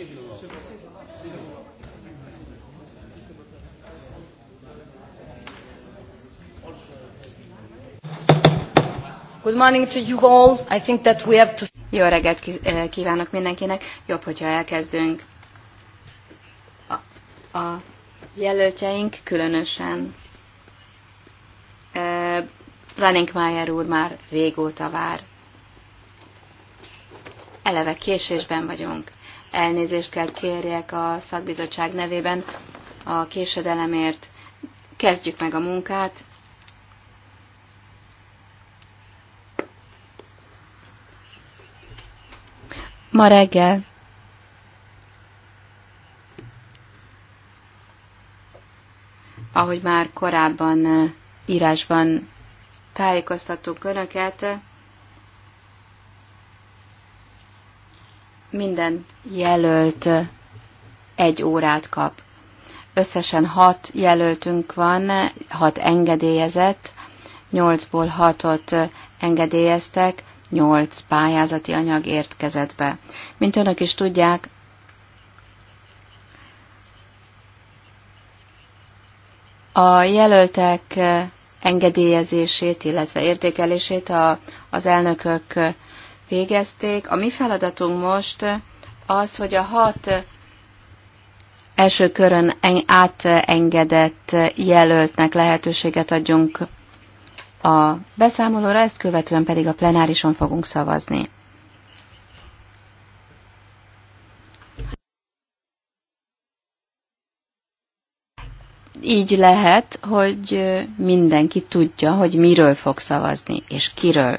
Good morning to you all. I think that we have to... Jó reggelt eh, kívánok mindenkinek. Jobb, hogyha elkezdünk. A, a jelöltjeink különösen uh, eh, Running úr már régóta vár eleve késésben vagyunk elnézést kell kérjek a szakbizottság nevében a késedelemért. Kezdjük meg a munkát. Ma reggel ahogy már korábban eh, írásban tájékoztattuk Önöket, minden jelölt egy órát kap. Összesen hat jelöltünk van, hat engedélyezett, nyolcból hatot engedélyeztek, nyolc pályázati anyag értkezett be. Mint önök is tudják, a jelöltek engedélyezését, illetve értékelését a, az elnökök végezték. A mi feladatunk most az, hogy a hat első körön átengedett jelöltnek lehetőséget adjunk a beszámolóra, ezt követően pedig a plenárison fogunk szavazni. Így lehet, hogy mindenki tudja, hogy miről fog szavazni, és kiről.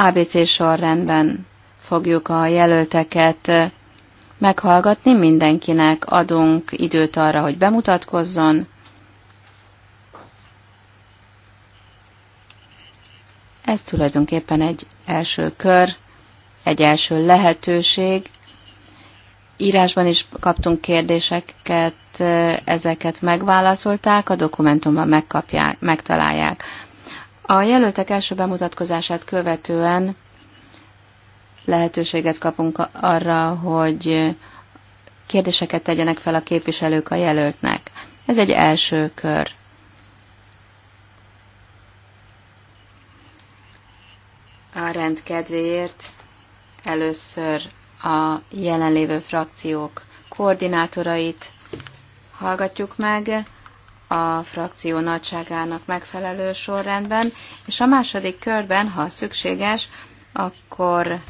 ABC sorrendben fogjuk a jelölteket meghallgatni, mindenkinek adunk időt arra, hogy bemutatkozzon. Ez tulajdonképpen egy első kör, egy első lehetőség. Írásban is kaptunk kérdéseket, ezeket megválaszolták, a dokumentumban megkapják, megtalálják. A jelöltek első bemutatkozását követően lehetőséget kapunk arra, hogy kérdéseket tegyenek fel a képviselők a jelöltnek. Ez egy első kör. A rendkedvéért először a jelenlévő frakciók koordinátorait hallgatjuk meg, a frakció nagyságának megfelelő sorrendben, és a második körben, ha szükséges, akkor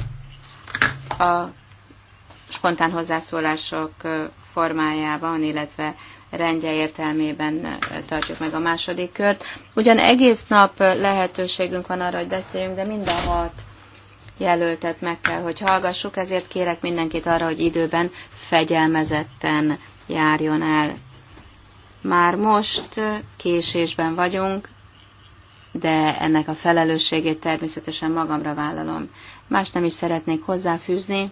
a spontán hozzászólások formájában, illetve rendje értelmében tartjuk meg a második kört. Ugyan egész nap lehetőségünk van arra, hogy beszéljünk, de mind a hat jelöltet meg kell, hogy hallgassuk, ezért kérek mindenkit arra, hogy időben fegyelmezetten járjon el. Már most késésben vagyunk, de ennek a felelősségét természetesen magamra vállalom. Más nem is szeretnék hozzáfűzni,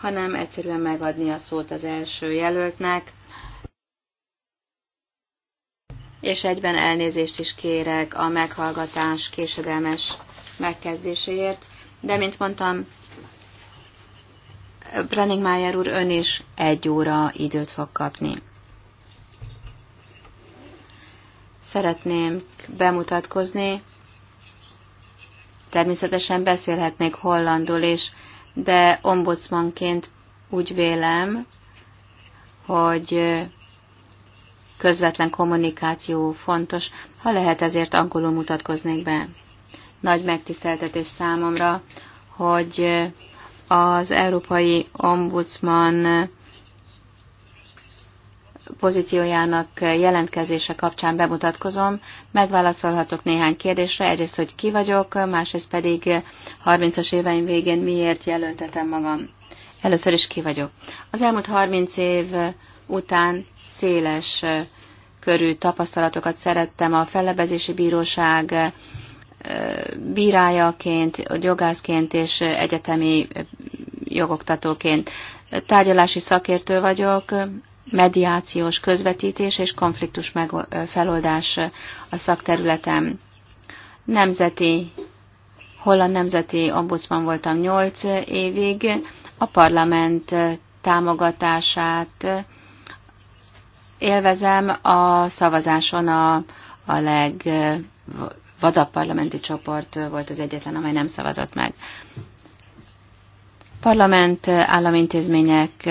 hanem egyszerűen megadni a szót az első jelöltnek, és egyben elnézést is kérek a meghallgatás késedelmes megkezdéséért, de mint mondtam, Mayer úr ön is egy óra időt fog kapni. szeretném bemutatkozni. Természetesen beszélhetnék hollandul is, de ombudsmanként úgy vélem, hogy közvetlen kommunikáció fontos, ha lehet ezért angolul mutatkoznék be. Nagy megtiszteltetés számomra, hogy az Európai Ombudsman pozíciójának jelentkezése kapcsán bemutatkozom, megválaszolhatok néhány kérdésre, egyrészt, hogy ki vagyok, másrészt pedig 30-as éveim végén miért jelöltetem magam. Először is ki vagyok. Az elmúlt 30 év után széles körű tapasztalatokat szerettem a fellebezési bíróság bírájaként, jogászként és egyetemi jogoktatóként. Tárgyalási szakértő vagyok, mediációs közvetítés és konfliktus meg, feloldás a szakterületem. Nemzeti, holland nemzeti ombudsman voltam 8 évig, a parlament támogatását élvezem a szavazáson a, a vadabb parlamenti csoport volt az egyetlen, amely nem szavazott meg. Parlament államintézmények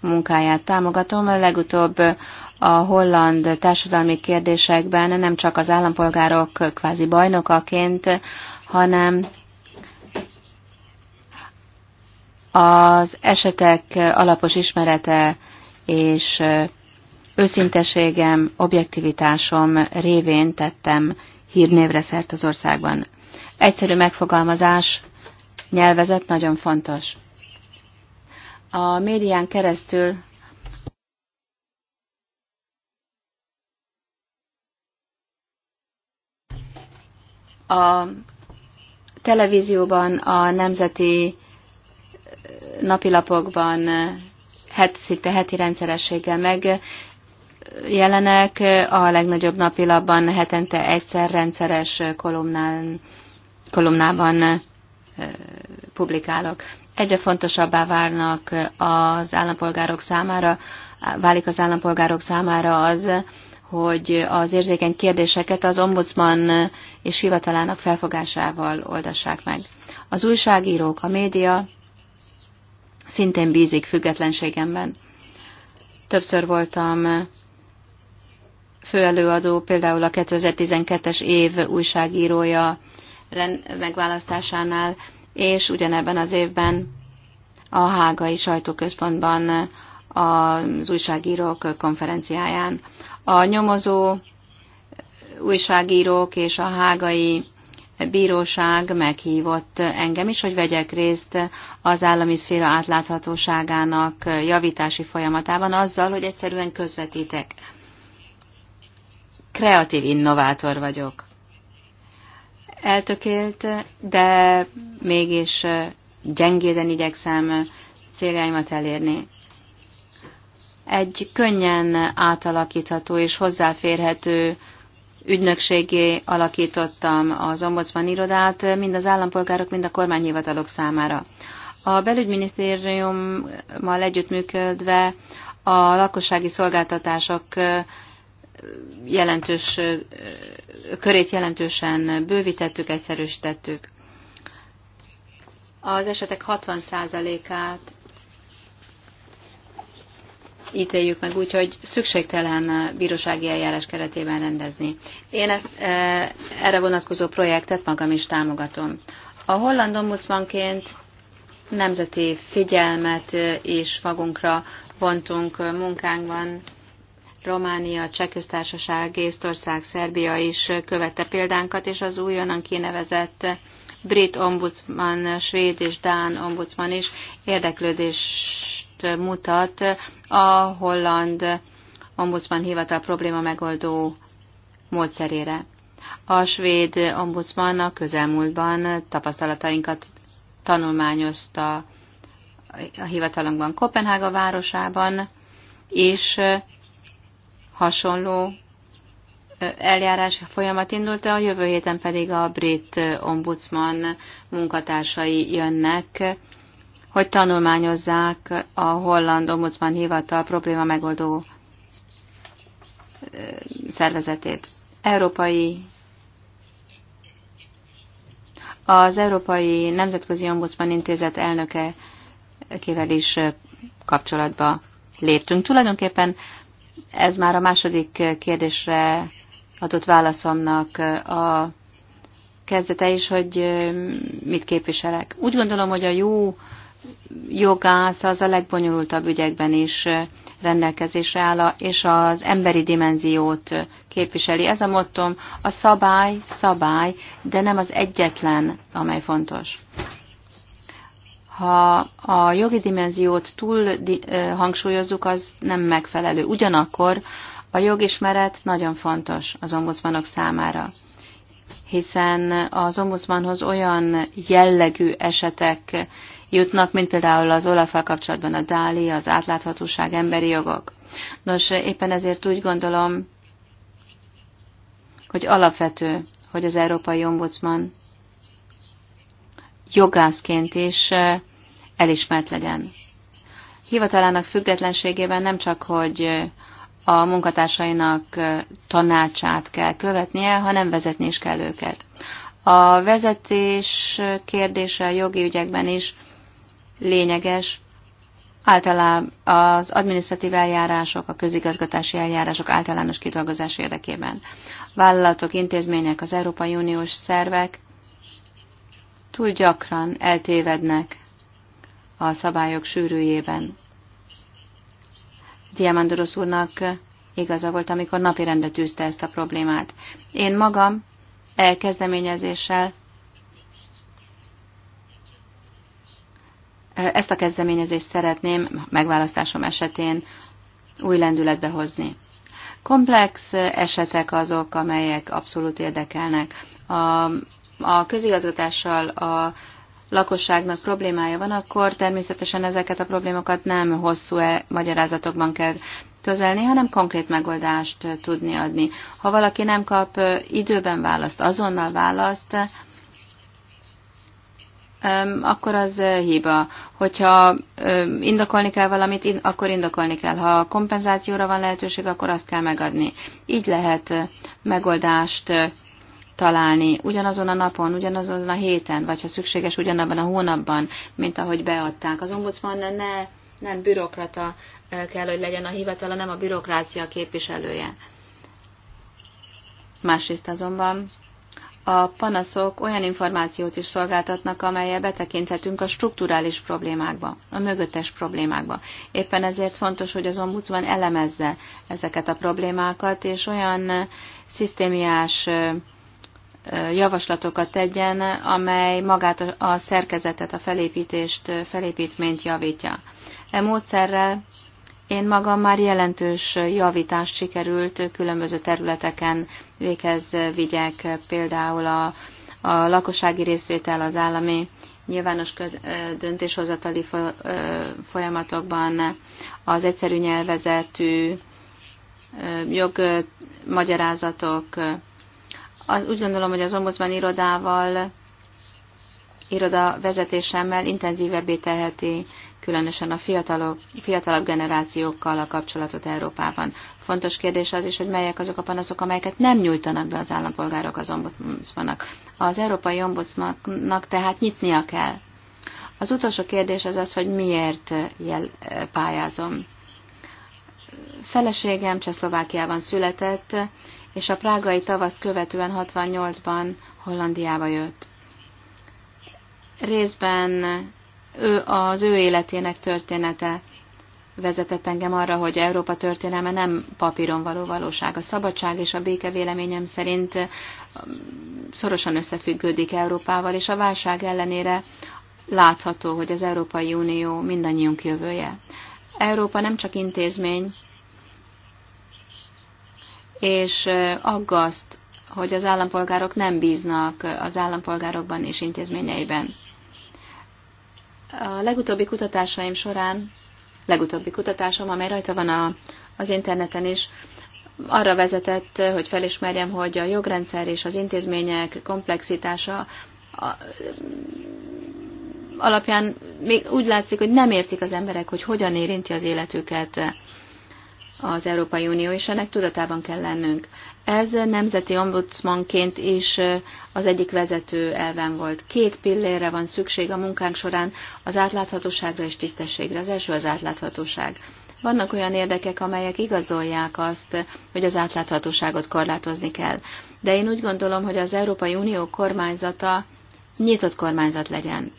munkáját támogatom. Legutóbb a holland társadalmi kérdésekben nem csak az állampolgárok kvázi bajnokaként, hanem az esetek alapos ismerete és őszinteségem, objektivitásom révén tettem hírnévre szert az országban. Egyszerű megfogalmazás, nyelvezet nagyon fontos a médián keresztül a televízióban, a nemzeti eh, napilapokban eh, het, szinte heti rendszerességgel meg eh, jelenek, a legnagyobb napilapban hetente egyszer rendszeres kolumnán, kolumnában publikálok egyre fontosabbá válnak az állampolgárok számára, válik az állampolgárok számára az, hogy az érzékeny kérdéseket az ombudsman és hivatalának felfogásával oldassák meg. Az újságírók, a média szintén bízik függetlenségemben. Többször voltam főelőadó, például a 2012-es év újságírója megválasztásánál, és ugyanebben az évben a Hágai Sajtóközpontban az újságírók konferenciáján. A nyomozó újságírók és a hágai bíróság meghívott engem is, hogy vegyek részt az állami szféra átláthatóságának javítási folyamatában azzal, hogy egyszerűen közvetítek. Kreatív innovátor vagyok eltökélt, de mégis gyengéden igyekszem céljaimat elérni. Egy könnyen átalakítható és hozzáférhető ügynökségé alakítottam az ombudsman irodát, mind az állampolgárok, mind a kormányhivatalok számára. A belügyminisztériummal együttműködve a lakossági szolgáltatások jelentős, körét jelentősen bővítettük, egyszerűsítettük. Az esetek 60%-át ítéljük meg úgy, hogy szükségtelen bírósági eljárás keretében rendezni. Én ezt, erre vonatkozó projektet magam is támogatom. A holland ombudsmanként nemzeti figyelmet is magunkra vontunk munkánkban, Románia, Csehköztársaság, Észtország, Szerbia is követte példánkat, és az újonnan kinevezett brit ombudsman, svéd és dán ombudsman is érdeklődést mutat a holland ombudsman hivatal probléma megoldó módszerére. A svéd ombudsman a közelmúltban tapasztalatainkat tanulmányozta a hivatalunkban Kopenhága városában, és hasonló eljárás folyamat indult, a jövő héten pedig a brit ombudsman munkatársai jönnek, hogy tanulmányozzák a holland ombudsman hivatal probléma megoldó szervezetét. Európai az Európai Nemzetközi Ombudsman Intézet kivel is kapcsolatba léptünk. Tulajdonképpen ez már a második kérdésre adott válaszomnak a kezdete is, hogy mit képviselek. Úgy gondolom, hogy a jó jogász az a legbonyolultabb ügyekben is rendelkezésre áll, és az emberi dimenziót képviseli. Ez a mottom, a szabály, szabály, de nem az egyetlen, amely fontos ha a jogi dimenziót túl hangsúlyozzuk, az nem megfelelő. Ugyanakkor a jogismeret nagyon fontos az ombudsmanok számára, hiszen az ombudsmanhoz olyan jellegű esetek jutnak, mint például az olaf kapcsolatban a DALI, az átláthatóság, emberi jogok. Nos, éppen ezért úgy gondolom, hogy alapvető, hogy az Európai Ombudsman jogászként is elismert legyen. Hivatalának függetlenségében nem csak, hogy a munkatársainak tanácsát kell követnie, hanem vezetni is kell őket. A vezetés kérdése a jogi ügyekben is lényeges. Általában az adminisztratív eljárások, a közigazgatási eljárások általános kidolgozás érdekében. Vállalatok, intézmények, az Európai Uniós szervek túl gyakran eltévednek a szabályok sűrűjében. Diamandorosz úrnak igaza volt, amikor rendet tűzte ezt a problémát. Én magam elkezdeményezéssel ezt a kezdeményezést szeretném megválasztásom esetén új lendületbe hozni. Komplex esetek azok, amelyek abszolút érdekelnek. A, a közigazgatással, a lakosságnak problémája van, akkor természetesen ezeket a problémákat nem hosszú -e magyarázatokban kell közelni, hanem konkrét megoldást tudni adni. Ha valaki nem kap időben választ, azonnal választ, akkor az hiba. Hogyha indokolni kell valamit, akkor indokolni kell. Ha kompenzációra van lehetőség, akkor azt kell megadni. Így lehet megoldást találni ugyanazon a napon, ugyanazon a héten, vagy ha szükséges, ugyanabban a hónapban, mint ahogy beadták. Az ombudsman ne, nem bürokrata kell, hogy legyen a hivatala, nem a bürokrácia képviselője. Másrészt azonban a panaszok olyan információt is szolgáltatnak, amelyel betekinthetünk a strukturális problémákba, a mögöttes problémákba. Éppen ezért fontos, hogy az ombudsman elemezze ezeket a problémákat, és olyan szisztémiás javaslatokat tegyen, amely magát a szerkezetet, a felépítést, felépítményt javítja. E módszerrel én magam már jelentős javítást sikerült különböző területeken véghez vigyek, például a, a lakossági részvétel az állami nyilvános döntéshozatali folyamatokban, az egyszerű nyelvezetű jogmagyarázatok, az, úgy gondolom, hogy az ombudsman irodával, iroda vezetésemmel intenzívebbé teheti különösen a fiatalok, fiatalabb generációkkal a kapcsolatot Európában. Fontos kérdés az is, hogy melyek azok a panaszok, amelyeket nem nyújtanak be az állampolgárok az ombudsmannak. Az európai ombudsmannak tehát nyitnia kell. Az utolsó kérdés az az, hogy miért jel, pályázom. Feleségem Csehszlovákiában született, és a prágai tavaszt követően 68-ban Hollandiába jött. Részben ő az ő életének története vezetett engem arra, hogy Európa történelme nem papíron való valóság. A szabadság és a béke véleményem szerint um, szorosan összefüggődik Európával, és a válság ellenére látható, hogy az Európai Unió mindannyiunk jövője. Európa nem csak intézmény, és aggaszt, hogy az állampolgárok nem bíznak az állampolgárokban és intézményeiben. A legutóbbi kutatásaim során, legutóbbi kutatásom, amely rajta van a, az interneten is, arra vezetett, hogy felismerjem, hogy a jogrendszer és az intézmények komplexitása alapján még úgy látszik, hogy nem értik az emberek, hogy hogyan érinti az életüket az Európai Unió, és ennek tudatában kell lennünk. Ez nemzeti ombudsmanként is az egyik vezető elven volt. Két pillérre van szükség a munkánk során, az átláthatóságra és tisztességre. Az első az átláthatóság. Vannak olyan érdekek, amelyek igazolják azt, hogy az átláthatóságot korlátozni kell. De én úgy gondolom, hogy az Európai Unió kormányzata nyitott kormányzat legyen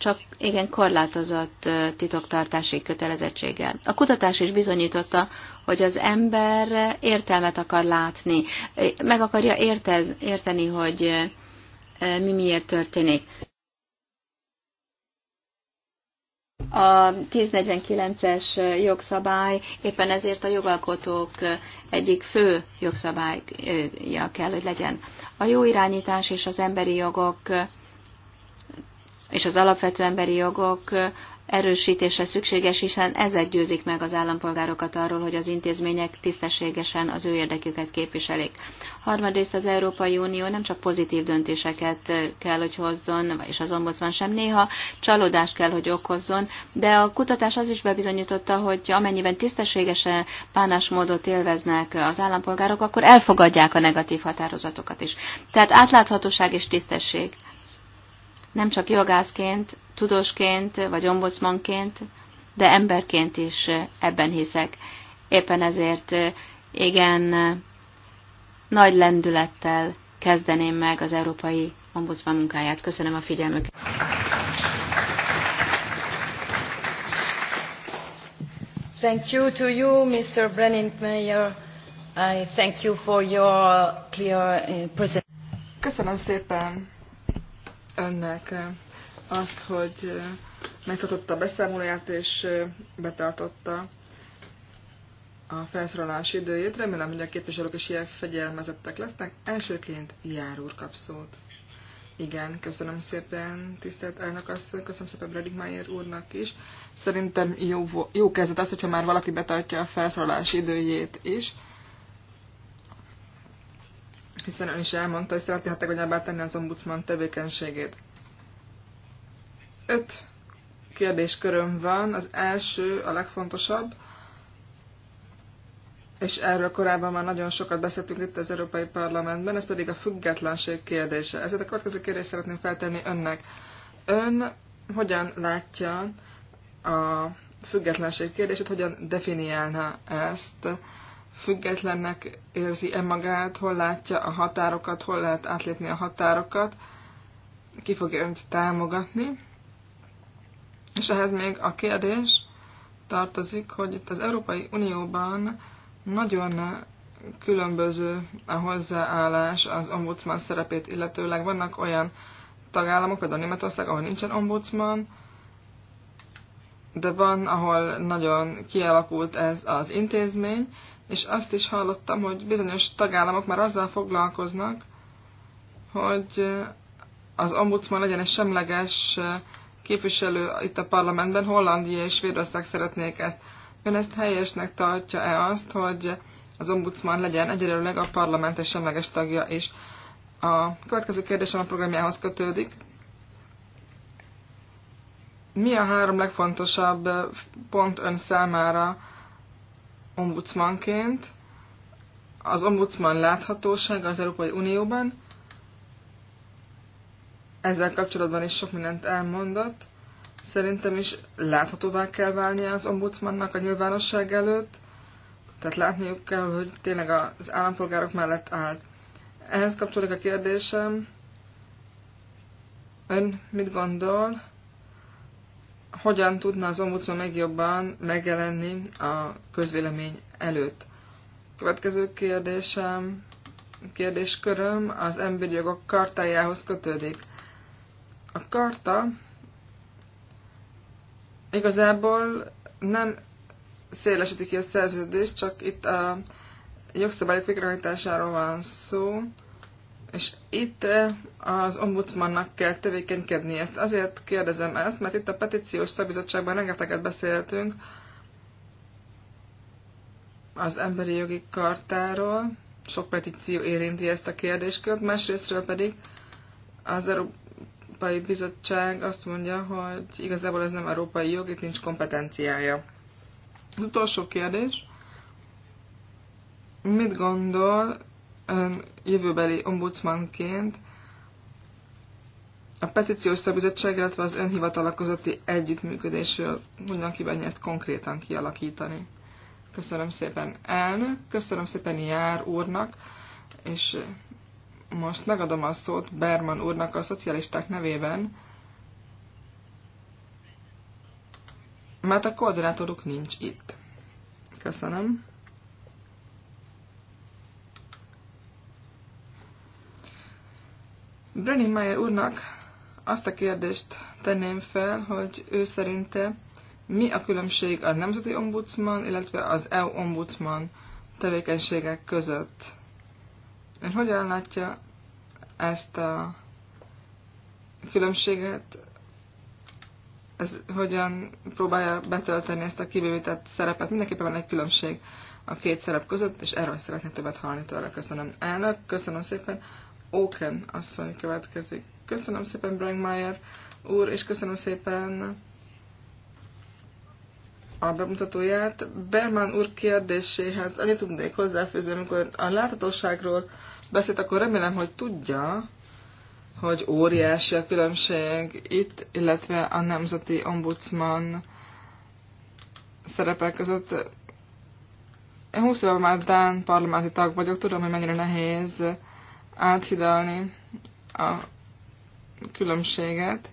csak igen korlátozott titoktartási kötelezettséggel. A kutatás is bizonyította, hogy az ember értelmet akar látni, meg akarja értez, érteni hogy mi miért történik. A 1049-es jogszabály éppen ezért a jogalkotók egyik fő jogszabálya kell, hogy legyen. A jó irányítás és az emberi jogok és az alapvető emberi jogok erősítése szükséges, hiszen ezek győzik meg az állampolgárokat arról, hogy az intézmények tisztességesen az ő érdeküket képviselik. Harmadrészt az Európai Unió nem csak pozitív döntéseket kell, hogy hozzon, és az ombudsman sem néha csalódást kell, hogy okozzon, de a kutatás az is bebizonyította, hogy amennyiben tisztességesen bánásmódot élveznek az állampolgárok, akkor elfogadják a negatív határozatokat is. Tehát átláthatóság és tisztesség nem csak jogászként, tudósként vagy ombudsmanként, de emberként is ebben hiszek. Éppen ezért igen nagy lendülettel kezdeném meg az Európai Ombudsman munkáját. Köszönöm a figyelmüket. Thank you to you, Mr. Brennan Mayer. I thank you for your clear uh, presentation. Köszönöm szépen önnek eh, azt, hogy eh, megtartotta a beszámolóját és eh, betartotta a felszólalás időjét. Remélem, hogy a képviselők is ilyen fegyelmezettek lesznek. Elsőként Jár úr kap szót. Igen, köszönöm szépen, tisztelt elnök asszony, köszönöm szépen Bredik Mayer úrnak is. Szerintem jó, jó kezdet az, hogyha már valaki betartja a felszólalás időjét is hiszen ön is elmondta, hogy szeretné hatékonyabbá tenni az ombudsman tevékenységét. Öt kérdésköröm van, az első, a legfontosabb, és erről korábban már nagyon sokat beszéltünk itt az Európai Parlamentben, ez pedig a függetlenség kérdése. Ezért a következő kérdést szeretném feltenni önnek. Ön hogyan látja a függetlenség kérdését, hogyan definiálna ezt? függetlennek érzi-e magát, hol látja a határokat, hol lehet átlépni a határokat, ki fogja önt támogatni. És ehhez még a kérdés tartozik, hogy itt az Európai Unióban nagyon különböző a hozzáállás az ombudsman szerepét, illetőleg vannak olyan tagállamok, például Németország, ahol nincsen ombudsman, de van, ahol nagyon kialakult ez az intézmény, és azt is hallottam, hogy bizonyos tagállamok már azzal foglalkoznak, hogy eh, az ombudsman legyen egy semleges eh, képviselő itt a parlamentben, Hollandia és Svédország szeretnék ezt. Ön ezt helyesnek tartja-e azt, hogy az ombudsman legyen egyelőleg a parlament egy semleges tagja is? A következő kérdésem a programjához kötődik. Mi a három legfontosabb eh, pont ön számára ombudsmanként. Az ombudsman láthatósága az Európai Unióban. Ezzel kapcsolatban is sok mindent elmondott. Szerintem is láthatóvá kell válnia az ombudsmannak a nyilvánosság előtt, tehát látniuk kell, hogy tényleg az állampolgárok mellett áll. Ehhez kapcsolódik a kérdésem, ön mit gondol, hogyan tudna az ombudsman még jobban megjelenni a közvélemény előtt. Következő kérdésem, kérdésköröm az emberi jogok kartájához kötődik. A karta igazából nem szélesíti ki a szerződést, csak itt a jogszabályok végrehajtásáról van szó, és itt az ombudsmannak kell tevékenykedni ezt. Azért kérdezem ezt, mert itt a petíciós szabizottságban rengeteget beszéltünk az emberi jogi kartáról, sok petíció érinti ezt a kérdéskört, másrésztről pedig az Európai Bizottság azt mondja, hogy igazából ez nem európai jog, itt nincs kompetenciája. Az utolsó kérdés. Mit gondol ön jövőbeli ombudsmanként a petíciós szabizottság, illetve az önhivatalak közötti együttműködésről hogyan kívánja ezt konkrétan kialakítani. Köszönöm szépen elnök, köszönöm szépen Jár úrnak, és most megadom a szót Berman úrnak a szocialisták nevében, mert a koordinátoruk nincs itt. Köszönöm. Brenin Meyer úrnak azt a kérdést tenném fel, hogy ő szerinte mi a különbség a Nemzeti Ombudsman, illetve az EU Ombudsman tevékenységek között. Ön hogyan látja ezt a különbséget, ez hogyan próbálja betölteni ezt a kibővített szerepet. Mindenképpen van egy különbség a két szerep között, és erről szeretnék többet hallani tőle. Köszönöm elnök, köszönöm szépen. Oaken asszony következik. Köszönöm szépen, Brangmeier úr, és köszönöm szépen a bemutatóját. Berman úr kérdéséhez annyit tudnék hozzáfőzni, amikor a láthatóságról beszélt, akkor remélem, hogy tudja, hogy óriási a különbség itt, illetve a nemzeti ombudsman szerepek között. Én 20 éve már Dán parlamenti tag vagyok, tudom, hogy mennyire nehéz áthidalni a különbséget.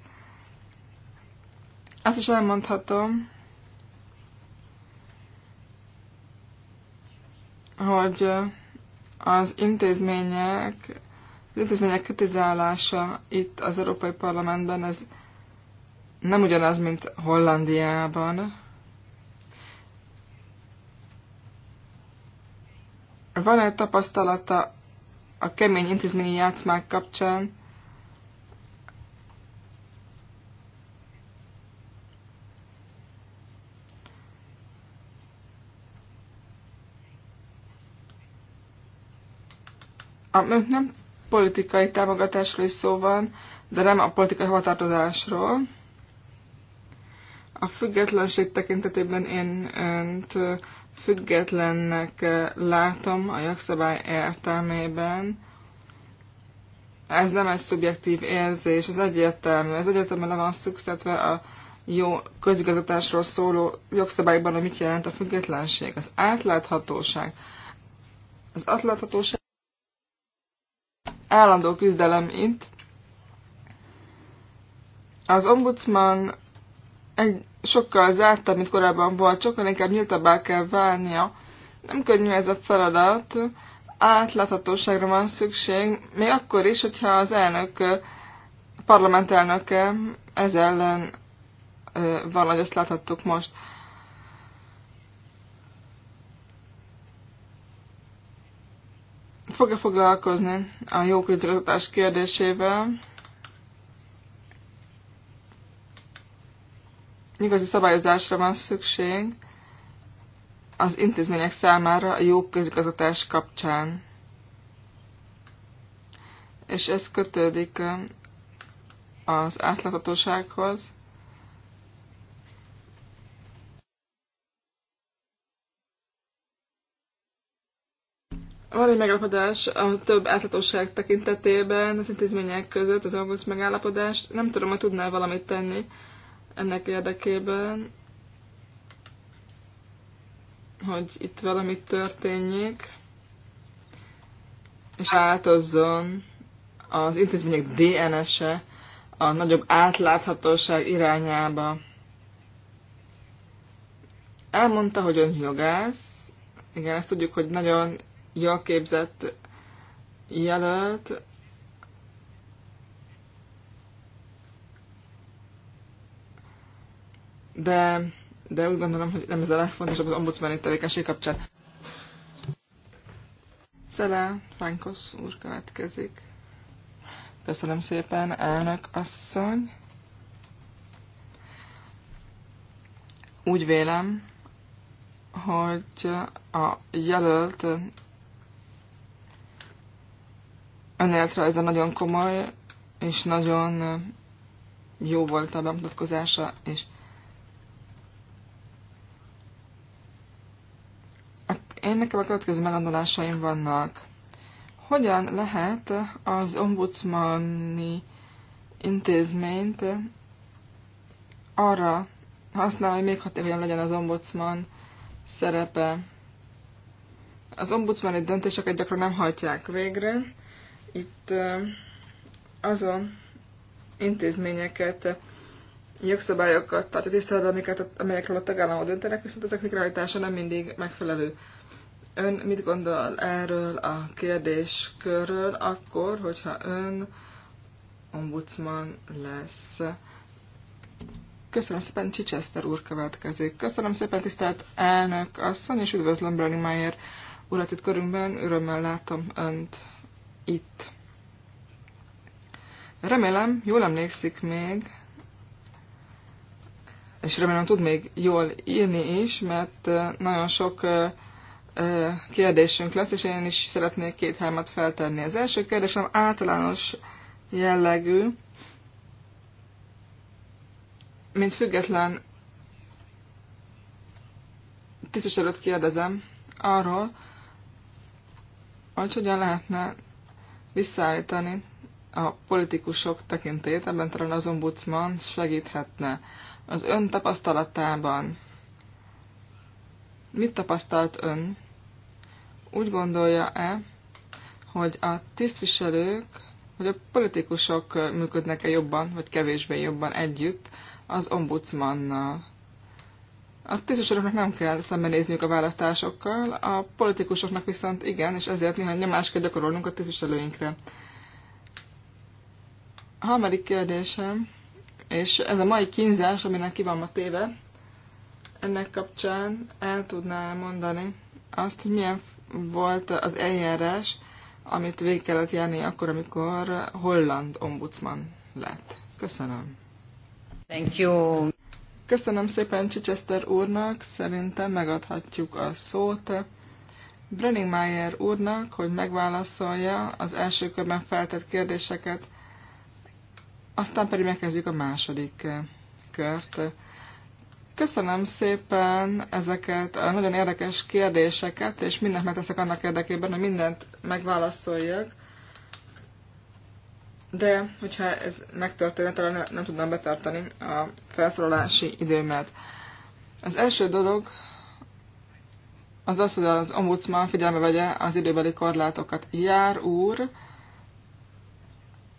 Azt is elmondhatom, hogy az intézmények, az intézmények kritizálása itt az Európai Parlamentben, ez nem ugyanaz, mint Hollandiában. Van egy tapasztalata a kemény intézményi játszmák kapcsán A, nem politikai támogatásról is szó van, de nem a politikai hovatartozásról. A függetlenség tekintetében én önt függetlennek eh, látom a jogszabály értelmében. Ez nem egy szubjektív érzés, ez egyértelmű. Ez egyértelműen le van szükszetve a jó közigazgatásról szóló jogszabályban, hogy mit jelent a függetlenség, az átláthatóság. Az átláthatóság állandó küzdelem itt. Az ombudsman egy, sokkal zártabb, mint korábban volt, sokkal inkább nyíltabbá kell válnia. Nem könnyű ez a feladat, átláthatóságra van szükség, még akkor is, hogyha az elnök, parlament elnöke ez ellen van, hogy azt láthattuk most. Fog-e foglalkozni a jóközigazgatás kérdésével? igazi szabályozásra van szükség az intézmények számára a jó közigazgatás kapcsán. És ez kötődik az átláthatósághoz. Van egy megállapodás a több átlatóság tekintetében az intézmények között, az augusztus megállapodást. Nem tudom, hogy tudnál valamit tenni ennek érdekében, hogy itt valami történjék, és változzon az intézmények DNS-e a nagyobb átláthatóság irányába. Elmondta, hogy ön jogász, igen, ezt tudjuk, hogy nagyon jól képzett jelölt, de, de úgy gondolom, hogy nem ez a legfontosabb az ombudsmani tevékenység kapcsán. Szele Frankos úr következik. Köszönöm szépen, elnök asszony. Úgy vélem, hogy a jelölt önéletrajza nagyon komoly, és nagyon jó volt a bemutatkozása, és Én nekem a következő meggondolásaim vannak. Hogyan lehet az ombudsmani intézményt arra használni, hogy még hatékonyabb legyen az ombudsman szerepe? Az ombudsmani döntéseket gyakran nem hajtják végre. Itt azon intézményeket jogszabályokat tartja tiszteletben, amiket, amelyekről a tagállamok döntenek, viszont ezek végrehajtása nem mindig megfelelő ön mit gondol erről a kérdéskörről akkor, hogyha ön ombudsman lesz? Köszönöm szépen, Csicseszter úr következik. Köszönöm szépen, tisztelt elnök asszony, és üdvözlöm Brani Mayer urat itt körünkben. Örömmel látom önt itt. Remélem, jól emlékszik még, és remélem tud még jól írni is, mert eh, nagyon sok eh, kérdésünk lesz, és én is szeretnék két-hármat feltenni. Az első kérdésem általános jellegű, mint független tisztviselőt kérdezem arról, hogy hogyan lehetne visszaállítani a politikusok tekintét, ebben talán az ombudsman segíthetne. Az ön tapasztalatában mit tapasztalt ön úgy gondolja-e, hogy a tisztviselők, hogy a politikusok működnek-e jobban, vagy kevésbé jobban együtt az ombudsmannal. A tisztviselőknek nem kell szembenézniük a választásokkal, a politikusoknak viszont igen, és ezért néha nyomást kell gyakorolnunk a tisztviselőinkre. A harmadik kérdésem, és ez a mai kínzás, aminek ki van ma téve, ennek kapcsán el tudná mondani azt, hogy milyen volt az eljárás, amit végig kellett járni akkor, amikor holland ombudsman lett. Köszönöm. Thank you. Köszönöm szépen Chichester úrnak, szerintem megadhatjuk a szót. Brenning Mayer úrnak, hogy megválaszolja az első körben feltett kérdéseket, aztán pedig megkezdjük a második kört. Köszönöm szépen ezeket a nagyon érdekes kérdéseket, és mindent megteszek annak érdekében, hogy mindent megválaszoljak. De, hogyha ez megtörténne, talán nem tudnám betartani a felszólalási időmet. Az első dolog az az, hogy az ombudsman figyelme vegye az időbeli korlátokat. Jár úr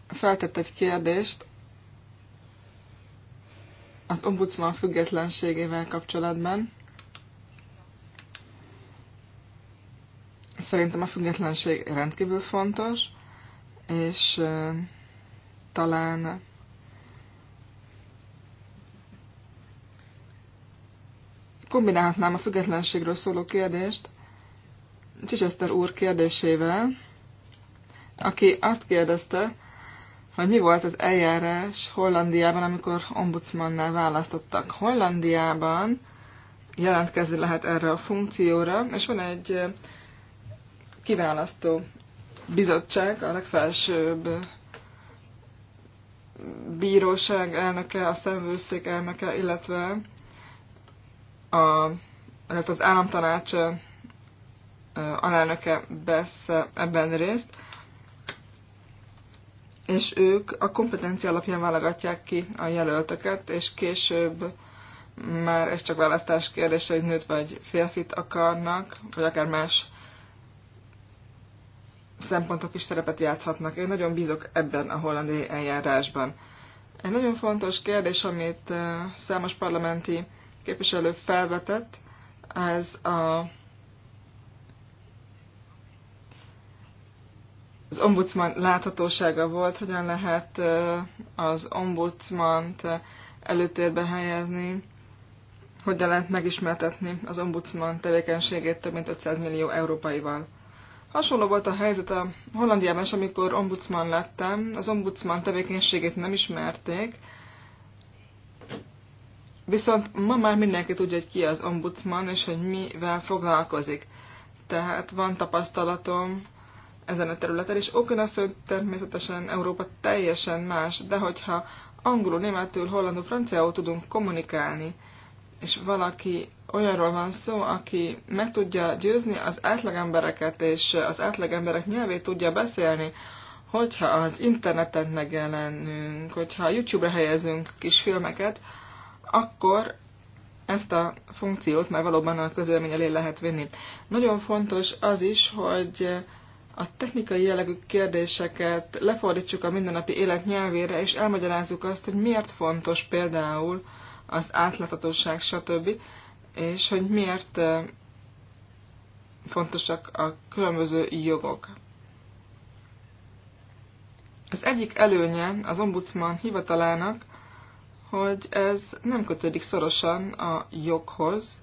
feltett egy kérdést az ombudsman függetlenségével kapcsolatban. Szerintem a függetlenség rendkívül fontos, és talán kombinálhatnám a függetlenségről szóló kérdést Chichester úr kérdésével, aki azt kérdezte, hogy mi volt az eljárás Hollandiában, amikor ombudsmannál választottak. Hollandiában jelentkezni lehet erre a funkcióra, és van egy eh, kiválasztó bizottság, a legfelsőbb eh, bíróság elnöke, a szemvőszék elnöke, illetve, a, illetve az államtanács eh, alelnöke vesz ebben részt és ők a kompetencia alapján válogatják ki a jelölteket és később már ez csak választás kérdése, hogy nőt vagy férfit akarnak, vagy akár más szempontok is szerepet játszhatnak. Én nagyon bízok ebben a hollandi eljárásban. Egy nagyon fontos kérdés, amit eh, számos parlamenti képviselő felvetett, ez a az ombudsman láthatósága volt, hogyan lehet az ombudsmant előtérbe helyezni, hogyan lehet megismertetni az ombudsman tevékenységét több mint 500 millió európaival. Hasonló volt a helyzet a Hollandiában is, amikor ombudsman lettem. Az ombudsman tevékenységét nem ismerték, viszont ma már mindenki tudja, hogy ki az ombudsman, és hogy mivel foglalkozik. Tehát van tapasztalatom ezen a területen, és Oken az, hogy természetesen Európa teljesen más, de hogyha angolul, németül, hollandul, franciául tudunk kommunikálni, és valaki olyanról van szó, aki meg tudja győzni az átlagembereket, és az átlagemberek nyelvét tudja beszélni, hogyha az interneten megjelenünk, hogyha a YouTube-ra helyezünk kis filmeket, akkor ezt a funkciót már valóban a közvélemény elé lehet vinni. Nagyon fontos az is, hogy a technikai jellegű kérdéseket lefordítsuk a mindennapi élet nyelvére, és elmagyarázzuk azt, hogy miért fontos például az átláthatóság, stb., és hogy miért fontosak a különböző jogok. Az egyik előnye az ombudsman hivatalának, hogy ez nem kötődik szorosan a joghoz,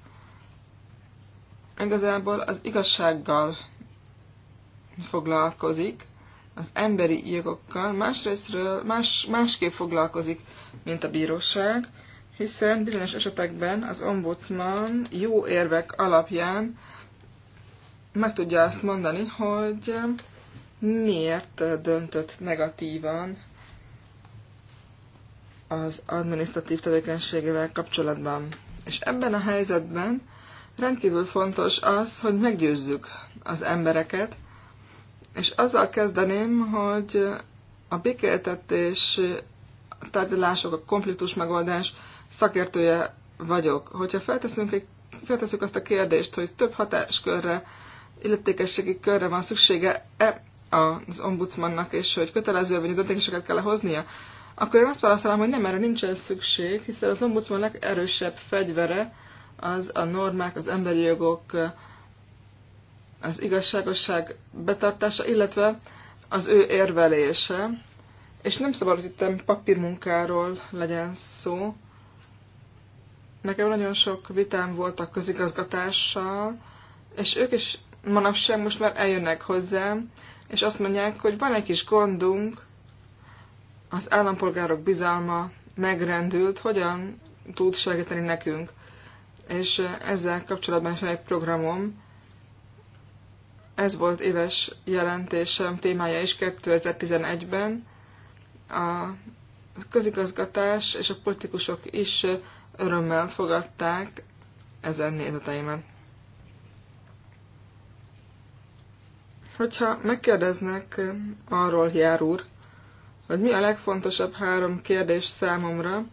igazából az igazsággal foglalkozik az emberi jogokkal, másrésztről más, másképp foglalkozik, mint a bíróság, hiszen bizonyos esetekben az ombudsman jó érvek alapján meg tudja azt mondani, hogy miért döntött negatívan az adminisztratív tevékenységével kapcsolatban. És ebben a helyzetben rendkívül fontos az, hogy meggyőzzük az embereket, és azzal kezdeném, hogy a békéltetés, a tárgyalások, a konfliktus megoldás szakértője vagyok. Hogyha felteszünk egy, felteszünk azt a kérdést, hogy több hatáskörre, illetékességi körre van szüksége -e az ombudsmannak, és hogy kötelező vagy döntéseket kell -e hoznia, akkor én azt válaszolom, hogy nem erre nincsen szükség, hiszen az ombudsman legerősebb fegyvere az a normák, az emberi jogok, az igazságosság betartása, illetve az ő érvelése. És nem szabad, hogy itt papírmunkáról legyen szó. Nekem nagyon sok vitám volt a közigazgatással, és ők is manapság most már eljönnek hozzám, és azt mondják, hogy van egy kis gondunk, az állampolgárok bizalma megrendült, hogyan tud segíteni nekünk. És ezzel kapcsolatban is van egy programom, ez volt éves jelentésem témája is 2011-ben. A közigazgatás és a politikusok is örömmel fogadták ezen nézeteimet. Hogyha megkérdeznek arról, jár úr, hogy mi a legfontosabb három kérdés számomra,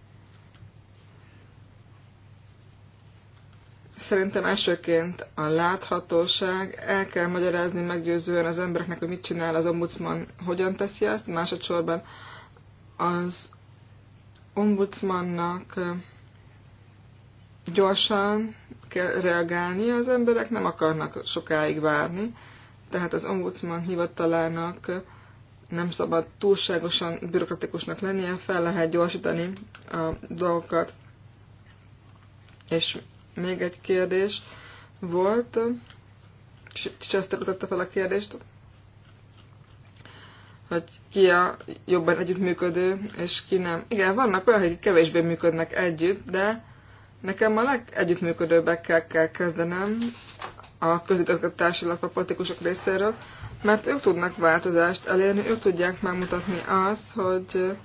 Szerintem elsőként a láthatóság, el kell magyarázni meggyőzően az embereknek, hogy mit csinál az ombudsman, hogyan teszi ezt, másodszorban az ombudsmannak gyorsan kell reagálni, az emberek nem akarnak sokáig várni, tehát az ombudsman hivatalának nem szabad túlságosan bürokratikusnak lennie, fel lehet gyorsítani a dolgokat, és még egy kérdés volt, azt utatta fel a kérdést, hogy ki a jobban együttműködő, és ki nem. Igen, vannak olyanok, akik kevésbé működnek együtt, de nekem a legegyüttműködőbbekkel kell kezdenem a közigazgatás, illetve a politikusok részéről, mert ők tudnak változást elérni, ők tudják megmutatni azt, hogy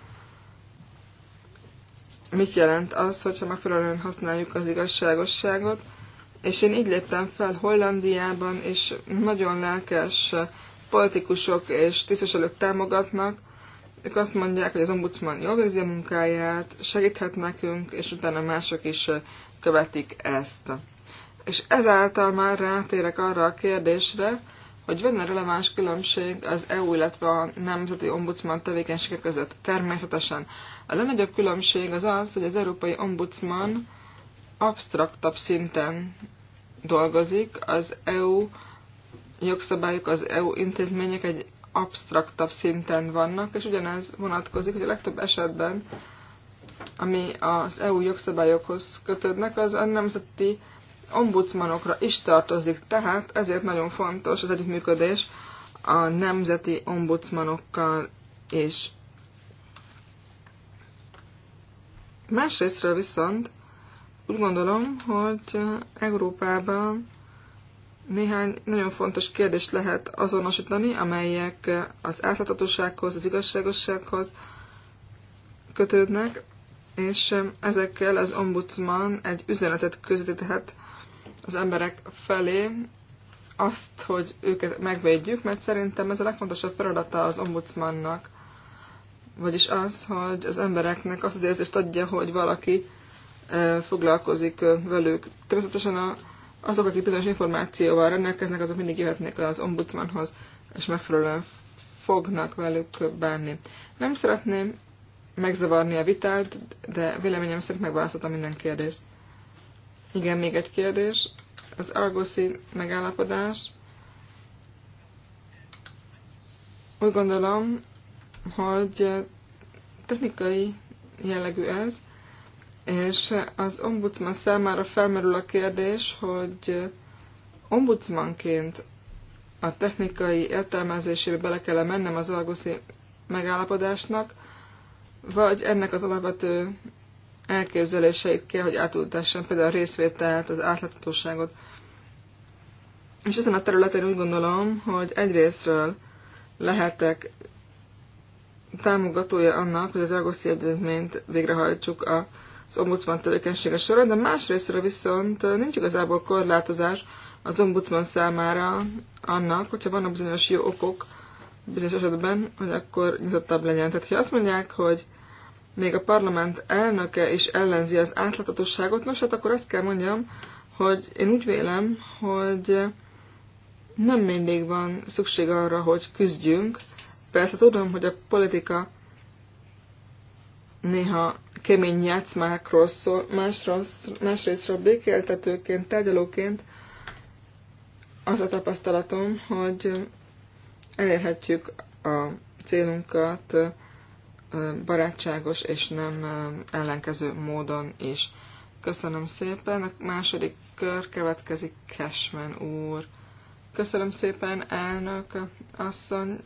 mit jelent az, hogyha megfelelően használjuk az igazságosságot, és én így léptem fel Hollandiában, és nagyon lelkes politikusok és tisztviselők támogatnak, ők azt mondják, hogy az ombudsman jól végzi a munkáját, segíthet nekünk, és utána mások is követik ezt. És ezáltal már rátérek arra a kérdésre, hogy van-e releváns különbség az EU, illetve a Nemzeti Ombudsman tevékenysége között? Természetesen. A legnagyobb különbség az az, hogy az Európai Ombudsman absztraktabb szinten dolgozik, az EU jogszabályok, az EU intézmények egy absztraktabb szinten vannak, és ugyanez vonatkozik, hogy a legtöbb esetben, ami az EU jogszabályokhoz kötődnek, az a nemzeti ombudsmanokra is tartozik, tehát ezért nagyon fontos az együttműködés a nemzeti ombudsmanokkal is. Másrésztről viszont úgy gondolom, hogy Európában néhány nagyon fontos kérdést lehet azonosítani, amelyek az átláthatósághoz, az igazságossághoz kötődnek, és ezekkel az ombudsman egy üzenetet közvetíthet az emberek felé azt, hogy őket megvédjük, mert szerintem ez a legfontosabb feladata az ombudsmannak. Vagyis az, hogy az embereknek azt az érzést adja, hogy valaki foglalkozik velük. Természetesen a, azok, akik bizonyos információval rendelkeznek, azok mindig jöhetnek az ombudsmanhoz, és megfelelően fognak velük bánni. Nem szeretném megzavarni a vitát, de véleményem szerint megválaszoltam minden kérdést. Igen, még egy kérdés. Az Argoszi megállapodás. Úgy gondolom, hogy technikai jellegű ez, és az ombudsman számára felmerül a kérdés, hogy ombudsmanként a technikai értelmezésébe bele kell -e mennem az argoszi megállapodásnak, vagy ennek az alapvető elképzeléseit kell, hogy átültessen, például a részvételt, az átláthatóságot. És ezen a területen úgy gondolom, hogy egyrésztről lehetek támogatója annak, hogy az Argoszi Egyezményt végrehajtsuk az ombudsman tevékenysége során, de másrésztről viszont nincs igazából korlátozás az ombudsman számára annak, hogyha vannak bizonyos jó okok bizonyos esetben, hogy akkor nyitottabb legyen. Tehát, ha azt mondják, hogy még a parlament elnöke is ellenzi az átláthatóságot, nos hát akkor azt kell mondjam, hogy én úgy vélem, hogy nem mindig van szükség arra, hogy küzdjünk. Persze tudom, hogy a politika néha kemény játszmákról szól, másrészt békéltetőként, tárgyalóként az a tapasztalatom, hogy elérhetjük a célunkat, barátságos és nem ellenkező módon is. Köszönöm szépen. A második kör következik Cashman úr. Köszönöm szépen, elnök asszony.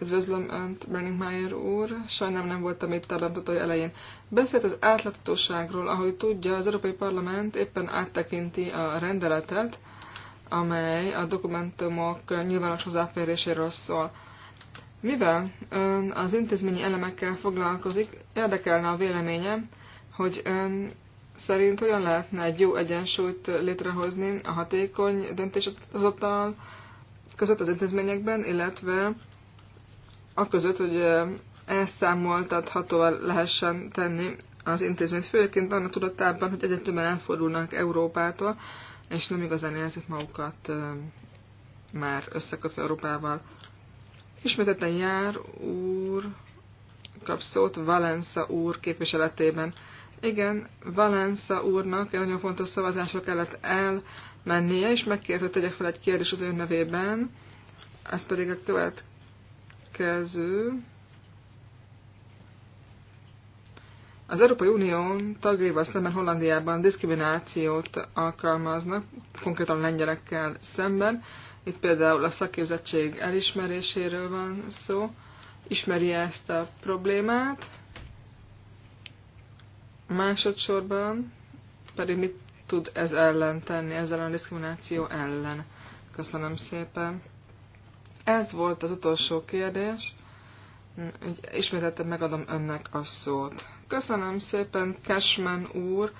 Üdvözlöm Önt, Burning Meyer úr. Sajnálom nem voltam itt a bemutatója elején. Beszélt az átláthatóságról, ahogy tudja, az Európai Parlament éppen áttekinti a rendeletet, amely a dokumentumok nyilvános hozzáféréséről szól. Mivel ön az intézményi elemekkel foglalkozik, érdekelne a véleménye, hogy ön szerint hogyan lehetne egy jó egyensúlyt létrehozni a hatékony döntéshozatal között az intézményekben, illetve a között, hogy elszámoltathatóvá lehessen tenni az intézményt, főként annak tudatában, hogy egyre elfordulnak Európától, és nem igazán érzik magukat már összekötve Európával. Ismétetlen jár úr kap szót Valensa úr képviseletében. Igen, Valensa úrnak egy nagyon fontos szavazásra kellett elmennie, és megkért, hogy tegyek fel egy kérdés az ő nevében. Ez pedig a következő. Az Európai Unió tagjaival szemben Hollandiában diszkriminációt alkalmaznak, konkrétan lengyelekkel szemben, itt például a szakképzettség elismeréséről van szó. Ismeri -e ezt a problémát? Másodszorban pedig mit tud ez ellen tenni, ezzel a diszkrimináció ellen? Köszönöm szépen. Ez volt az utolsó kérdés. Ismételten megadom önnek a szót. Köszönöm szépen Cashman úr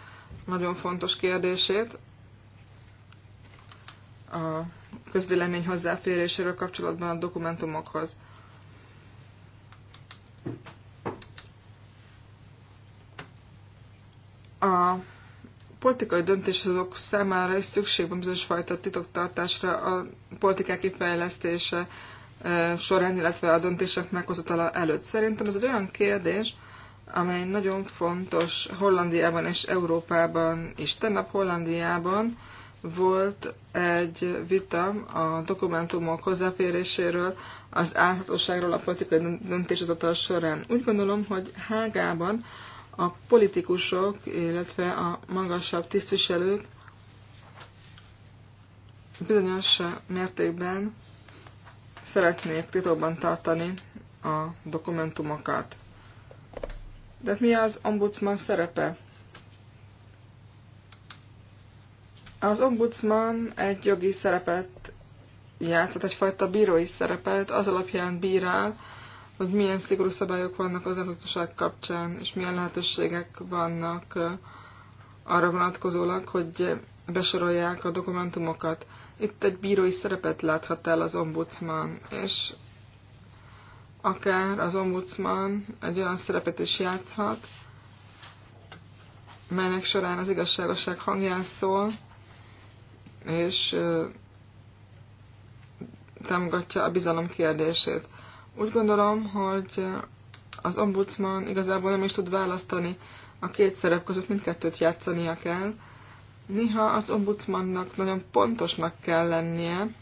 nagyon fontos kérdését a közvélemény hozzáféréséről kapcsolatban a dokumentumokhoz. A politikai döntéshozók számára is szükség van bizonyos fajta titoktartásra a politikák kifejlesztése során, illetve a döntések meghozatala előtt. Szerintem ez egy olyan kérdés, amely nagyon fontos Hollandiában és Európában is. Tennap Hollandiában volt egy vita a dokumentumok hozzáféréséről, az állhatóságról a politikai döntéshozatal során. Úgy gondolom, hogy Hágában a politikusok, illetve a magasabb tisztviselők bizonyos mértékben szeretnék titokban tartani a dokumentumokat. De mi az ombudsman szerepe? Az ombudsman egy jogi szerepet játszott, egyfajta bírói szerepet, az alapján bírál, hogy milyen szigorú szabályok vannak az átláthatóság kapcsán, és milyen lehetőségek vannak arra vonatkozólag, hogy besorolják a dokumentumokat. Itt egy bírói szerepet láthat el az ombudsman, és akár az ombudsman egy olyan szerepet is játszhat, melynek során az igazságosság hangján szól, és támogatja a bizalom kérdését. Úgy gondolom, hogy az ombudsman igazából nem is tud választani a két szerep között, mindkettőt játszania kell. Néha az ombudsmannak nagyon pontosnak kell lennie,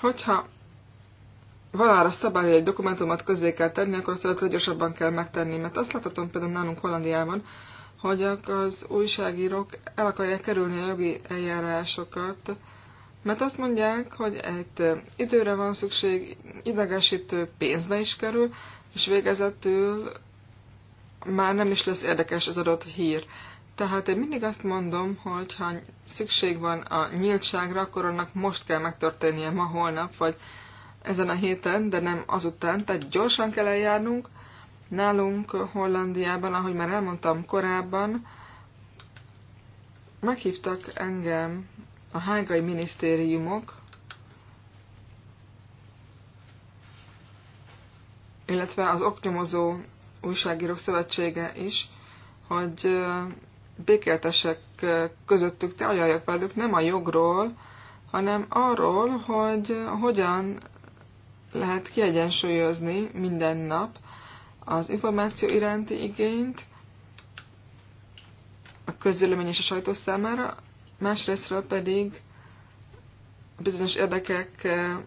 hogyha van arra szabály, hogy egy dokumentumot közé kell tenni, akkor azt lehet, hogy gyorsabban kell megtenni. Mert azt láthatom például nálunk Hollandiában, hogy az újságírók el akarják kerülni a jogi eljárásokat, mert azt mondják, hogy egy időre van szükség, idegesítő pénzbe is kerül, és végezetül már nem is lesz érdekes az adott hír. Tehát én mindig azt mondom, hogy ha szükség van a nyíltságra, akkor annak most kell megtörténnie ma, holnap, vagy ezen a héten, de nem azután, tehát gyorsan kell eljárnunk. Nálunk Hollandiában, ahogy már elmondtam korábban, meghívtak engem a hágai minisztériumok, illetve az oknyomozó újságírók szövetsége is, hogy békéltesek közöttük te ajánljak velük nem a jogról, hanem arról, hogy hogyan lehet kiegyensúlyozni minden nap az információ iránti igényt a közülemény és a sajtó számára, másrésztről pedig a bizonyos érdekek eh,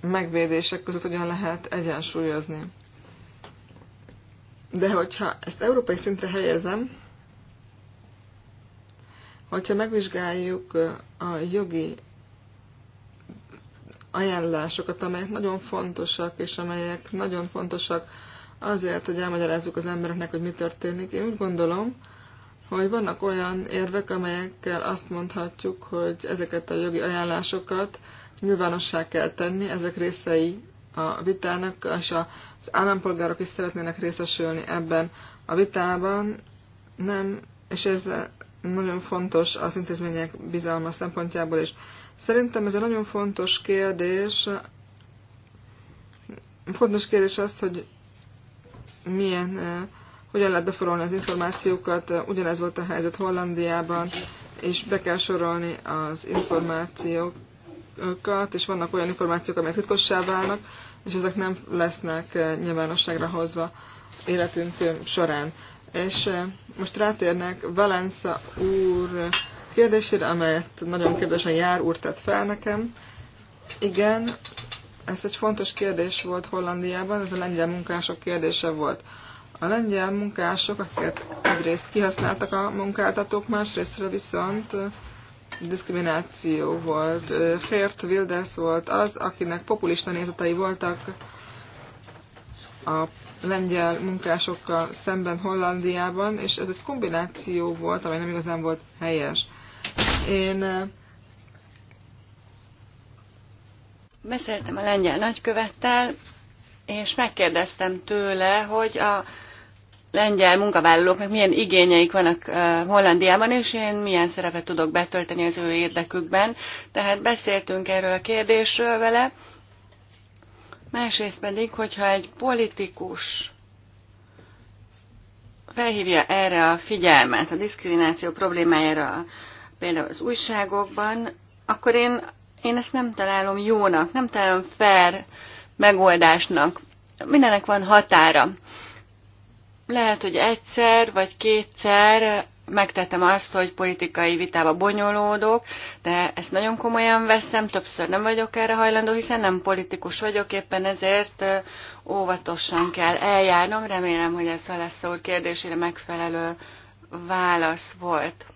megvédések között ugyan lehet egyensúlyozni. De hogyha ezt európai szintre helyezem, hogyha megvizsgáljuk eh, a jogi ajánlásokat, amelyek nagyon fontosak, és amelyek nagyon fontosak azért, hogy elmagyarázzuk az embereknek, hogy mi történik. Én úgy gondolom, hogy vannak olyan érvek, amelyekkel azt mondhatjuk, hogy ezeket a jogi ajánlásokat nyilvánossá kell tenni, ezek részei a vitának, és az állampolgárok is szeretnének részesülni ebben a vitában, nem, és ez nagyon fontos az intézmények bizalma szempontjából is. És Szerintem ez egy nagyon fontos kérdés. Fontos kérdés az, hogy milyen, eh, hogyan lehet beforolni az információkat. Ugyanez volt a helyzet Hollandiában, és be kell sorolni az információkat, és vannak olyan információk, amelyek titkossá válnak, és ezek nem lesznek eh, nyilvánosságra hozva életünk eh, során. És most rátérnek Valensa úr kérdésére, amelyet nagyon kedvesen Jár úr tett fel nekem. Igen, ez egy fontos kérdés volt Hollandiában, ez a lengyel munkások kérdése volt. A lengyel munkások, akiket egyrészt kihasználtak a munkáltatók, másrészt viszont diszkrimináció volt. Fért Wilders volt az, akinek populista nézetei voltak a lengyel munkásokkal szemben Hollandiában, és ez egy kombináció volt, amely nem igazán volt helyes. Én beszéltem a lengyel nagykövettel, és megkérdeztem tőle, hogy a lengyel munkavállalóknak milyen igényeik vannak Hollandiában, és én milyen szerepet tudok betölteni az ő érdekükben. Tehát beszéltünk erről a kérdésről vele. Másrészt pedig, hogyha egy politikus felhívja erre a figyelmet, a diszkrimináció problémájára például az újságokban, akkor én, én ezt nem találom jónak, nem találom fair megoldásnak. Mindenek van határa. Lehet, hogy egyszer vagy kétszer megtettem azt, hogy politikai vitába bonyolódok, de ezt nagyon komolyan veszem, többször nem vagyok erre hajlandó, hiszen nem politikus vagyok, éppen ezért óvatosan kell eljárnom. Remélem, hogy ez a úr kérdésére megfelelő válasz volt.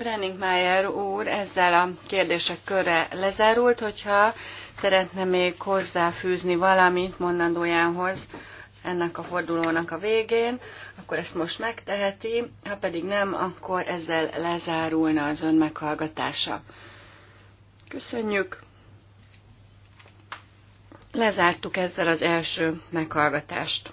Brenningmeier úr, ezzel a kérdések körre lezárult, hogyha szeretne még hozzáfűzni valamit mondandójához ennek a fordulónak a végén, akkor ezt most megteheti, ha pedig nem, akkor ezzel lezárulna az ön meghallgatása. Köszönjük! Lezártuk ezzel az első meghallgatást.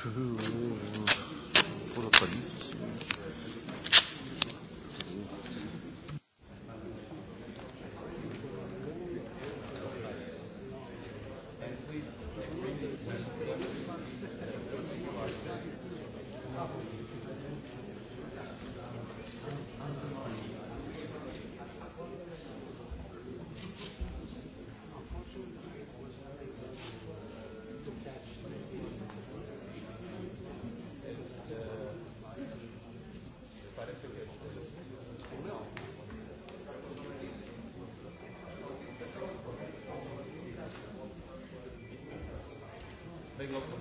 who Thank you.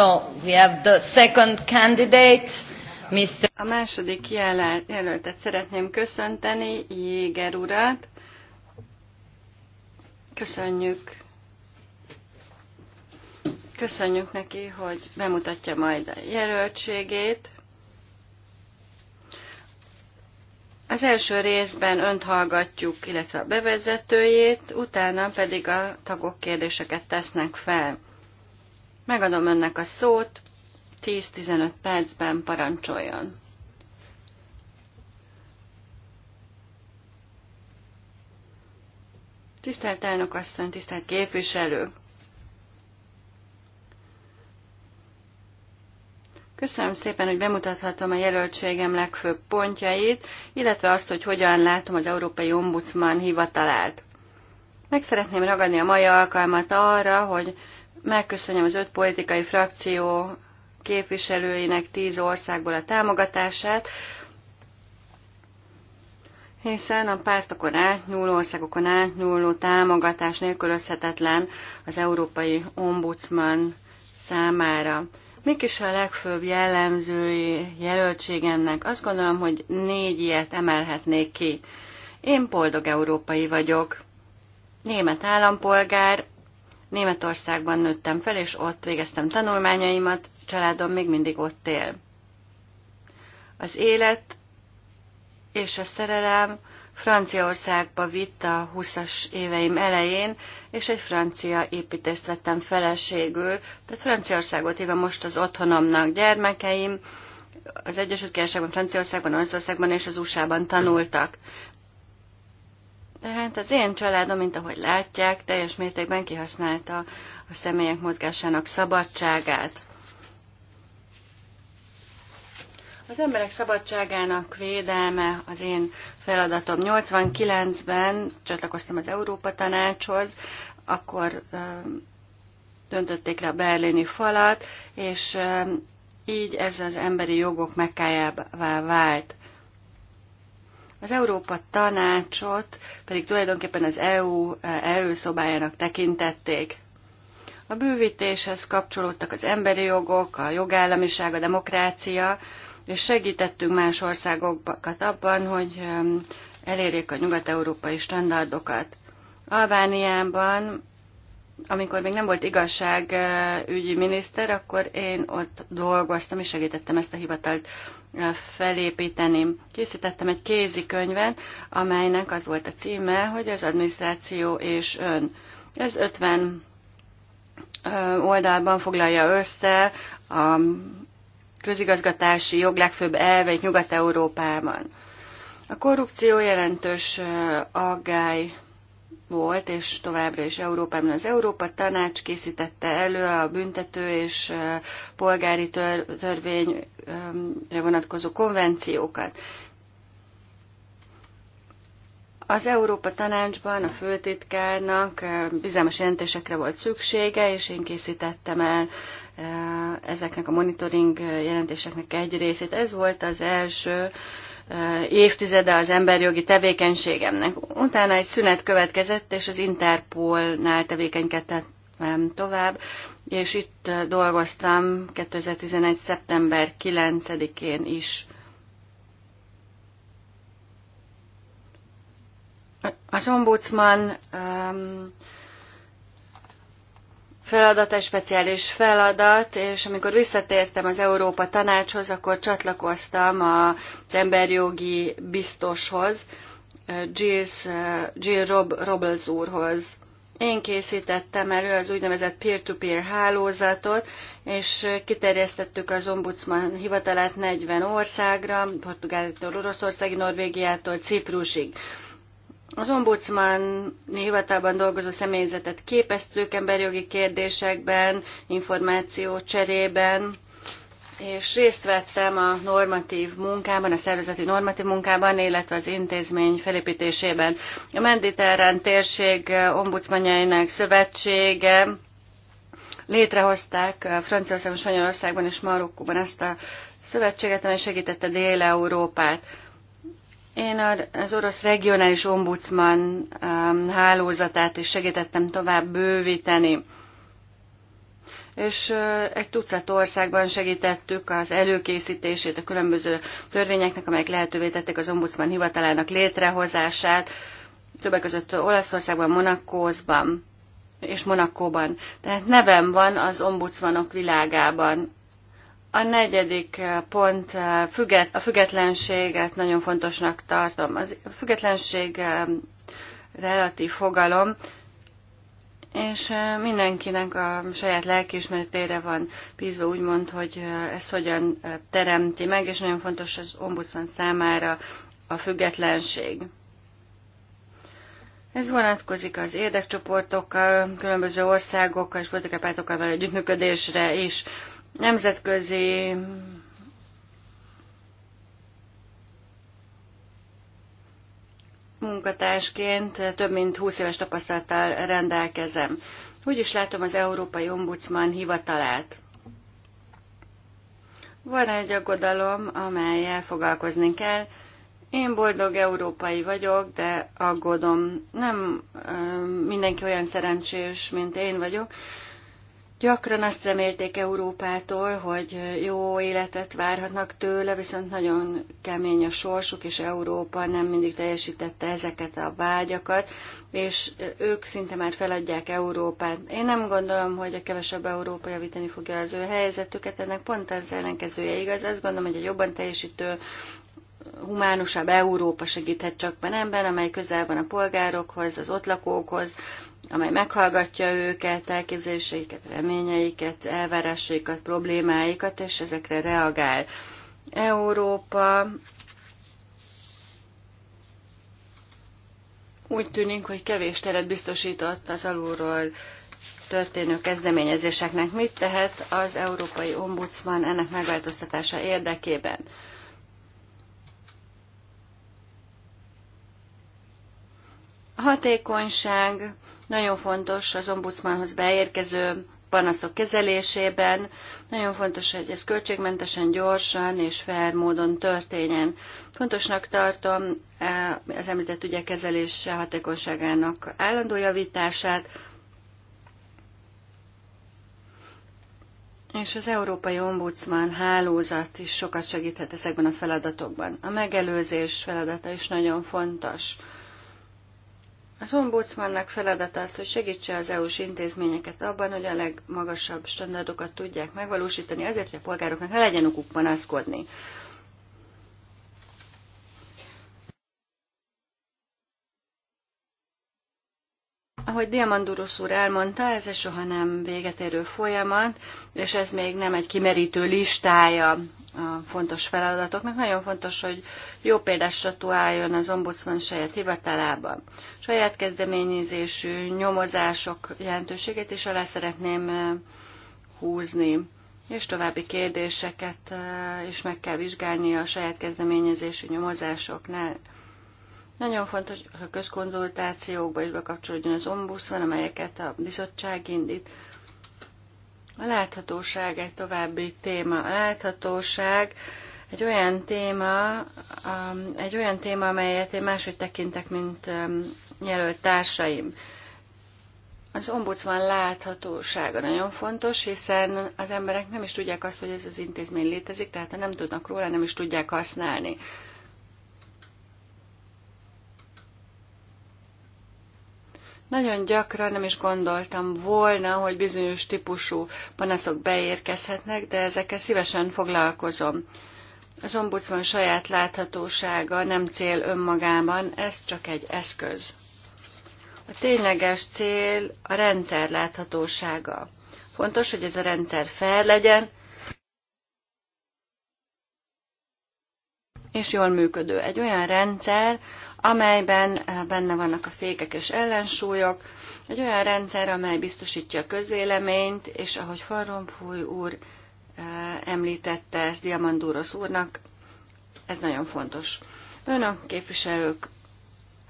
So we have the second candidate, Mr. A második jelöltet szeretném köszönteni, Jéger urat. Köszönjük. Köszönjük neki, hogy bemutatja majd a jelöltségét. Az első részben önt hallgatjuk, illetve a bevezetőjét, utána pedig a tagok kérdéseket tesznek fel. Megadom önnek a szót, 10-15 percben parancsoljon. Tisztelt elnök asszony, tisztelt képviselők! Köszönöm szépen, hogy bemutathatom a jelöltségem legfőbb pontjait, illetve azt, hogy hogyan látom az Európai Ombudsman hivatalát. Meg szeretném ragadni a mai alkalmat arra, hogy Megköszönöm az öt politikai frakció képviselőinek tíz országból a támogatását, hiszen a pártokon átnyúló, országokon átnyúló támogatás nélkülözhetetlen az Európai Ombudsman számára. Mik is a legfőbb jellemzői jelöltségemnek? Azt gondolom, hogy négy ilyet emelhetnék ki. Én boldog európai vagyok. Német állampolgár, Németországban nőttem fel, és ott végeztem tanulmányaimat, családom még mindig ott él. Az élet és a szerelem Franciaországba vitt a 20-as éveim elején, és egy francia építést lettem feleségül, tehát Franciaországot éve most az otthonomnak gyermekeim, az Egyesült Királyságban, Franciaországban, Olaszországban és az USA-ban tanultak. Tehát az én családom, mint ahogy látják, teljes mértékben kihasználta a személyek mozgásának szabadságát. Az emberek szabadságának védelme az én feladatom. 89-ben csatlakoztam az Európa Tanácshoz, akkor döntötték le a berlini falat, és így ez az emberi jogok mekkájává vált. Az Európa Tanácsot pedig tulajdonképpen az EU előszobájának eh, e tekintették. A bővítéshez kapcsolódtak az emberi jogok, a jogállamiság, a demokrácia, és segítettünk más országokat abban, hogy eh, elérjék a nyugat-európai standardokat. Albániában, amikor még nem volt igazságügyi miniszter, akkor én ott dolgoztam és segítettem ezt a hivatalt felépíteni. Készítettem egy kézikönyvet, amelynek az volt a címe, hogy az adminisztráció és ön. Ez 50 oldalban foglalja össze a közigazgatási jog legfőbb elveit Nyugat-Európában. A korrupció jelentős aggály volt, és továbbra is Európában az Európa Tanács készítette elő a büntető és polgári törvény vonatkozó konvenciókat. Az Európa Tanácsban a főtitkárnak bizalmas jelentésekre volt szüksége, és én készítettem el ezeknek a monitoring jelentéseknek egy részét. Ez volt az első évtizede az emberjogi tevékenységemnek. Utána egy szünet következett, és az Interpolnál tevékenykedett tovább, és itt dolgoztam 2011. szeptember 9-én is. Az ombudsman um, feladat egy speciális feladat, és amikor visszatértem az Európa Tanácshoz, akkor csatlakoztam az emberjogi biztoshoz, Jill uh, uh, Rob, Robles úrhoz. Én készítettem elő az úgynevezett peer-to-peer hálózatot, és kiterjesztettük az ombudsman hivatalát 40 országra, Portugáliától, Oroszországig, Norvégiától, Ciprusig. Az ombudsman hivatalban dolgozó személyzetet képeztük emberi jogi kérdésekben, információ cserében, és részt vettem a normatív munkában, a szervezeti normatív munkában, illetve az intézmény felépítésében. A Menditerrán térség eh, ombudsmanjainak szövetsége létrehozták eh, Franciaországban, Spanyolországban és Marokkóban ezt a szövetséget, amely segítette Dél-Európát. Én az orosz regionális ombudsman eh, hálózatát is segítettem tovább bővíteni és egy tucat országban segítettük az előkészítését a különböző törvényeknek, amelyek lehetővé tették az ombudsman hivatalának létrehozását, többek között Olaszországban, Monakózban és Monakóban. Tehát nevem van az ombudsmanok világában. A negyedik pont a függetlenséget nagyon fontosnak tartom. a függetlenség relatív fogalom, és mindenkinek a saját lelkiismeretére van bízva, úgymond, hogy ez hogyan teremti meg, és nagyon fontos az ombudsman számára a függetlenség. Ez vonatkozik az érdekcsoportokkal, különböző országokkal és politikapártokkal való együttműködésre is, nemzetközi munkatársként több mint 20 éves tapasztalattal rendelkezem. Úgy is látom az Európai Ombudsman hivatalát. Van egy aggodalom, amelyel foglalkozni kell. Én boldog európai vagyok, de aggódom. Nem mindenki olyan szerencsés, mint én vagyok, Gyakran azt remélték Európától, hogy jó életet várhatnak tőle, viszont nagyon kemény a sorsuk, és Európa nem mindig teljesítette ezeket a vágyakat, és ők szinte már feladják Európát. Én nem gondolom, hogy a kevesebb Európa javítani fogja az ő helyzetüket, ennek pont az ellenkezője igaz. Azt gondolom, hogy a jobban teljesítő humánusabb Európa segíthet csak ebben, amely közel van a polgárokhoz, az ott lakókhoz, amely meghallgatja őket, elképzeléseiket, reményeiket, elvárásaikat, problémáikat, és ezekre reagál. Európa úgy tűnik, hogy kevés teret biztosított az alulról történő kezdeményezéseknek. Mit tehet az Európai Ombudsman ennek megváltoztatása érdekében? hatékonyság, nagyon fontos az ombudsmanhoz beérkező panaszok kezelésében. Nagyon fontos, hogy ez költségmentesen, gyorsan és fair módon történjen. Fontosnak tartom e, az említett ügyek kezelése hatékonyságának állandó javítását, És az Európai Ombudsman hálózat is sokat segíthet ezekben a feladatokban. A megelőzés feladata is nagyon fontos. Az ombudsmannak feladata az, hogy segítse az EU-s intézményeket abban, hogy a legmagasabb standardokat tudják megvalósítani, azért, hogy a polgároknak ne legyen okuk panaszkodni. Ahogy Diamandurus úr elmondta, ez egy soha nem véget érő folyamat, és ez még nem egy kimerítő listája a fontos feladatoknak. Nagyon fontos, hogy jó példásra álljon az ombudsman saját hivatalában. Saját kezdeményezésű nyomozások jelentőségét is alá szeretném eh, húzni, és további kérdéseket eh, is meg kell vizsgálni a saját kezdeményezési nyomozásoknál. Nagyon fontos, hogy a közkonzultációkba is bekapcsolódjon az ombuszban, amelyeket a bizottság indít. A láthatóság egy további téma. A láthatóság egy olyan téma, um, egy olyan téma, amelyet én máshogy tekintek, mint um, jelölt társaim. Az ombudsman láthatósága nagyon fontos, hiszen az emberek nem is tudják azt, hogy ez az intézmény létezik, tehát ha nem tudnak róla, nem is tudják használni. Nagyon gyakran nem is gondoltam volna, hogy bizonyos típusú panaszok beérkezhetnek, de ezekkel szívesen foglalkozom. Az ombudsman saját láthatósága nem cél önmagában, ez csak egy eszköz. A tényleges cél a rendszer láthatósága. Fontos, hogy ez a rendszer fel legyen, és jól működő. Egy olyan rendszer, amelyben eh, benne vannak a fékek és ellensúlyok, egy olyan rendszer, amely biztosítja a közéleményt, és ahogy Farrompúj úr eh, említette ezt Diamandúros úrnak, ez nagyon fontos. Önök képviselők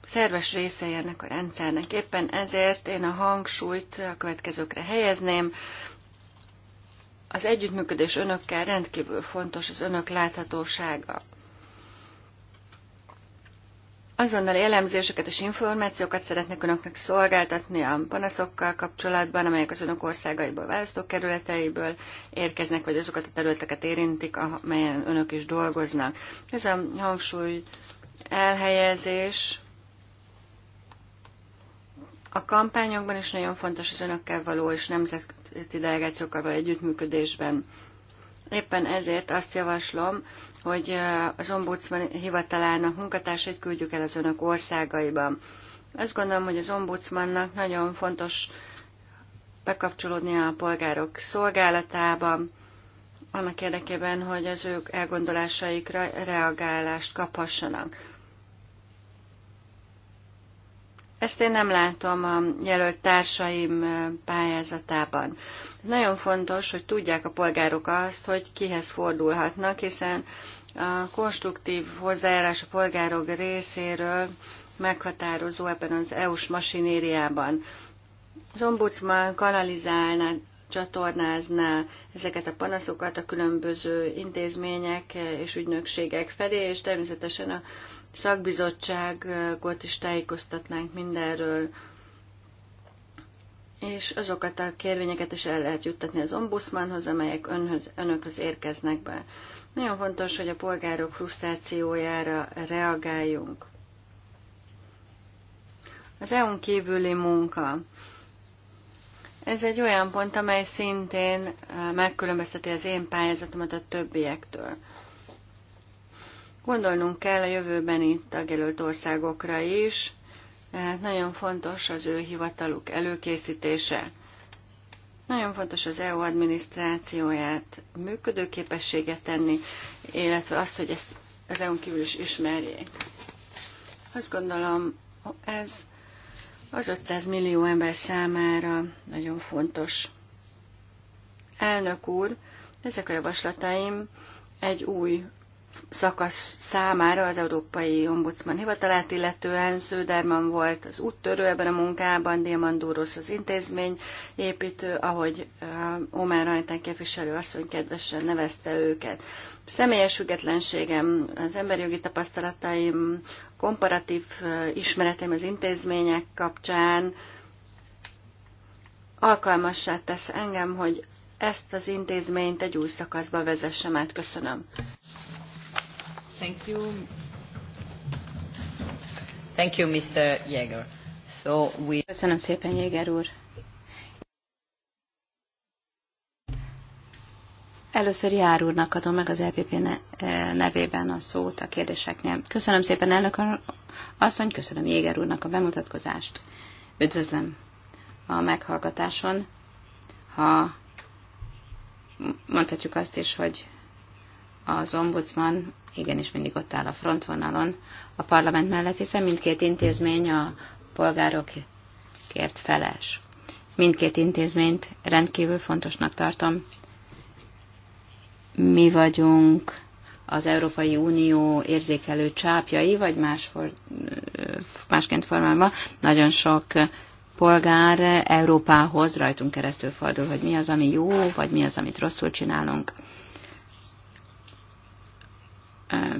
szerves része ennek a rendszernek. Éppen ezért én a hangsúlyt a következőkre helyezném. Az együttműködés önökkel rendkívül fontos, az önök láthatósága. Azonnal elemzéseket és információkat szeretnék önöknek szolgáltatni a panaszokkal kapcsolatban, amelyek az önök országaiból, választókerületeiből érkeznek, vagy azokat a területeket érintik, amelyen önök is dolgoznak. Ez a hangsúly elhelyezés a kampányokban is nagyon fontos az önökkel való és nemzeti delegációkkal való együttműködésben. Éppen ezért azt javaslom, hogy az ombudsman hivatalának munkatársait küldjük el az önök országaiba. Azt gondolom, hogy az ombudsmannak nagyon fontos bekapcsolódnia a polgárok szolgálatába, annak érdekében, hogy az ők elgondolásaikra reagálást kaphassanak. Ezt én nem látom a jelölt társaim pályázatában. Nagyon fontos, hogy tudják a polgárok azt, hogy kihez fordulhatnak, hiszen a konstruktív hozzájárás a polgárok részéről meghatározó ebben az EU-s masinériában. Az ombudsman kanalizálná, csatornázná ezeket a panaszokat a különböző intézmények és ügynökségek felé, és természetesen a szakbizottságot is tájékoztatnánk mindenről, és azokat a kérvényeket is el lehet juttatni az ombuszmanhoz, amelyek önhöz, önökhöz érkeznek be. Nagyon fontos, hogy a polgárok frusztrációjára reagáljunk. Az EU-n kívüli munka. Ez egy olyan pont, amely szintén eh, megkülönbözteti az én pályázatomat a többiektől. Gondolnunk kell a jövőbeni tagjelölt országokra is, tehát nagyon fontos az ő hivataluk előkészítése. Nagyon fontos az EU adminisztrációját működőképességet tenni, illetve azt, hogy ezt az EU-n kívül is ismerjék. Azt gondolom, ez az 500 millió ember számára nagyon fontos. Elnök úr, ezek a javaslataim egy új szakasz számára az Európai Ombudsman hivatalát illetően Sződerman volt az úttörő ebben a munkában, Diamandúrosz az intézmény építő, ahogy eh, Omar Rajtán képviselő asszony kedvesen nevezte őket. Személyes függetlenségem, az emberi jogi tapasztalataim, komparatív eh, ismeretem az intézmények kapcsán alkalmassá tesz engem, hogy ezt az intézményt egy új szakaszba vezessem át. Köszönöm. Thank you. Thank you, Mr. Jäger. So we... Köszönöm szépen, Jäger úr. Először Jár úrnak adom meg az EPP e, nevében a szót a kérdéseknél. Köszönöm szépen, elnök asszony, köszönöm Jéger úrnak a bemutatkozást. Üdvözlöm a meghallgatáson. Ha mondhatjuk azt is, hogy az ombudsman igenis mindig ott áll a frontvonalon a parlament mellett, hiszen mindkét intézmény a polgárokért feles. Mindkét intézményt rendkívül fontosnak tartom. Mi vagyunk az Európai Unió érzékelő csápjai, vagy más for, másként formálva, nagyon sok polgár Európához rajtunk keresztül fordul, hogy mi az, ami jó, vagy mi az, amit rosszul csinálunk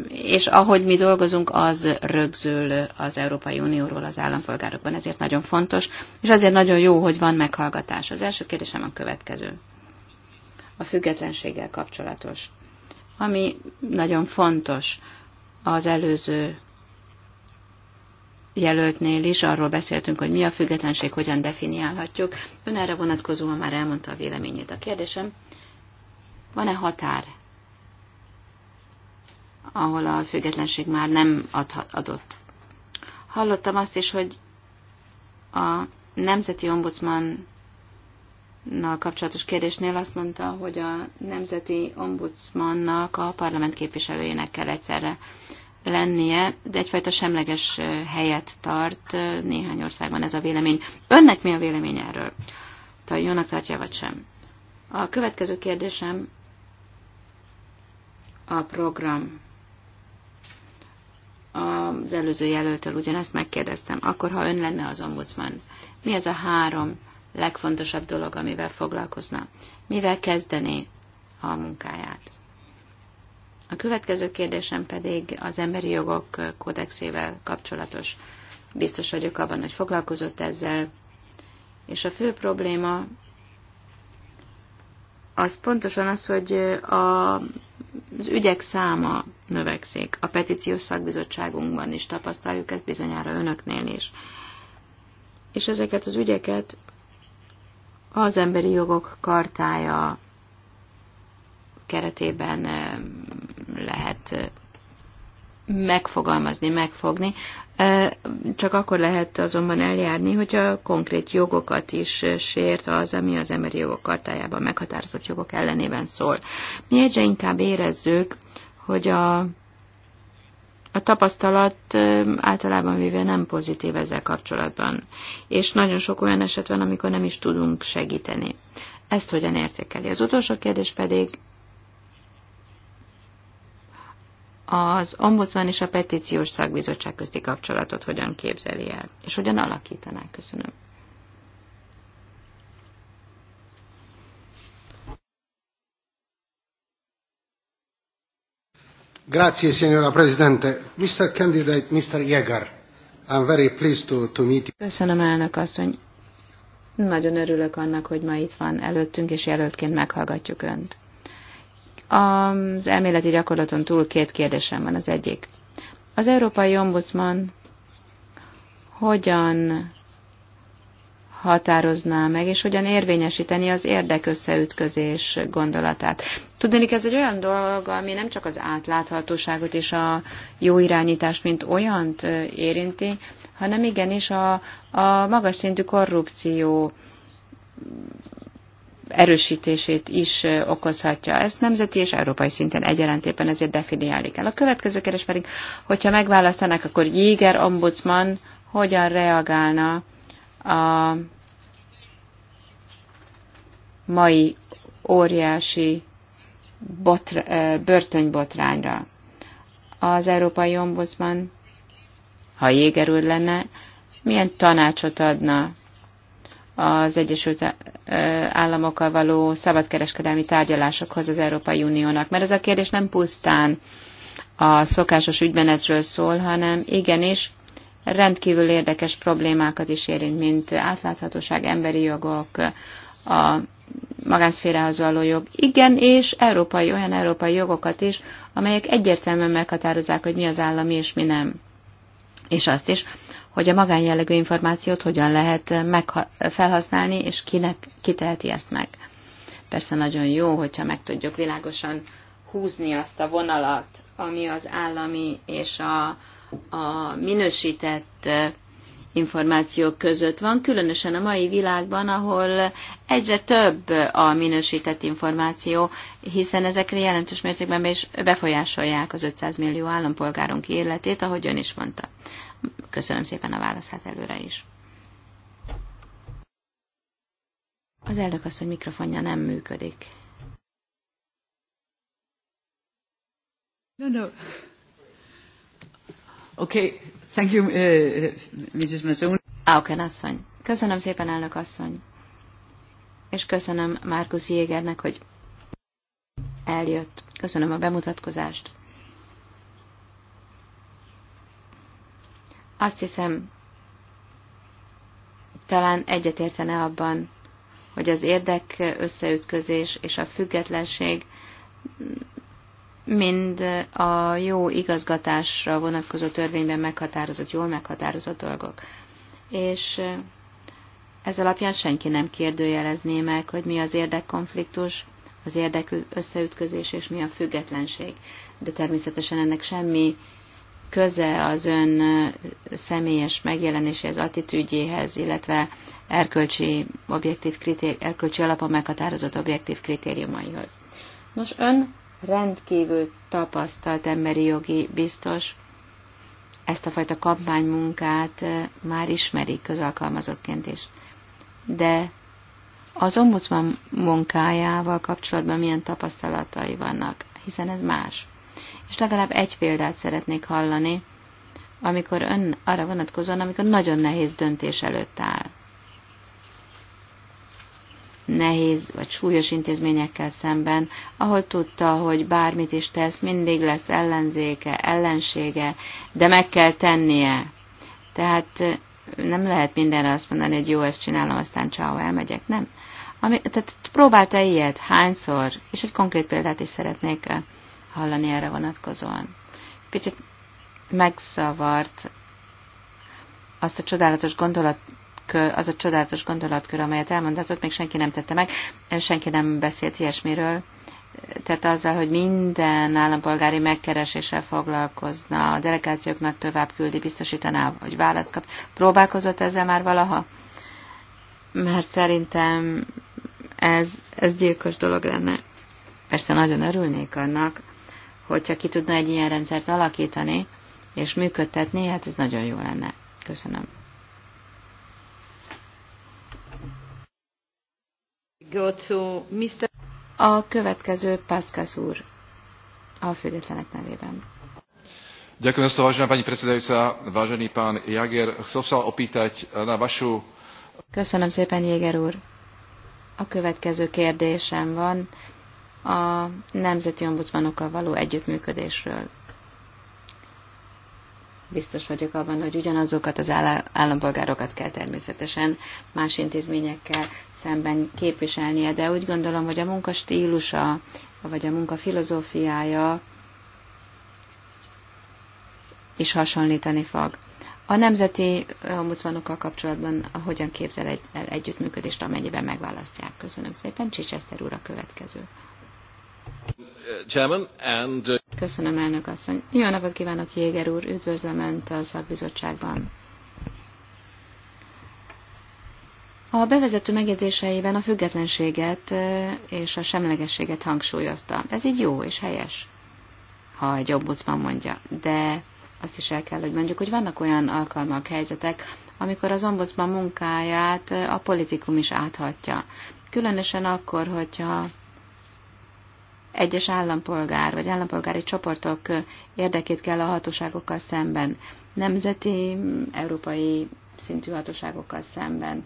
és ahogy mi dolgozunk, az rögzül az Európai Unióról az állampolgárokban, ezért nagyon fontos, és azért nagyon jó, hogy van meghallgatás. Az első kérdésem a következő. A függetlenséggel kapcsolatos, ami nagyon fontos az előző jelöltnél is, arról beszéltünk, hogy mi a függetlenség, hogyan definiálhatjuk. Ön erre vonatkozóan már elmondta a véleményét. A kérdésem, van-e határ ahol a függetlenség már nem adott. Hallottam azt is, hogy a nemzeti ombudsmannal kapcsolatos kérdésnél azt mondta, hogy a nemzeti ombudsmannak a parlament képviselőjének kell egyszerre lennie, de egyfajta semleges helyet tart néhány országban ez a vélemény. Önnek mi a vélemény erről? Tehát jónak tartja, vagy sem? A következő kérdésem a program az előző jelöltől ugyanezt megkérdeztem, akkor ha ön lenne az ombudsman, mi az a három legfontosabb dolog, amivel foglalkozna? Mivel kezdené a munkáját? A következő kérdésem pedig az emberi jogok kódexével kapcsolatos. Biztos vagyok abban, hogy foglalkozott ezzel, és a fő probléma az pontosan az, hogy a, az ügyek száma növekszik. A petíciós szakbizottságunkban is tapasztaljuk ezt bizonyára önöknél is. És ezeket az ügyeket az emberi jogok kartája keretében lehet megfogalmazni, megfogni. Csak akkor lehet azonban eljárni, hogy a konkrét jogokat is sért az, ami az emberi jogok kartájában meghatározott jogok ellenében szól. Mi egyre inkább érezzük, hogy a, a tapasztalat általában véve nem pozitív ezzel kapcsolatban, és nagyon sok olyan eset van, amikor nem is tudunk segíteni. Ezt hogyan értékeli? Az utolsó kérdés pedig az ombudsman és a petíciós szakbizottság közti kapcsolatot hogyan képzeli el, és hogyan alakítaná. Köszönöm. Grazie, signora Presidente. Mr. Candidate, Mr. Jäger, I'm very pleased to, to meet you. Köszönöm, elnök asszony. Nagyon örülök annak, hogy ma itt van előttünk, és jelöltként meghallgatjuk Önt. Az elméleti gyakorlaton túl két kérdésem van az egyik. Az Európai Ombudsman hogyan határozná meg, és hogyan érvényesíteni az érdekösszeütközés gondolatát. Tudni, ez egy olyan dolog, ami nem csak az átláthatóságot és a jó irányítást, mint olyant érinti, hanem igenis a, a magas szintű korrupció erősítését is okozhatja. Ezt nemzeti és európai szinten egyaránt éppen ezért definiálni kell. A következő kérdés pedig, hogyha megválasztanák, akkor Jéger ombudsman hogyan reagálna a mai óriási botra, Az Európai Ombudsman, ha Jéger úr lenne, milyen tanácsot adna az Egyesült Államokkal való szabadkereskedelmi tárgyalásokhoz az Európai Uniónak. Mert ez a kérdés nem pusztán a szokásos ügymenetről szól, hanem igenis rendkívül érdekes problémákat is érint, mint átláthatóság, emberi jogok, a magánszférához való jog. Igen, és európai, olyan európai jogokat is, amelyek egyértelműen meghatározzák, hogy mi az állami és mi nem. És azt is, hogy a magánjellegű információt hogyan lehet eh, felhasználni, és kinek kiteheti ezt meg. Persze nagyon jó, hogyha meg tudjuk világosan húzni azt a vonalat, ami az állami és a, a minősített eh, információk között van, különösen a mai világban, ahol egyre több a minősített információ, hiszen ezekre jelentős mértékben is befolyásolják az 500 millió állampolgárunk életét, ahogy ön is mondta. Köszönöm szépen a válaszát előre is. Az elnök asszony mikrofonja nem működik. No, no. Okay, thank you, uh, Mrs. Mazzoni. Auken asszony. Köszönöm szépen, elnök asszony. És köszönöm Márkusz Jégernek, hogy eljött. Köszönöm a bemutatkozást. Azt hiszem, talán egyetértene abban, hogy az érdek összeütközés és a függetlenség mind a jó igazgatásra vonatkozó törvényben meghatározott, jól meghatározott dolgok. És ez alapján senki nem kérdőjelezné meg, hogy mi az érdekkonfliktus, az érdek összeütközés és mi a függetlenség. De természetesen ennek semmi köze az ön személyes megjelenéséhez, attitűdjéhez, illetve erkölcsi, objektív kritéri, erkölcsi alapon meghatározott objektív kritériumaihoz. Nos, ön rendkívül tapasztalt emberi jogi biztos, ezt a fajta kampánymunkát már ismeri közalkalmazottként is. De az ombudsman munkájával kapcsolatban milyen tapasztalatai vannak, hiszen ez más és legalább egy példát szeretnék hallani, amikor ön arra vonatkozóan, amikor nagyon nehéz döntés előtt áll. Nehéz vagy súlyos intézményekkel szemben, ahol tudta, hogy bármit is tesz, mindig lesz ellenzéke, ellensége, de meg kell tennie. Tehát nem lehet mindenre azt mondani, hogy jó, ezt csinálom, aztán csáó, elmegyek, nem? Ami, tehát próbálta ilyet, hányszor, és egy konkrét példát is szeretnék hallani erre vonatkozóan. Picit megszavart azt a csodálatos gondolat, az a csodálatos gondolatkör, amelyet elmondhatott, még senki nem tette meg, senki nem beszélt ilyesmiről, tehát azzal, hogy minden állampolgári megkereséssel foglalkozna, a delegációknak tovább küldi, biztosítaná, hogy választ kap. Próbálkozott ezzel már valaha? Mert szerintem ez, ez gyilkos dolog lenne. Persze nagyon örülnék annak, hogyha ki tudna egy ilyen rendszert alakítani és működtetni, hát ez nagyon jó lenne. Köszönöm. Go to Mr. A következő Pászkász úr a függetlenek nevében. Ďakujem za to, vážená pani predsedajúca, vážený pán Jager. Chcel sa opýtať na vašu... Köszönöm szépen, Jéger úr. A következő kérdésem van a nemzeti ombudsmanokkal való együttműködésről. Biztos vagyok abban, hogy ugyanazokat az állampolgárokat kell természetesen más intézményekkel szemben képviselnie, de úgy gondolom, hogy a munka stílusa, vagy a munka filozófiája is hasonlítani fog. A nemzeti ombudsmanokkal kapcsolatban hogyan képzel egy, el együttműködést, amennyiben megválasztják? Köszönöm szépen. Csicseszter úr a következő. Uh, Köszönöm, elnök asszony. Jó napot kívánok, Jéger úr, üdvözlöm Önt a szakbizottságban. A bevezető megjegyzéseiben a függetlenséget és a semlegességet hangsúlyozta. Ez így jó és helyes, ha egy ombudsman mondja. De azt is el kell, hogy mondjuk, hogy vannak olyan alkalmak, helyzetek, amikor az ombudsman munkáját a politikum is áthatja. Különösen akkor, hogyha egyes állampolgár vagy állampolgári csoportok érdekét kell a hatóságokkal szemben, nemzeti, európai szintű hatóságokkal szemben,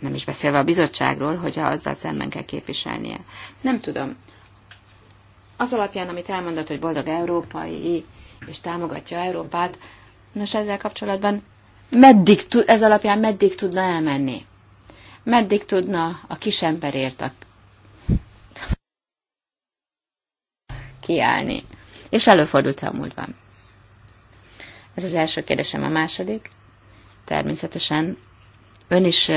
nem is beszélve a bizottságról, hogyha azzal szemben kell képviselnie. Nem tudom. Az alapján, amit elmondott, hogy boldog európai és támogatja Európát, nos ezzel kapcsolatban meddig, ez alapján meddig tudna elmenni? Meddig tudna a kisemberért, a kiállni. És előfordult-e a múltban? Ez az első kérdésem. A második, természetesen ön is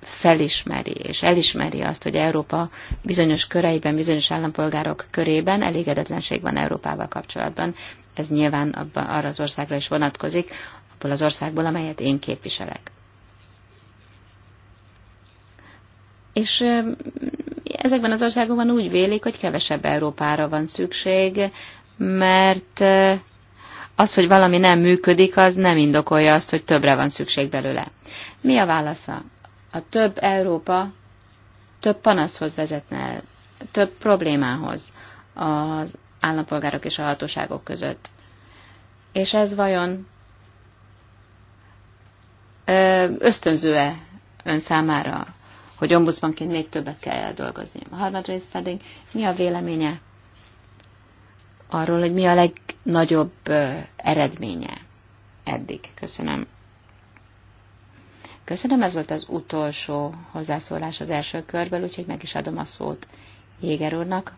felismeri és elismeri azt, hogy Európa bizonyos köreiben, bizonyos állampolgárok körében elégedetlenség van Európával kapcsolatban. Ez nyilván abba, arra az országra is vonatkozik, abból az országból, amelyet én képviselek. És ezekben az országokban úgy vélik, hogy kevesebb Európára van szükség, mert eh, az, hogy valami nem működik, az nem indokolja azt, hogy többre van szükség belőle. Mi a válasza? A több Európa több panaszhoz vezetne el, több problémához az állampolgárok és a hatóságok között. És ez vajon eh, ösztönző-e ön számára? hogy ombudsmanként még többet kell eldolgozni. A harmadrészt pedig mi a véleménye arról, hogy mi a legnagyobb eredménye eddig. Köszönöm. Köszönöm, ez volt az utolsó hozzászólás az első körből, úgyhogy meg is adom a szót Jéger úrnak,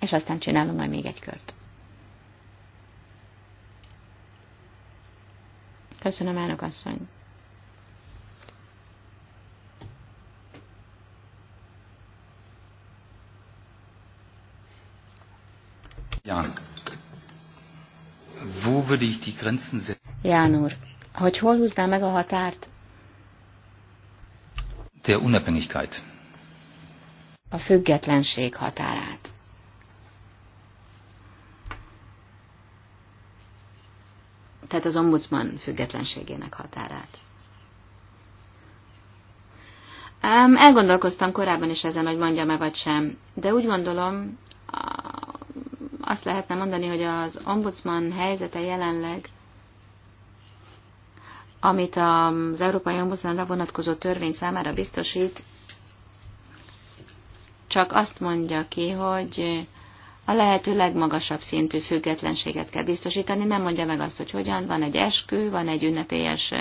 és aztán csinálunk majd még egy kört. Köszönöm, elnök asszony. Ján. úr, hogy hol húzná meg a határt? Der Unabhängigkeit. A függetlenség határát. Tehát az ombudsman függetlenségének határát. Elgondolkoztam korábban is ezen, hogy mondjam-e vagy sem, de úgy gondolom, azt lehetne mondani, hogy az ombudsman helyzete jelenleg, amit az Európai Ombudsmanra vonatkozó törvény számára biztosít, csak azt mondja ki, hogy a lehető legmagasabb szintű függetlenséget kell biztosítani, nem mondja meg azt, hogy hogyan, van egy eskü, van egy ünnepélyes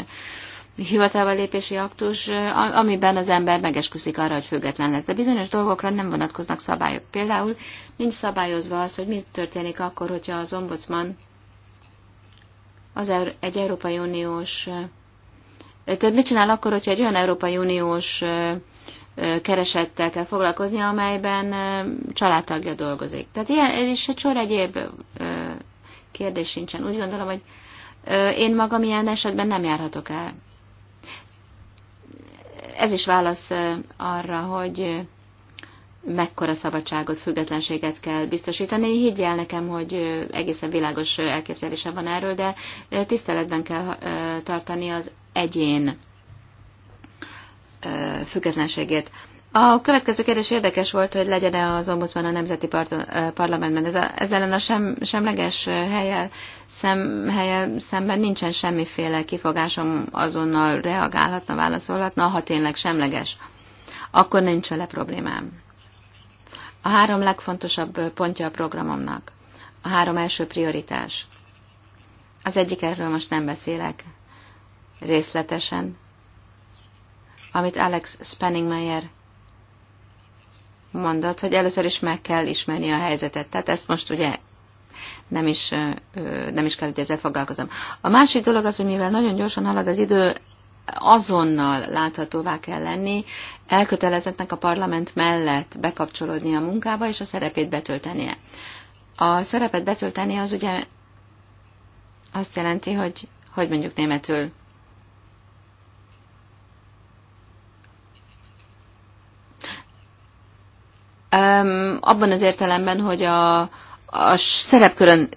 hivatalba lépési aktus, amiben az ember megesküszik arra, hogy független lesz. De bizonyos dolgokra nem vonatkoznak szabályok. Például nincs szabályozva az, hogy mi történik akkor, hogyha az ombudsman az egy Európai Uniós... Tehát mit csinál akkor, hogyha egy olyan Európai Uniós keresettel kell foglalkozni, amelyben családtagja dolgozik. Tehát ilyen, és egy sor egyéb kérdés sincsen. Úgy gondolom, hogy én magam ilyen esetben nem járhatok el ez is válasz arra, hogy mekkora szabadságot, függetlenséget kell biztosítani. Higgy nekem, hogy egészen világos elképzelése van erről, de tiszteletben kell tartani az egyén függetlenségét. A következő kérdés érdekes volt, hogy legyen-e az ombudsman a Nemzeti Parlamentben. Ez, a, ez ellen a sem, semleges helye, szem, helye szemben nincsen semmiféle kifogásom, azonnal reagálhatna, válaszolhatna, ha tényleg semleges. Akkor nincs vele problémám. A három legfontosabb pontja a programomnak. A három első prioritás. Az egyik erről most nem beszélek részletesen, amit Alex Spenningmeyer mondat, hogy először is meg kell ismerni a helyzetet. Tehát ezt most ugye nem is, nem is kell, hogy ezzel foglalkozom. A másik dolog az, hogy mivel nagyon gyorsan halad az idő, azonnal láthatóvá kell lenni, elkötelezettnek a parlament mellett bekapcsolódni a munkába, és a szerepét betöltenie. A szerepet betölteni az ugye azt jelenti, hogy, hogy mondjuk németül abban az értelemben, hogy a, a szerepkörön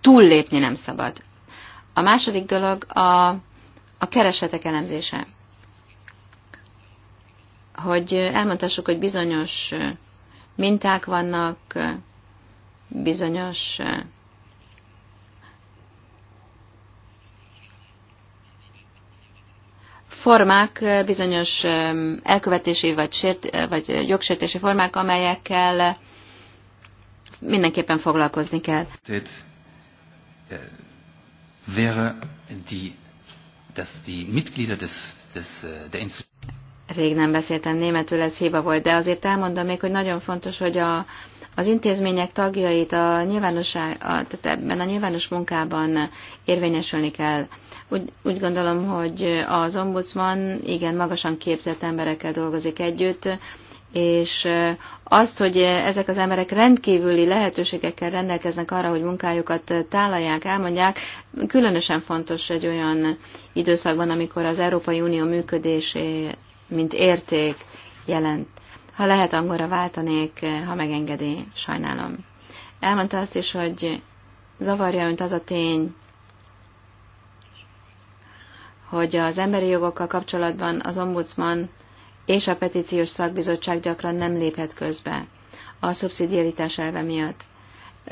túllépni nem szabad. A második dolog a, a keresetek elemzése. Hogy elmondhassuk, hogy bizonyos minták vannak, bizonyos formák, bizonyos elkövetési vagy, sért, vagy jogsértési formák, amelyekkel mindenképpen foglalkozni kell. wäre die, dass die Mitglieder des, des, äh, der Rég nem beszéltem németül, ez hiba volt, de azért elmondom még, hogy nagyon fontos, hogy a, az intézmények tagjait a nyilvánosság, a, tehát ebben a nyilvános munkában érvényesülni kell. Úgy, úgy gondolom, hogy az ombudsman igen magasan képzett emberekkel dolgozik együtt, és azt, hogy ezek az emberek rendkívüli lehetőségekkel rendelkeznek arra, hogy munkájukat tálalják, elmondják, különösen fontos egy olyan időszakban, amikor az Európai Unió működésé, mint érték jelent ha lehet, angolra váltanék, ha megengedi, sajnálom. Elmondta azt is, hogy zavarja önt az a tény, hogy az emberi jogokkal kapcsolatban az ombudsman és a petíciós szakbizottság gyakran nem léphet közbe a szubszidiaritás elve miatt.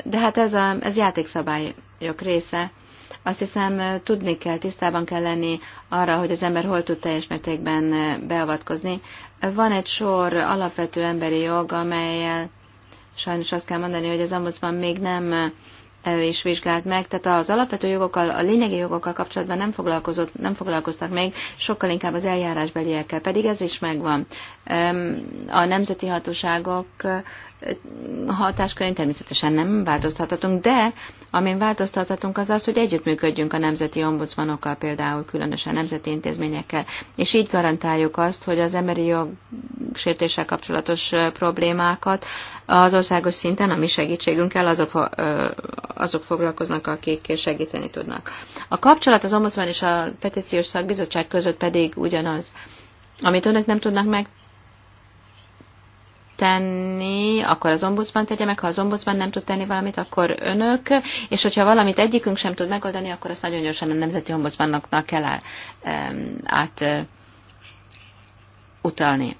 De hát ez, a, ez játékszabályok része. Azt hiszem, tudni kell, tisztában kell lenni arra, hogy az ember hol tud teljes mértékben beavatkozni. Van egy sor alapvető emberi jog, amelyel sajnos azt kell mondani, hogy az ombudsman még nem is vizsgált meg, tehát az alapvető jogokkal, a lényegi jogokkal kapcsolatban nem, foglalkozott, nem foglalkoztak még, sokkal inkább az eljárásbeliekkel, pedig ez is megvan. A nemzeti hatóságok hatáskörén természetesen nem változtathatunk, de Amin változtathatunk az az, hogy együttműködjünk a nemzeti ombudsmanokkal, például különösen nemzeti intézményekkel, és így garantáljuk azt, hogy az emberi sértéssel kapcsolatos problémákat az országos szinten a mi segítségünkkel azok, azok foglalkoznak, akik segíteni tudnak. A kapcsolat az ombudsman és a petíciós szakbizottság között pedig ugyanaz. Amit önök nem tudnak meg, tenni, akkor az ombudsman tegye meg, ha az ombudsman nem tud tenni valamit, akkor önök, és hogyha valamit egyikünk sem tud megoldani, akkor azt nagyon gyorsan a nemzeti ombudsmannaknak kell eh, át eh, utalni.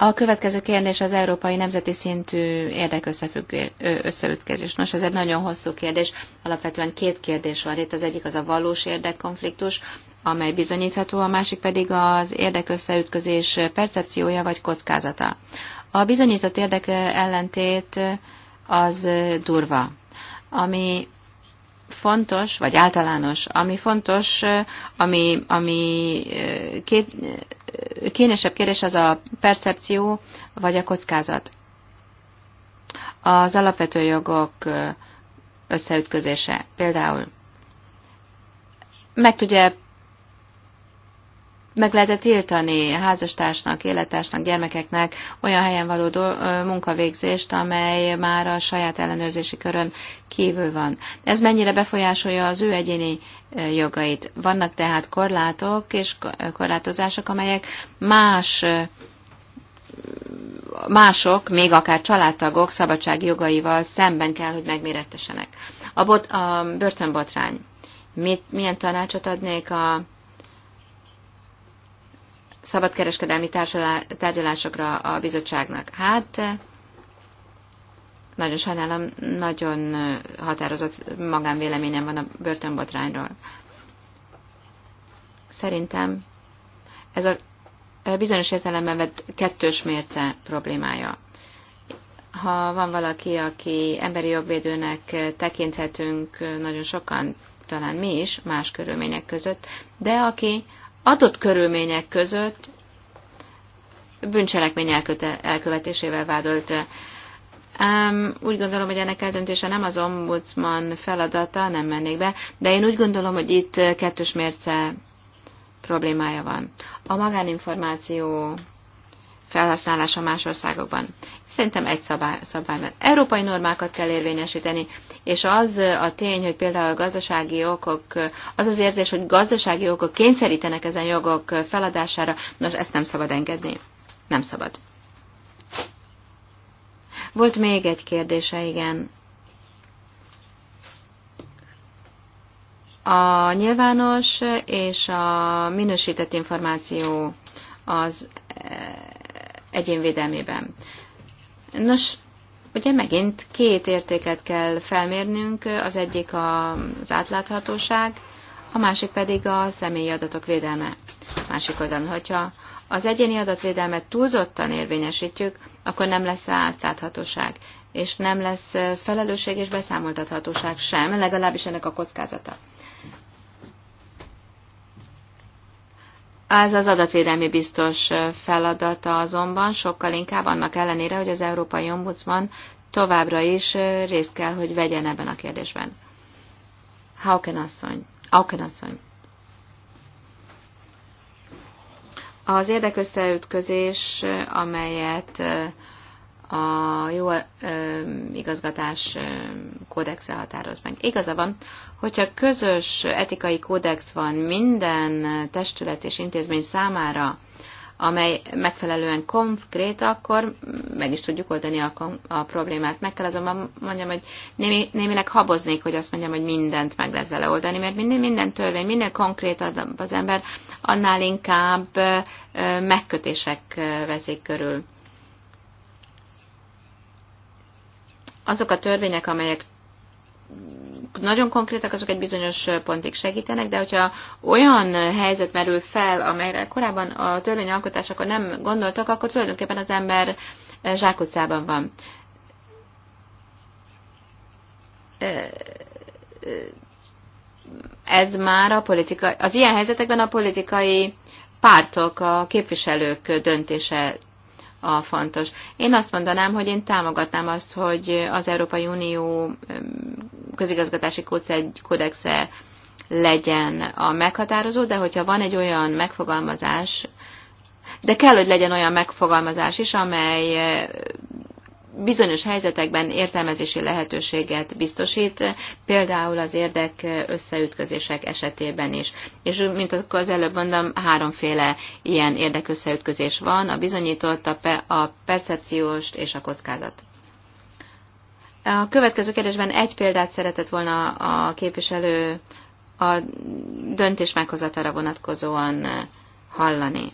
A következő kérdés az európai nemzeti szintű érdekösszeütkezés. Nos, ez egy nagyon hosszú kérdés. Alapvetően két kérdés van itt. Az egyik az a valós érdekkonfliktus, amely bizonyítható, a másik pedig az érdekösszeütközés percepciója vagy kockázata. A bizonyított érdek ellentét az durva. Ami fontos, vagy általános, ami fontos, ami, ami két, kényesebb kérdés az a percepció, vagy a kockázat. Az alapvető jogok összeütközése például meg tudja meg lehetett tiltani házastársnak, élettársnak, gyermekeknek olyan helyen való munkavégzést, amely már a saját ellenőrzési körön kívül van. Ez mennyire befolyásolja az ő egyéni jogait? Vannak tehát korlátok és korlátozások, amelyek más mások, még akár családtagok szabadsági jogaival szemben kell, hogy megmérettesenek. A, bot, a börtönbotrány. Mit, milyen tanácsot adnék a szabadkereskedelmi tárgyalásokra a bizottságnak. Hát nagyon sajnálom, nagyon határozott magánvéleményem van a börtönbotrányról. Szerintem ez a bizonyos értelemben vett kettős mérce problémája. Ha van valaki, aki emberi jogvédőnek tekinthetünk nagyon sokan, talán mi is, más körülmények között, de aki adott körülmények között bűncselekmény elköte, elkövetésével vádolt. Um, úgy gondolom, hogy ennek eldöntése nem az ombudsman feladata, nem mennék be, de én úgy gondolom, hogy itt kettős mérce problémája van. A magáninformáció felhasználása más országokban. Szerintem egy szabály, szabály mert európai normákat kell érvényesíteni, és az a tény, hogy például a gazdasági okok, az az érzés, hogy gazdasági okok kényszerítenek ezen jogok feladására, nos, ezt nem szabad engedni. Nem szabad. Volt még egy kérdése, igen. A nyilvános és a minősített információ az védelmében. Nos, ugye megint két értéket kell felmérnünk, az egyik az átláthatóság, a másik pedig a személyi adatok védelme. Másik oldalon, hogyha az egyéni adatvédelmet túlzottan érvényesítjük, akkor nem lesz átláthatóság, és nem lesz felelősség és beszámoltathatóság sem, legalábbis ennek a kockázata. az az adatvédelmi biztos feladata azonban sokkal inkább annak ellenére, hogy az Európai Ombudsman továbbra is részt kell, hogy vegyen ebben a kérdésben. Hauken asszony. Hauken asszony. Az érdekösszeütközés, amelyet a jó igazgatás kódexe határoz meg. Igaza van, hogyha közös etikai kódex van minden testület és intézmény számára, amely megfelelően konkrét, akkor meg is tudjuk oldani a, a problémát. Meg kell azonban mondjam, hogy némi, némileg haboznék, hogy azt mondjam, hogy mindent meg lehet vele oldani, mert minden, minden törvény, minél konkrétabb az ember, annál inkább megkötések veszik körül. azok a törvények, amelyek nagyon konkrétak, azok egy bizonyos pontig segítenek, de hogyha olyan helyzet merül fel, amelyre korábban a törvényalkotás akkor nem gondoltak, akkor tulajdonképpen az ember zsákutcában van. Ez már a politika, az ilyen helyzetekben a politikai pártok, a képviselők döntése a fontos. Én azt mondanám, hogy én támogatnám azt, hogy az Európai Unió közigazgatási kódexe legyen a meghatározó, de hogyha van egy olyan megfogalmazás, de kell, hogy legyen olyan megfogalmazás is, amely bizonyos helyzetekben értelmezési lehetőséget biztosít, például az érdek összeütközések esetében is. És mint akkor az előbb mondom, háromféle ilyen érdekösszeütközés van, a bizonyított, a, pe, a percepciós és a kockázat. A következő kérdésben egy példát szeretett volna a képviselő a döntés meghozatára vonatkozóan hallani.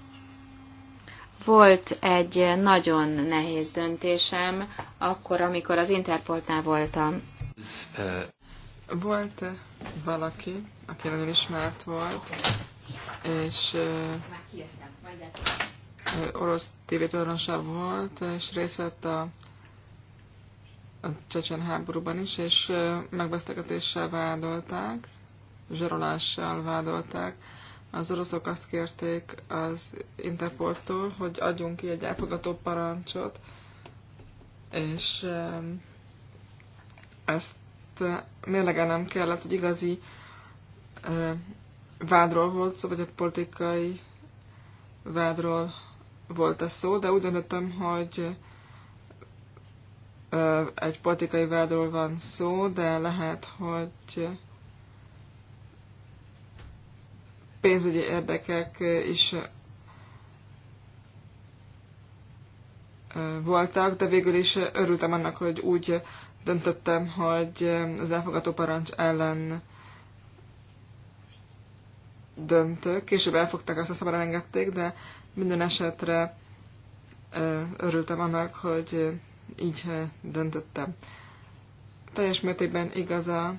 Volt egy nagyon nehéz döntésem, akkor, amikor az Interpoltnál voltam. Volt eh, valaki, aki nagyon ismert volt, és eh, eh, orosz tévétulajdonosa volt, és részt vett a, a csecsen háborúban is, és megbeszélgetéssel vádolták, zsarolással vádolták, az oroszok azt kérték az Interpoltól, hogy adjunk ki egy elfogató parancsot, és ezt mérlegelnem kellett, hogy igazi vádról volt szó, vagy a politikai vádról volt ez szó, de úgy döntöttem, hogy egy politikai vádról van szó, de lehet, hogy pénzügyi érdekek is voltak, de végül is örültem annak, hogy úgy döntöttem, hogy az elfogadó parancs ellen döntök. Később elfogták, azt a szabadon engedték, de minden esetre örültem annak, hogy így döntöttem. Teljes mértékben igaza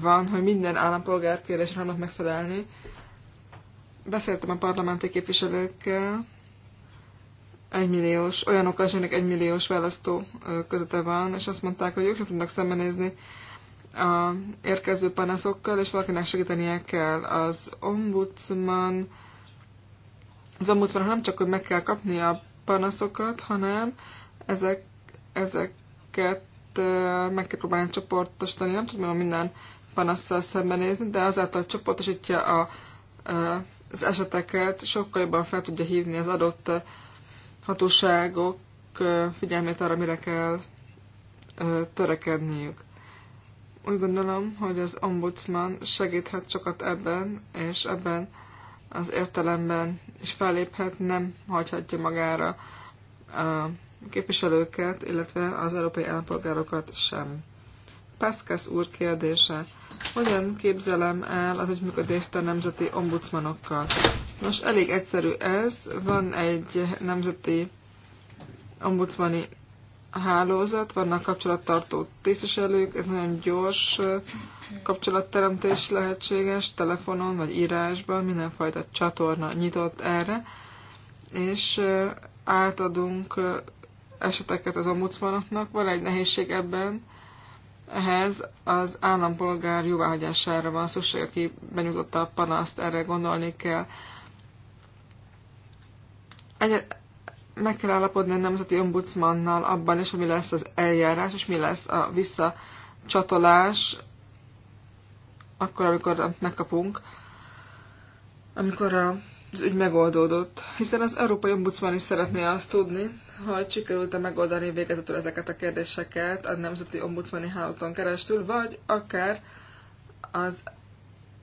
van, hogy minden állampolgár kérdésre annak megfelelni. Beszéltem a parlamenti képviselőkkel, egymilliós, olyan akinek egymilliós választó közete van, és azt mondták, hogy ők nem tudnak szembenézni a érkező panaszokkal, és valakinek segítenie kell. Az ombudsman, az ombudsman nem csak, hogy meg kell kapni a panaszokat, hanem ezek, ezeket meg kell próbálni csoportosítani, nem tudom minden panasszal szembenézni, de azáltal, csoportosítja a, az eseteket, sokkal jobban fel tudja hívni az adott hatóságok figyelmét arra, mire kell törekedniük. Úgy gondolom, hogy az ombudsman segíthet sokat ebben, és ebben az értelemben is felléphet, nem hagyhatja magára képviselőket, illetve az európai állampolgárokat sem. Paskas úr kérdése. Hogyan képzelem el az ügyműködést a nemzeti ombudsmanokkal? Nos, elég egyszerű ez. Van egy nemzeti ombudsmani hálózat, vannak kapcsolattartó tisztviselők, ez nagyon gyors kapcsolatteremtés lehetséges, telefonon vagy írásban, mindenfajta csatorna nyitott erre, és átadunk eseteket az ombudsmanoknak. Van egy nehézség ebben, ehhez az állampolgár jóváhagyására van szükség, aki benyújtotta a panaszt, erre gondolni kell. Egy, meg kell állapodni a nemzeti ombudsmannal abban is, ami mi lesz az eljárás, és mi lesz a visszacsatolás, akkor, amikor megkapunk, amikor a az ügy megoldódott, hiszen az Európai Ombudsman is szeretné azt tudni, hogy sikerült-e megoldani végezetül ezeket a kérdéseket a Nemzeti Ombudsmani Hálózaton keresztül, vagy akár az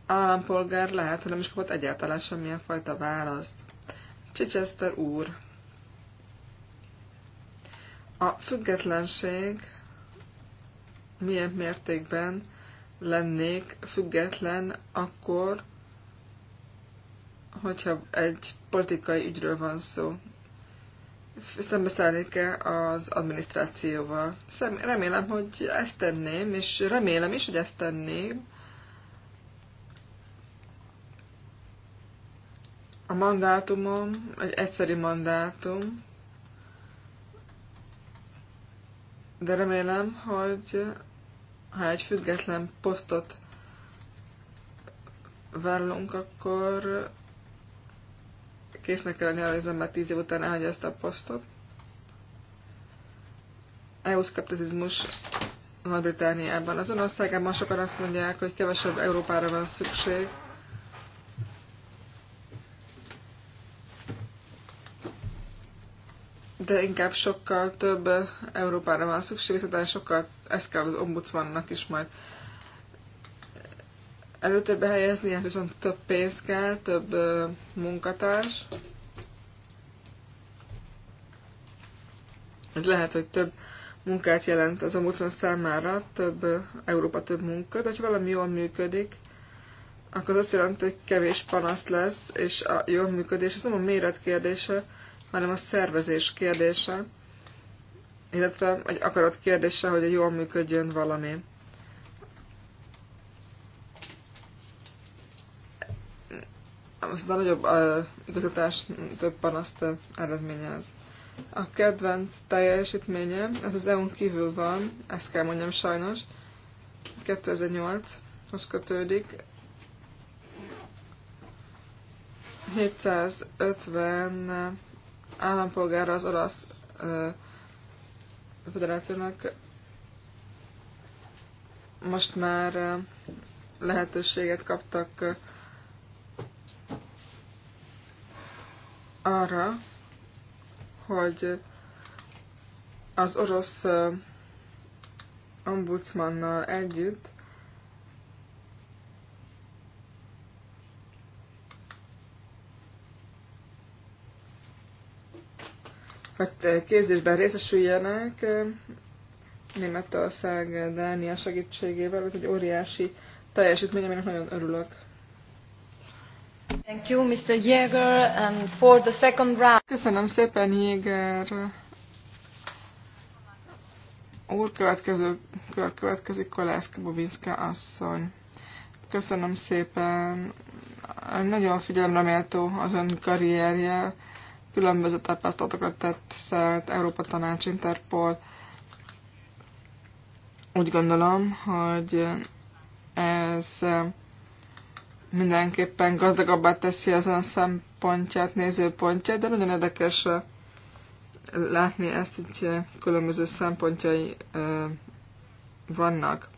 állampolgár lehet, hogy nem is kapott egyáltalán semmilyen fajta választ. Chichester úr. A függetlenség milyen mértékben lennék független akkor, hogyha egy politikai ügyről van szó. Szembeszállni-e az adminisztrációval? Remélem, hogy ezt tenném, és remélem is, hogy ezt tenném. A mandátumom, egy egyszerű mandátum, de remélem, hogy ha egy független posztot vállunk, akkor késznek kell lenni arra, hogy az ember tíz év után elhagyja ezt a posztot. EU-szkepticizmus Nagy-Britániában. Az ön országában sokan azt mondják, hogy kevesebb Európára van szükség, de inkább sokkal több Európára van szükség, viszont sokkal, ezt kell az ombudsmannak is majd előtérbe helyezni, ez viszont több pénz kell, több munkatárs. Ez lehet, hogy több munkát jelent az ombudsman számára, több Európa több munka, de ha valami jól működik, akkor az azt jelenti, hogy kevés panasz lesz, és a jól működés, ez nem a méret kérdése, hanem a szervezés kérdése, illetve egy akarat kérdése, hogy jól működjön valami. a nagyobb uh, igazgatás több panaszt eredményez. A kedvenc teljesítménye, ez az EU-n kívül van, ezt kell mondjam sajnos, 2008-hoz kötődik, 750 állampolgára az olasz uh, federációnak most már uh, lehetőséget kaptak arra, hogy az orosz ombudsmannal együtt hogy képzésben részesüljenek Németország, Dánia segítségével, ez egy óriási teljesítmény, aminek nagyon örülök. Thank you, Mr. Jäger, and for the second round. Köszönöm szépen, Jäger. Úr következő, kör következik Kolászka Bovinska asszony. Köszönöm szépen. Nagyon figyelemre méltó az ön karrierje. Különböző tapasztalatokat tett szert Európa Tanács Interpol. Úgy gondolom, hogy ez mindenképpen gazdagabbá teszi azon szempontját, nézőpontját, de nagyon érdekes eh, látni ezt, hogy eh, különböző szempontjai eh, vannak.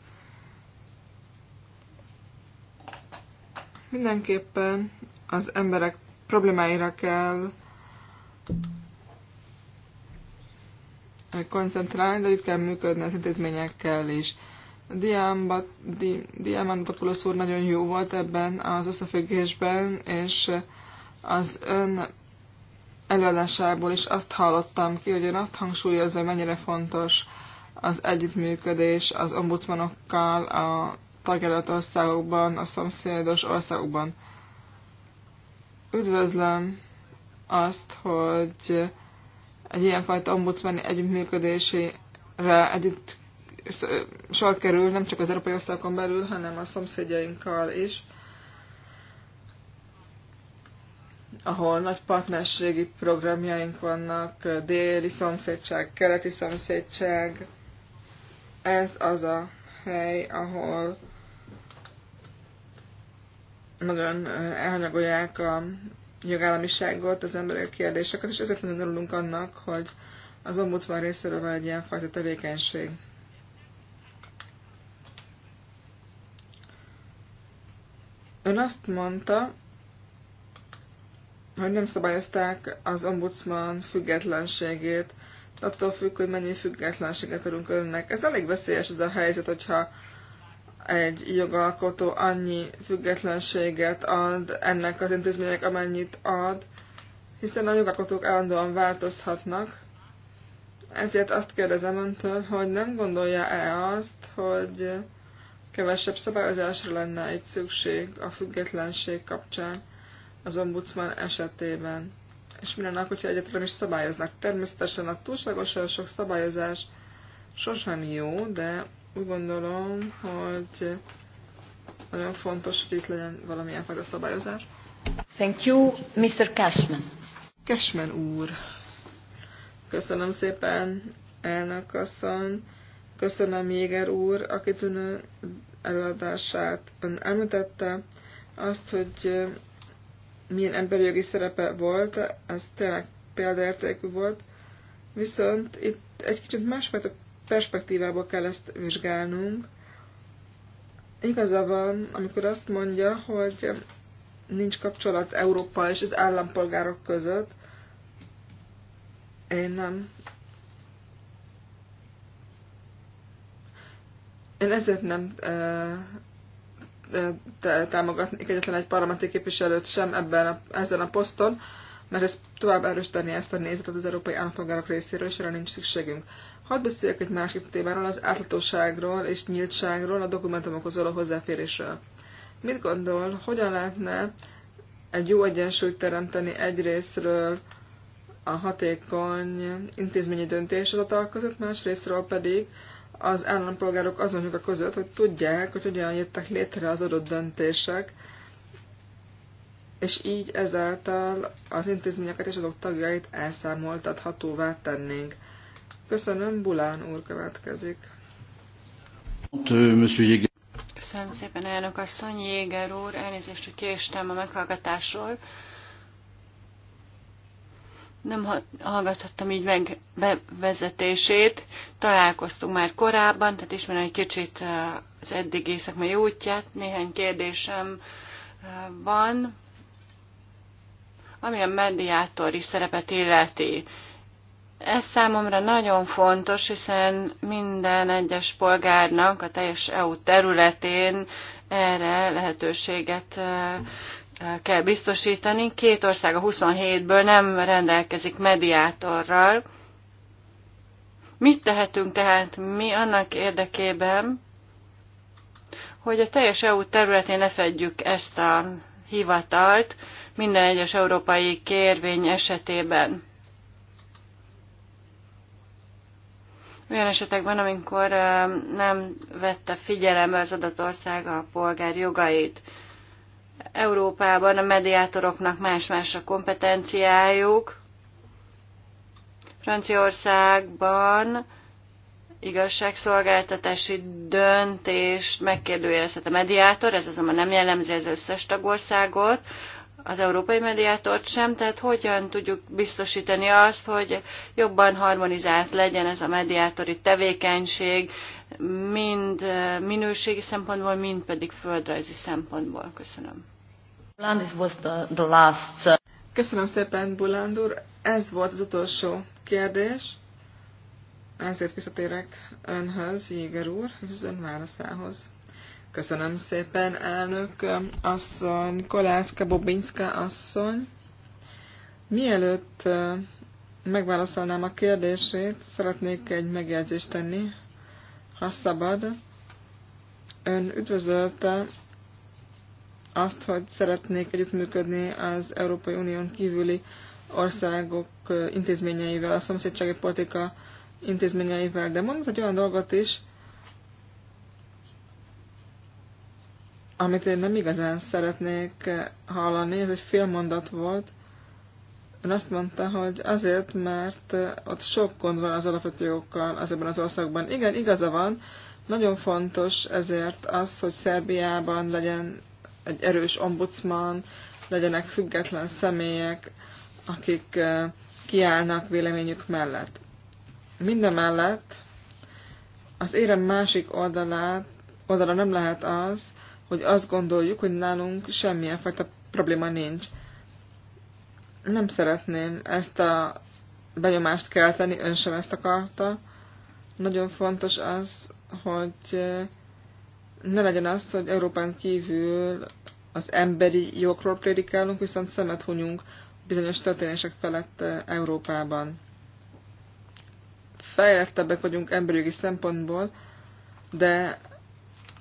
Mindenképpen az emberek problémáira kell koncentrálni, de itt kell működni az intézményekkel is. Diamba, Di, Diamantopoulos úr nagyon jó volt ebben az összefüggésben, és az ön előadásából is azt hallottam ki, hogy ön azt hangsúlyozza, hogy mennyire fontos az együttműködés az ombudsmanokkal a tagjelölt országokban, a szomszédos országokban. Üdvözlöm azt, hogy egy ilyenfajta ombudsmani együttműködésére együtt sor kerül nem csak az európai Országon belül, hanem a szomszédjainkkal is, ahol nagy partnerségi programjaink vannak, déli szomszédság, keleti szomszédság. Ez az a hely, ahol nagyon elhanyagolják a jogállamiságot, az emberek kérdéseket, és ezért nagyon örülünk annak, hogy az ombudsman részéről van egy ilyenfajta tevékenység. Ön azt mondta, hogy nem szabályozták az ombudsman függetlenségét, attól függ, hogy mennyi függetlenséget adunk önnek. Ez elég veszélyes ez a helyzet, hogyha egy jogalkotó annyi függetlenséget ad ennek az intézménynek, amennyit ad, hiszen a jogalkotók állandóan változhatnak. Ezért azt kérdezem öntől, hogy nem gondolja-e azt, hogy Kevesebb szabályozásra lenne itt szükség a függetlenség kapcsán az ombudsman esetében. És mi lenne, hogyha egyetlen is szabályoznak? Természetesen a túlságosan sok szabályozás sosem jó, de úgy gondolom, hogy nagyon fontos, hogy itt legyen valamilyen fajta szabályozás. Thank you, Mr. Cashman. Cashman úr. Köszönöm szépen, elnök asszony. Köszönöm Jéger úr a kitűnő előadását. Ön említette, azt, hogy milyen emberi jogi szerepe volt, ez tényleg példaértékű volt, viszont itt egy kicsit másfajta perspektívából kell ezt vizsgálnunk. Igaza van, amikor azt mondja, hogy nincs kapcsolat Európa és az állampolgárok között. Én nem Én ezért nem támogatnék egyetlen egy parlamenti képviselőt sem ebben a, ezen a poszton, mert ez tovább erősíteni ezt a nézetet az európai állampolgárok részéről, és erre nincs szükségünk. Hadd beszéljek egy másik témáról, az átlatóságról és nyíltságról, a dokumentumokhoz való hozzáférésről. Mit gondol, hogyan lehetne egy jó egyensúlyt teremteni egyrésztről a hatékony intézményi döntéshozatal között, másrésztről pedig az állampolgárok azonok a között, hogy tudják, hogy hogyan jöttek létre az adott döntések, és így ezáltal az intézményeket és azok tagjait elszámoltathatóvá tennénk. Köszönöm, Bulán úr következik. Köszönöm szépen, elnök asszony, Jéger úr, elnézést, hogy késtem a meghallgatásról nem hallgathattam így meg bevezetését. Találkoztunk már korábban, tehát ismerem egy kicsit az eddigi éjszakmai útját. Néhány kérdésem van, ami a mediátori szerepet illeti. Ez számomra nagyon fontos, hiszen minden egyes polgárnak a teljes EU területén erre lehetőséget kell biztosítani. Két ország a 27-ből nem rendelkezik mediátorral. Mit tehetünk tehát mi annak érdekében, hogy a teljes EU területén lefedjük ezt a hivatalt minden egyes európai kérvény esetében? olyan esetekben, amikor nem vette figyelembe az adatország a polgár jogait. Európában a mediátoroknak más-más a kompetenciájuk. Franciaországban igazságszolgáltatási döntést megkérdőjelezhet a mediátor, ez azonban nem jellemzi az összes tagországot, az európai mediátort sem, tehát hogyan tudjuk biztosítani azt, hogy jobban harmonizált legyen ez a mediátori tevékenység, mind minőségi szempontból, mind pedig földrajzi szempontból. Köszönöm. Uh, Köszönöm szépen, Buland úr. Ez volt az utolsó kérdés. Ezért visszatérek önhöz, Jéger úr, és az ön válaszához. Köszönöm szépen, elnök um, asszony, Kolászka Bobinska asszony. Mielőtt uh, megválaszolnám a kérdését, szeretnék egy megjegyzést tenni, ha szabad. Ön üdvözölte azt, hogy szeretnék együttműködni az Európai Unión kívüli országok intézményeivel, a szomszédsági politika intézményeivel, de mondott egy olyan dolgot is, amit én nem igazán szeretnék hallani, ez egy félmondat volt. Ön azt mondta, hogy azért, mert ott sok gond van az alapvető jogokkal az ebben az országban. Igen, igaza van, nagyon fontos ezért az, hogy Szerbiában legyen egy erős ombudsman, legyenek független személyek, akik kiállnak véleményük mellett. Minden mellett az érem másik oldalát, oldala nem lehet az, hogy azt gondoljuk, hogy nálunk semmilyen fajta probléma nincs. Nem szeretném ezt a benyomást kelteni, ön sem ezt akarta. Nagyon fontos az, hogy ne legyen az, hogy Európán kívül az emberi jogról prédikálunk, viszont szemet hunyunk bizonyos történések felett eh, Európában. Fejlettebbek vagyunk jogi szempontból, de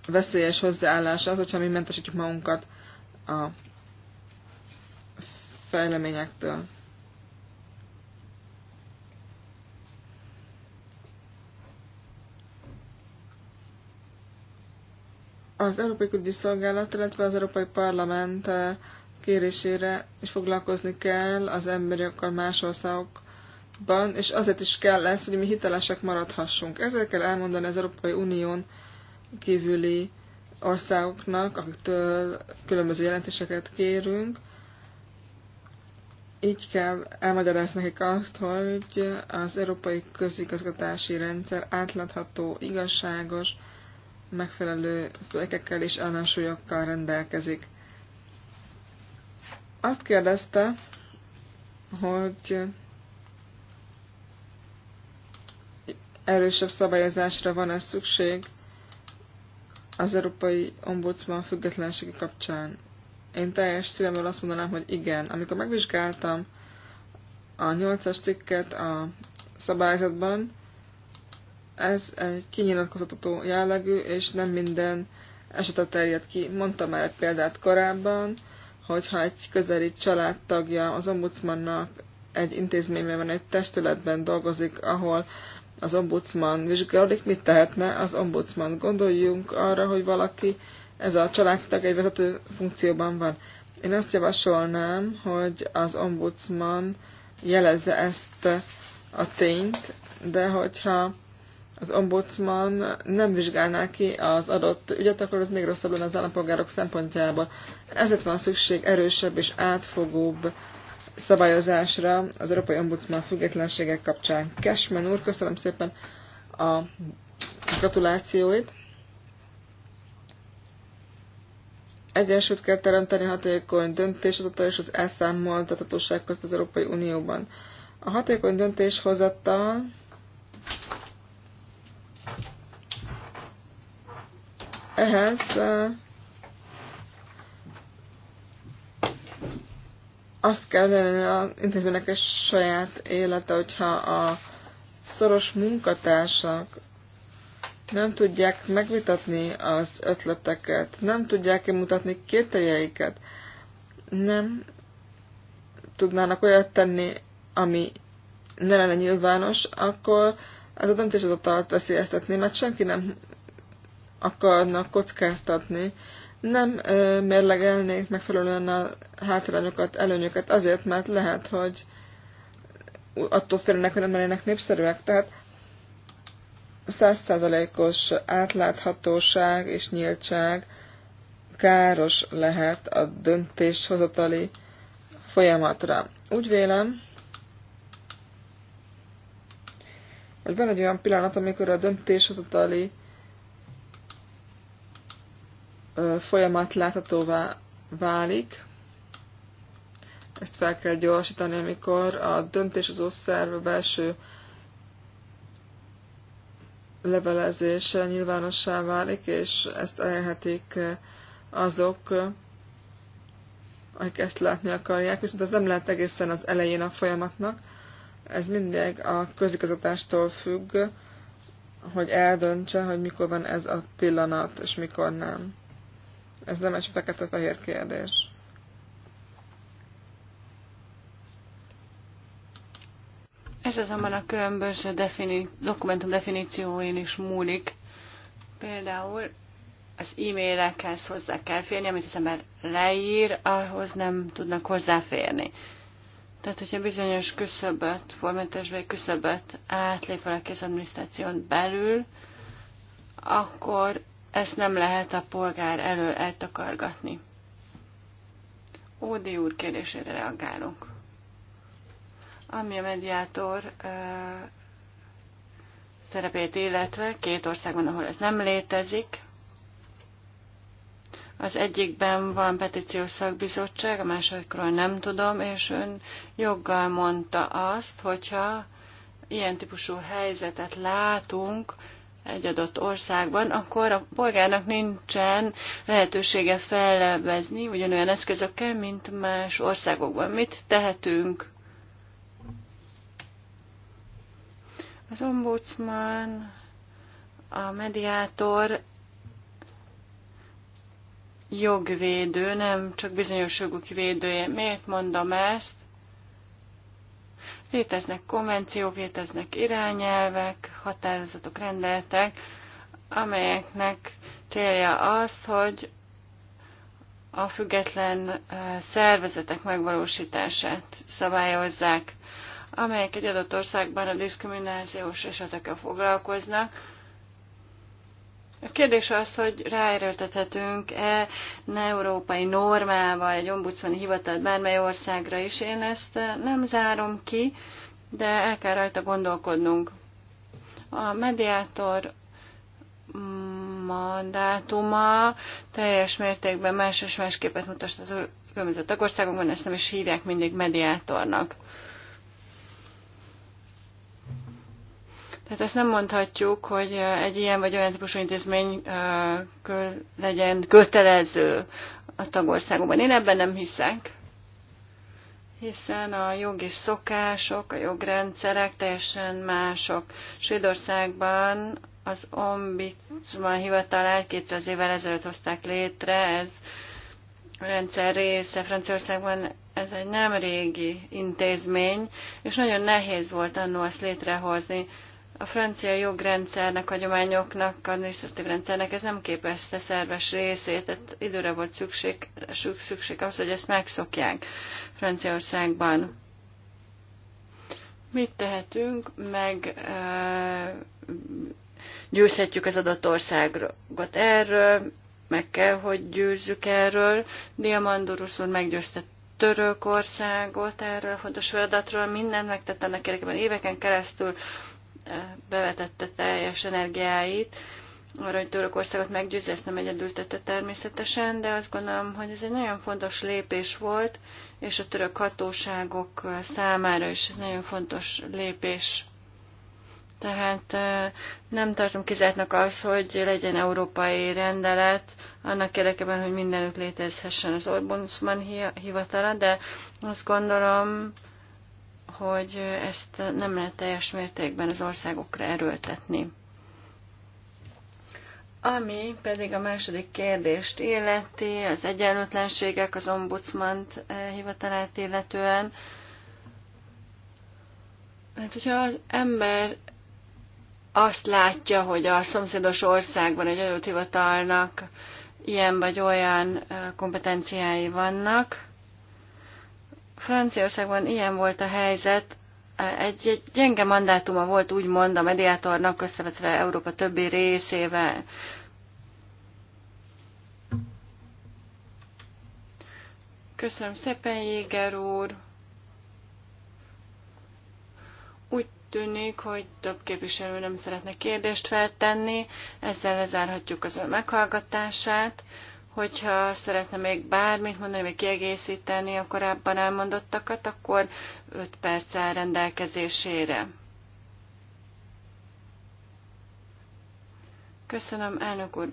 veszélyes hozzáállás az, hogyha mi mentesítjük magunkat a fejleményektől. Az Európai Külügyi Szolgálat, illetve az Európai Parlament eh, kérésére is foglalkozni kell az emberi jogokkal más országokban, és azért is kell lesz, hogy mi hitelesek maradhassunk. Ezért kell elmondani az Európai Unión kívüli országoknak, akiktől különböző jelentéseket kérünk, így kell elmagyarázni nekik azt, hogy az európai közigazgatási rendszer átlátható, igazságos, megfelelő félkekkel és ellensúlyokkal rendelkezik. Azt kérdezte, hogy erősebb szabályozásra van-e szükség az Európai Ombudsman függetlensége kapcsán. Én teljes szívemből azt mondanám, hogy igen. Amikor megvizsgáltam a 8 cikket a szabályzatban, ez egy kinyilatkozható jellegű, és nem minden esetet terjed ki. Mondtam már egy példát korábban, hogyha egy közeli családtagja az ombudsmannak egy intézményben van, egy testületben dolgozik, ahol az ombudsman vizsgálódik, mit tehetne az ombudsman. Gondoljunk arra, hogy valaki, ez a családtag egy vezető funkcióban van. Én azt javasolnám, hogy az ombudsman jelezze ezt a tényt, de hogyha az ombudsman nem vizsgálná ki az adott ügyet, akkor az még rosszabb lenne az állampolgárok szempontjából. Ezért van szükség erősebb és átfogóbb szabályozásra az Európai Ombudsman függetlenségek kapcsán. Kesmen úr, köszönöm szépen a gratulációit. Egyensúlyt kell teremteni hatékony döntéshozatal és az elszámoltatatóság között az Európai Unióban. A hatékony döntéshozattal ehhez azt kell lenni az intézménynek egy saját élete, hogyha a szoros munkatársak nem tudják megvitatni az ötleteket, nem tudják kimutatni kételjeiket, nem tudnának olyat tenni, ami ne lenne nyilvános, akkor ez a döntéshozatal veszélyeztetné, mert senki nem akarnak kockáztatni. Nem ö, mérlegelnék megfelelően a hátrányokat, előnyöket azért, mert lehet, hogy attól félnek, hogy nem lennének népszerűek. Tehát százszázalékos átláthatóság és nyíltság káros lehet a döntéshozatali folyamatra. Úgy vélem, hogy van egy olyan pillanat, amikor a döntéshozatali folyamat láthatóvá válik. Ezt fel kell gyorsítani, amikor a döntéshozó szerv belső levelezése nyilvánossá válik, és ezt elérhetik azok, akik ezt látni akarják, viszont ez nem lehet egészen az elején a folyamatnak. Ez mindig a közigazgatástól függ, hogy eldöntse, hogy mikor van ez a pillanat, és mikor nem. Ez nem egy fekete-fehér kérdés. Ez azonban a különböző defini- dokumentum definícióin is múlik. Például az e-mailekhez hozzá kell férni, amit az ember leír, ahhoz nem tudnak hozzáférni. Tehát, hogyha bizonyos küszöböt, formentes vagy küszöböt átlép valaki az adminisztráción belül, akkor ezt nem lehet a polgár elől eltakargatni. Ódi úr kérdésére reagálunk. Ami a mediátor szerepét illetve, két országban, ahol ez nem létezik. Az egyikben van petíciós szakbizottság, a másodikról nem tudom, és ön joggal mondta azt, hogyha ilyen típusú helyzetet látunk, egy adott országban, akkor a polgárnak nincsen lehetősége felvezni, ugyanolyan eszközökkel, mint más országokban. Mit tehetünk? Az ombudsman, a mediátor jogvédő, nem csak bizonyos jogok védője. Miért mondom ezt? Léteznek konvenciók, léteznek irányelvek, határozatok, rendeletek, amelyeknek célja az, hogy a független eh, szervezetek megvalósítását szabályozzák, amelyek egy adott országban a diszkriminációs esetekkel foglalkoznak, a kérdés az, hogy ráerőltethetünk-e európai normával egy ombudsmani hivatalt bármely országra is. Én ezt eh, nem zárom ki, de el kell rajta gondolkodnunk. A mediátor mandátuma teljes mértékben más és más képet mutat a különböző tagországokban, ezt nem is hívják mindig mediátornak. Tehát ezt nem mondhatjuk, hogy egy ilyen vagy olyan típusú intézmény legyen kötelező a tagországokban. Én ebben nem hiszek, hiszen a jogi szokások, a jogrendszerek teljesen mások. Svédországban az ombudsman hivatalát 200 évvel ezelőtt hozták létre, ez a rendszer része. Franciaországban ez egy nem régi intézmény, és nagyon nehéz volt annó azt létrehozni. A francia jogrendszernek, hagyományoknak, administratív rendszernek ez nem képezte szerves részét, tehát időre volt szükség, szükség az, hogy ezt megszokják Franciaországban. Mit tehetünk, meg győzhetjük az adott országot erről, meg kell, hogy győzzük erről. Diamandorus úr meggyőzte Törökországot erről a fontos feladatról, mindent megtett annak érdekében éveken keresztül bevetette teljes energiáit, arra, hogy Törökországot meggyőzze, ezt nem egyedül tette természetesen, de azt gondolom, hogy ez egy nagyon fontos lépés volt, és a török hatóságok számára is ez nagyon fontos lépés. Tehát nem tartom kizártnak az, hogy legyen európai rendelet annak érdekében, hogy mindenütt létezhessen az Orbán hivatala, de azt gondolom, hogy ezt nem lehet teljes mértékben az országokra erőltetni. Ami pedig a második kérdést illeti, az egyenlőtlenségek az ombudsman hivatalát illetően. Hát, hogyha az ember azt látja, hogy a szomszédos országban egy adott hivatalnak ilyen vagy olyan kompetenciái vannak, Franciaországban ilyen volt a helyzet, egy, egy gyenge mandátuma volt úgymond a mediátornak összevetve Európa többi részével. Köszönöm szépen, Jéger úr. Úgy tűnik, hogy több képviselő nem szeretne kérdést feltenni, ezzel lezárhatjuk az ön meghallgatását. Hogyha szeretne még bármit mondani, vagy kiegészíteni a korábban elmondottakat, akkor 5 perc áll rendelkezésére. Köszönöm, elnök úr.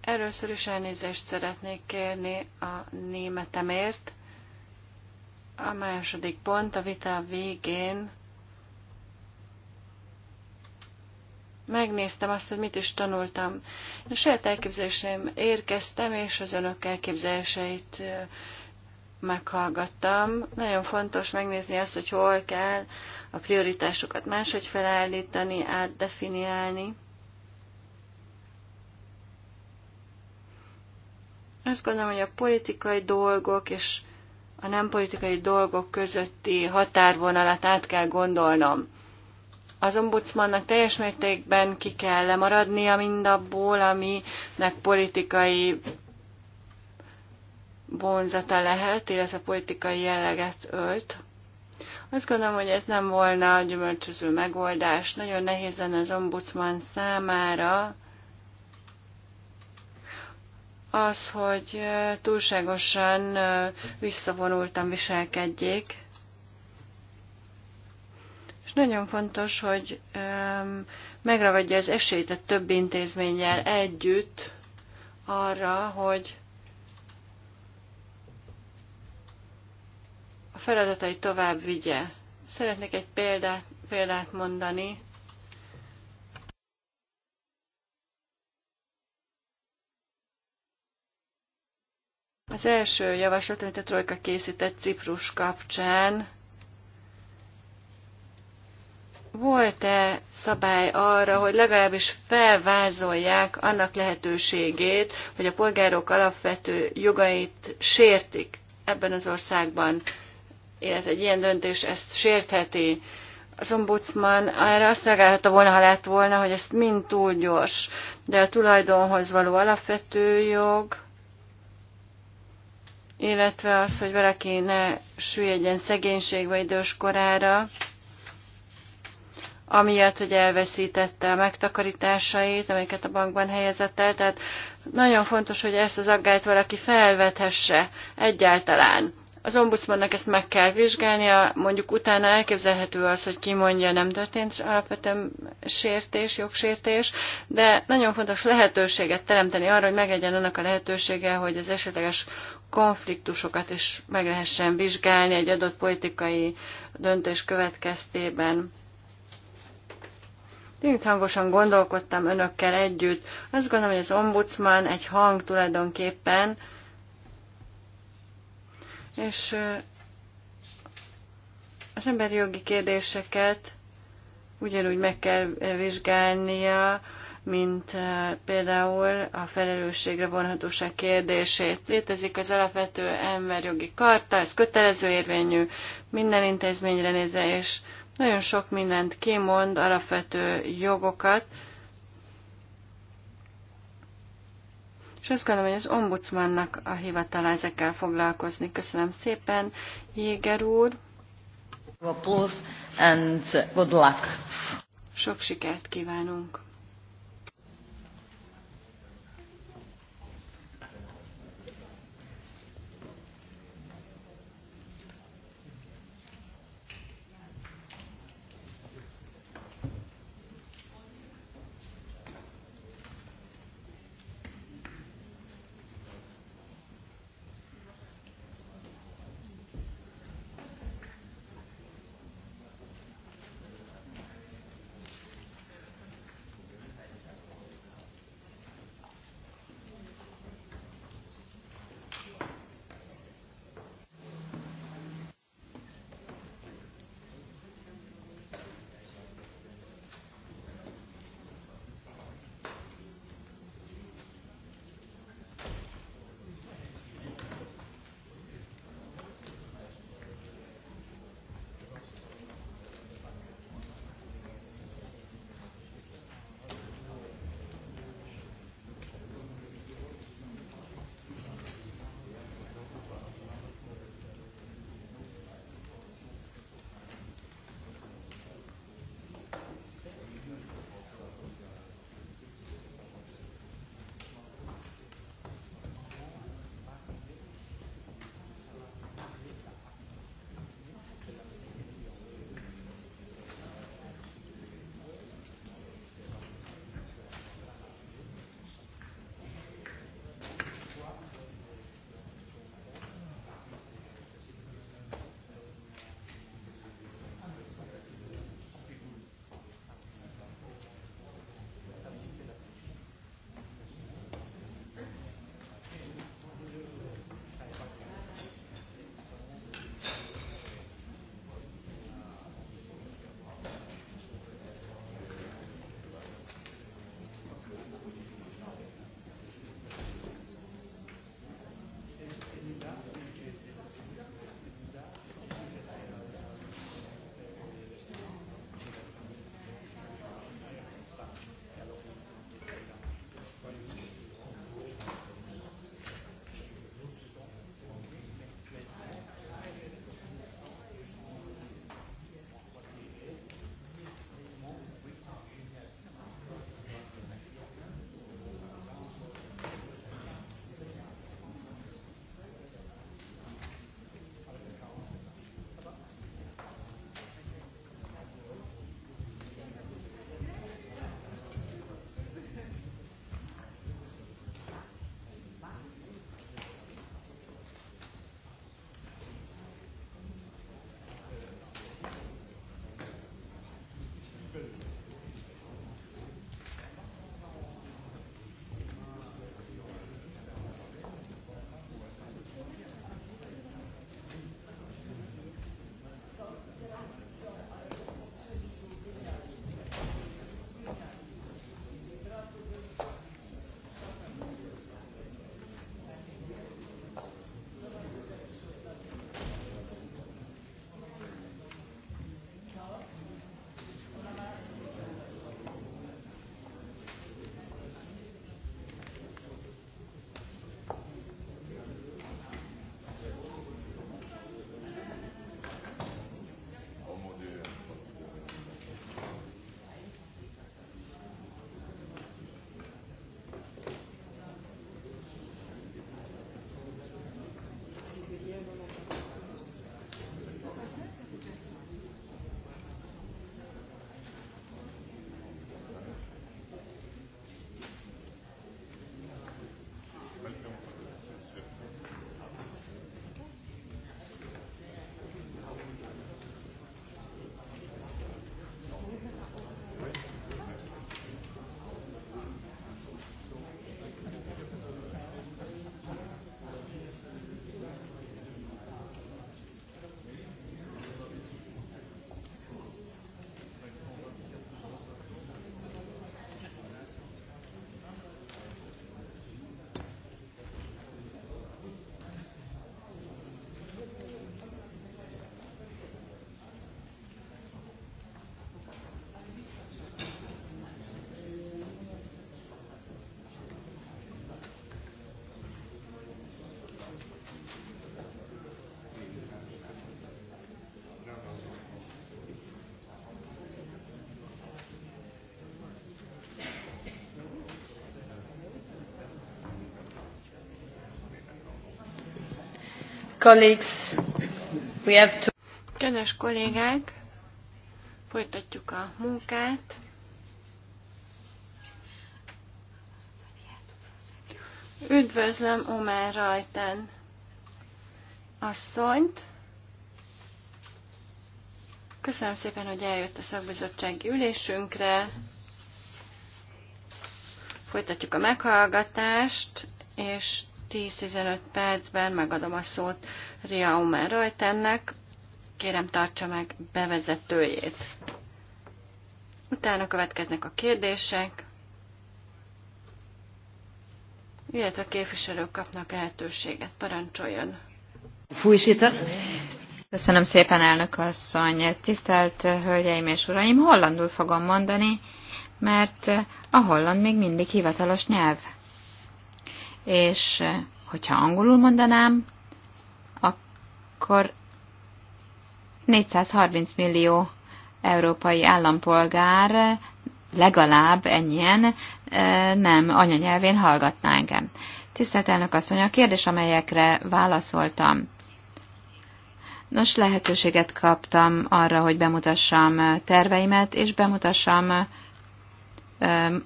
Először is elnézést szeretnék kérni a németemért. A második pont a vita végén megnéztem azt, hogy mit is tanultam. A saját elképzeléseim érkeztem, és az önök elképzeléseit meghallgattam. Nagyon fontos megnézni azt, hogy hol kell a prioritásokat máshogy felállítani, átdefiniálni. Azt gondolom, hogy a politikai dolgok és a nem politikai dolgok közötti határvonalat át kell gondolnom az ombudsmannak teljes mértékben ki kell lemaradnia mindabból, aminek politikai vonzata lehet, illetve politikai jelleget ölt. Azt gondolom, hogy ez nem volna a gyümölcsöző megoldás. Nagyon nehéz lenne az ombudsman számára az, hogy túlságosan visszavonultan viselkedjék. És nagyon fontos, hogy megragadja az esélyt a több intézménnyel együtt arra, hogy a feladatai tovább vigye. Szeretnék egy példát, példát mondani. Az első javaslat, amit a Trojka készített Ciprus kapcsán, volt-e szabály arra, hogy legalábbis felvázolják annak lehetőségét, hogy a polgárok alapvető jogait sértik ebben az országban, illetve egy ilyen döntés ezt sértheti. Az ombudsman erre azt reagálhatta volna, ha lett volna, hogy ezt mind túl gyors, de a tulajdonhoz való alapvető jog, illetve az, hogy valaki ne süllyedjen szegénységbe időskorára, korára, amiatt, hogy elveszítette a megtakarításait, amiket a bankban helyezett el. Tehát nagyon fontos, hogy ezt az aggályt valaki felvethesse egyáltalán. Az ombudsmannak ezt meg kell vizsgálnia, mondjuk utána elképzelhető az, hogy ki mondja, nem történt alapvetően sértés, jogsértés, de nagyon fontos lehetőséget teremteni arra, hogy meglegyen annak a lehetősége, hogy az esetleges konfliktusokat is meg lehessen vizsgálni egy adott politikai döntés következtében. Mindig hangosan gondolkodtam önökkel együtt. Azt gondolom, hogy az ombudsman egy hang tulajdonképpen, és az emberi jogi kérdéseket ugyanúgy meg kell vizsgálnia, mint például a felelősségre vonhatóság kérdését. Létezik az alapvető emberjogi karta, ez kötelező érvényű minden intézményre nézve, és nagyon sok mindent kimond, alapvető jogokat, és azt gondolom, hogy az ombudsmannak a hivatala ezekkel foglalkozni. Köszönöm szépen, Jéger úr! Applause and good luck! Sok sikert kívánunk! colleagues, we have to... Kedves kollégák, folytatjuk a munkát. Üdvözlöm Omar Rajten asszonyt. Köszönöm szépen, hogy eljött a szakbizottsági ülésünkre. Folytatjuk a meghallgatást, és 10-15 percben megadom a szót Ria Omer Rajtennek. Kérem, tartsa meg bevezetőjét. Utána következnek a kérdések, illetve a képviselők kapnak lehetőséget. Parancsoljon! Fújsítan! Köszönöm szépen, elnök asszony! Tisztelt hölgyeim és uraim, hollandul fogom mondani, mert a holland még mindig hivatalos nyelv és eh, hogyha angolul mondanám, akkor 430 millió európai állampolgár legalább ennyien eh, nem anyanyelvén hallgatná engem. Tisztelt elnök asszony, a kérdés, amelyekre válaszoltam. Nos, lehetőséget kaptam arra, hogy bemutassam terveimet, és bemutassam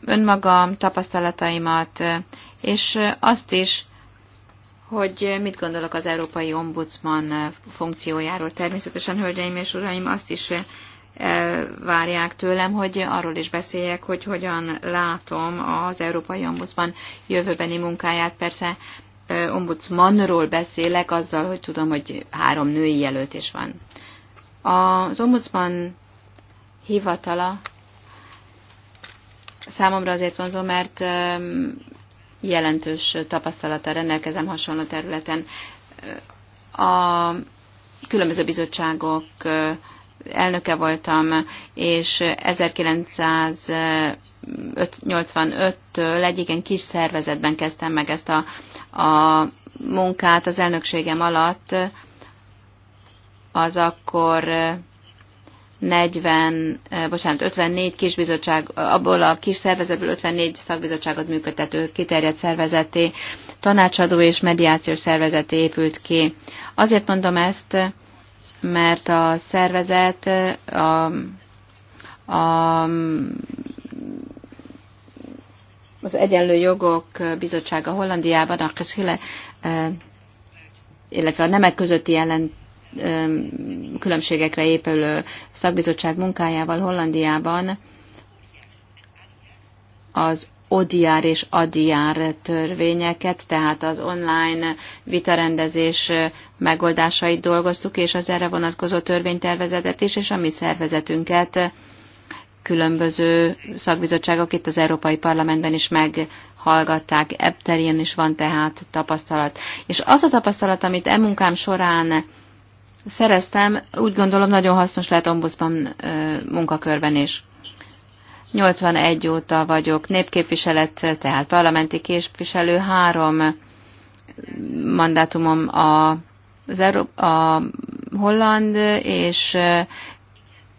önmagam, tapasztalataimat, és azt is, hogy mit gondolok az Európai Ombudsman funkciójáról. Természetesen, hölgyeim és uraim, azt is várják tőlem, hogy arról is beszéljek, hogy hogyan látom az Európai Ombudsman jövőbeni munkáját. Persze ombudsmanról beszélek, azzal, hogy tudom, hogy három női jelölt is van. Az ombudsman hivatala Számomra azért vonzó, mert jelentős tapasztalata rendelkezem hasonló területen. A különböző bizottságok elnöke voltam, és 1985-től egy igen kis szervezetben kezdtem meg ezt a, a munkát az elnökségem alatt. Az akkor 40, bocsánat, 54 kisbizottság, abból a kis szervezetből 54 szakbizottságot működtető kiterjedt szervezeté, tanácsadó és mediációs szervezeté épült ki. Azért mondom ezt, mert a szervezet a, a az Egyenlő Jogok Bizottsága Hollandiában, a Keszhile, illetve a nemek közötti ellen, különbségekre épülő szakbizottság munkájával Hollandiában az Odiár és Adiár törvényeket, tehát az online vitarendezés megoldásait dolgoztuk, és az erre vonatkozó törvénytervezetet is, és a mi szervezetünket különböző szakbizottságok itt az Európai Parlamentben is meghallgatták. Ebterén is van tehát tapasztalat. És az a tapasztalat, amit e munkám során szereztem, úgy gondolom nagyon hasznos lehet ombudsman munkakörben is. 81 óta vagyok népképviselet, tehát parlamenti képviselő, három mandátumom a, az Euró- a holland, és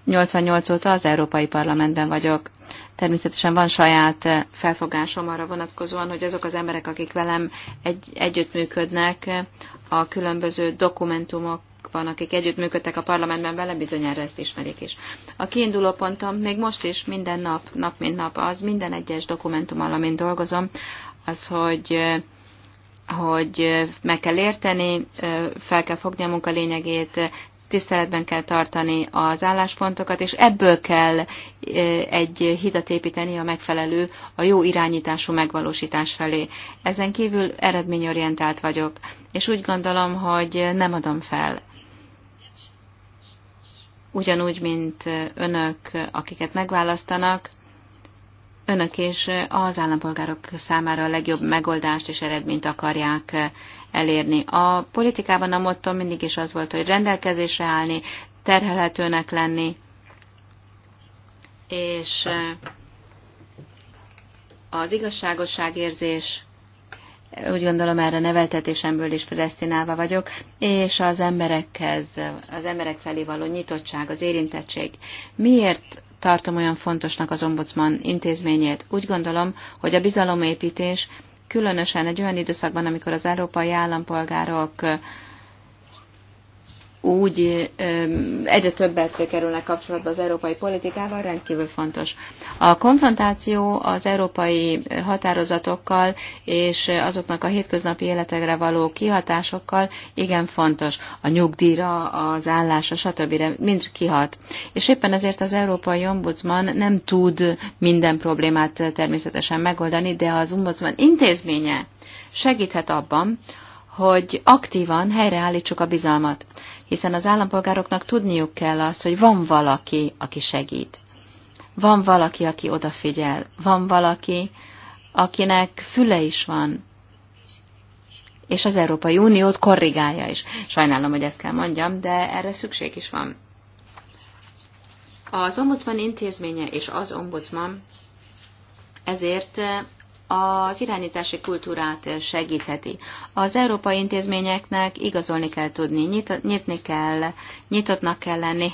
88 óta az Európai Parlamentben vagyok. Természetesen van saját felfogásom arra vonatkozóan, hogy azok az emberek, akik velem egy, együttműködnek, a különböző dokumentumok van, akik együttműködtek a parlamentben vele, bizonyára ezt ismerik is. A kiinduló pontom még most is minden nap, nap mint nap az, minden egyes dokumentum, amin dolgozom, az, hogy hogy meg kell érteni, fel kell fogni a munka lényegét, tiszteletben kell tartani az álláspontokat, és ebből kell e, egy hidat építeni a megfelelő, a jó irányítású megvalósítás felé. Ezen kívül eredményorientált vagyok, és úgy gondolom, hogy nem adom fel ugyanúgy, mint önök, akiket megválasztanak, önök és az állampolgárok számára a legjobb megoldást és eredményt akarják elérni. A politikában a motto mindig is az volt, hogy rendelkezésre állni, terhelhetőnek lenni, és az igazságosságérzés úgy gondolom erre neveltetésemből is predestinálva vagyok, és az emberekhez, az emberek felé való nyitottság, az érintettség. Miért tartom olyan fontosnak az ombudsman intézményét? Úgy gondolom, hogy a bizalomépítés különösen egy olyan időszakban, amikor az európai állampolgárok úgy egyre többet kerülnek kapcsolatba az európai politikával, rendkívül fontos. A konfrontáció az európai határozatokkal és azoknak a hétköznapi életekre való kihatásokkal igen fontos. A nyugdíjra, az állásra, stb. mind kihat. És éppen ezért az európai ombudsman nem tud minden problémát természetesen megoldani, de az ombudsman intézménye segíthet abban, hogy aktívan helyreállítsuk a bizalmat hiszen az állampolgároknak tudniuk kell azt, hogy van valaki, aki segít. Van valaki, aki odafigyel. Van valaki, akinek füle is van, és az Európai Uniót korrigálja is. Sajnálom, hogy ezt kell mondjam, de erre szükség is van. Az ombudsman intézménye és az ombudsman ezért az irányítási kultúrát segítheti. Az európai intézményeknek igazolni kell tudni, nyit, nyitni kell, nyitottnak kell lenni.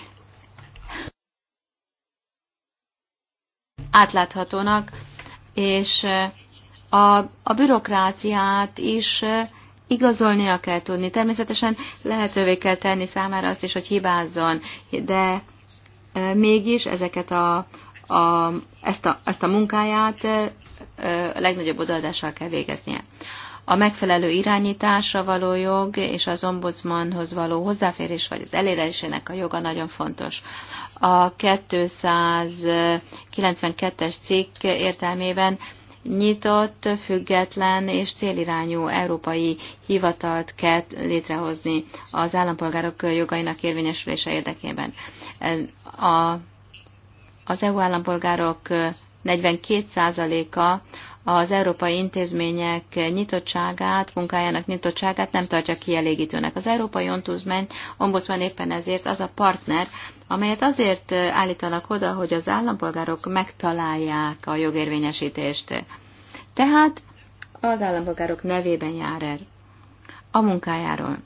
Átláthatónak, és a, a bürokráciát is igazolnia kell tudni. Természetesen lehetővé kell tenni számára azt is, hogy hibázzon, de e, mégis ezeket a, a, ezt a, ezt a munkáját a legnagyobb odaadással kell végeznie. A megfelelő irányításra való jog és az ombudsmanhoz való hozzáférés vagy az elérésének a joga nagyon fontos. A 292-es cikk értelmében nyitott, független és célirányú európai hivatalt kell létrehozni az állampolgárok jogainak érvényesülése érdekében. A az EU állampolgárok 42%-a az európai intézmények nyitottságát, munkájának nyitottságát nem tartja kielégítőnek. Az Európai Ontózmány Ombudsman éppen ezért az a partner, amelyet azért állítanak oda, hogy az állampolgárok megtalálják a jogérvényesítést. Tehát az állampolgárok nevében jár el a munkájáról.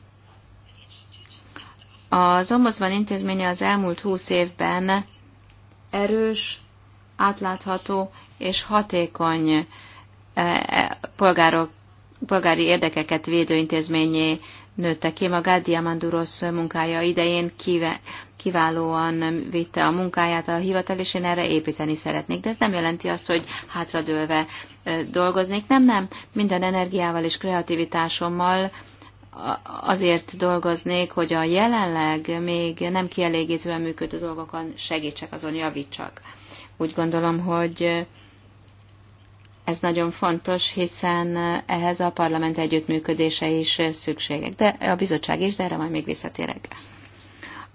Az Ombudsman intézménye az elmúlt húsz évben erős, átlátható és hatékony e, e, polgárok, polgári érdekeket védő intézményé nőtte ki magát. Diamandurosz munkája idején kive, kiválóan vitte a munkáját a hivatal, és én erre építeni szeretnék. De ez nem jelenti azt, hogy hátradőlve e, dolgoznék. Nem, nem. Minden energiával és kreativitásommal azért dolgoznék, hogy a jelenleg még nem kielégítően működő dolgokon segítsek, azon javítsak. Úgy gondolom, hogy ez nagyon fontos, hiszen ehhez a parlament együttműködése is szükséges, de a bizottság is, de erre majd még visszatérek.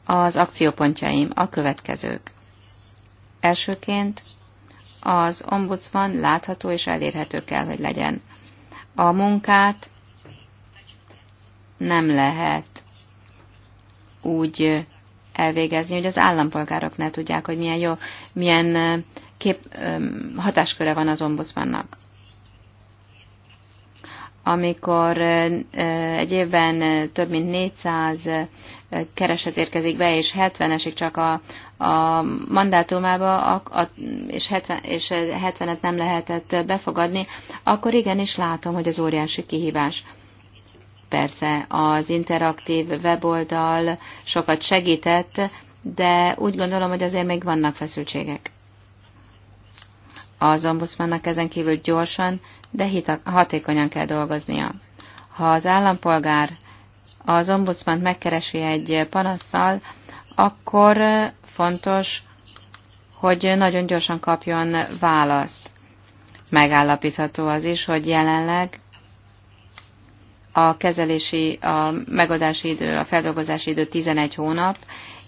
Az akciópontjaim a következők. Elsőként az ombudsman látható és elérhető kell, hogy legyen. A munkát nem lehet úgy elvégezni, hogy az állampolgárok ne tudják, hogy milyen jó, milyen kép, hatásköre van az ombudsmannak. Amikor egy évben több mint 400 kereset érkezik be, és 70 esik csak a, a mandátumába, a, a, és, 70, és 70 nem lehetett befogadni, akkor igenis látom, hogy az óriási kihívás Persze az interaktív weboldal sokat segített, de úgy gondolom, hogy azért még vannak feszültségek. Az ombudsmannak ezen kívül gyorsan, de hatékonyan kell dolgoznia. Ha az állampolgár az ombudsmant megkeresi egy panasszal, akkor fontos, hogy nagyon gyorsan kapjon választ. Megállapítható az is, hogy jelenleg a kezelési, a megadási idő, a feldolgozási idő 11 hónap,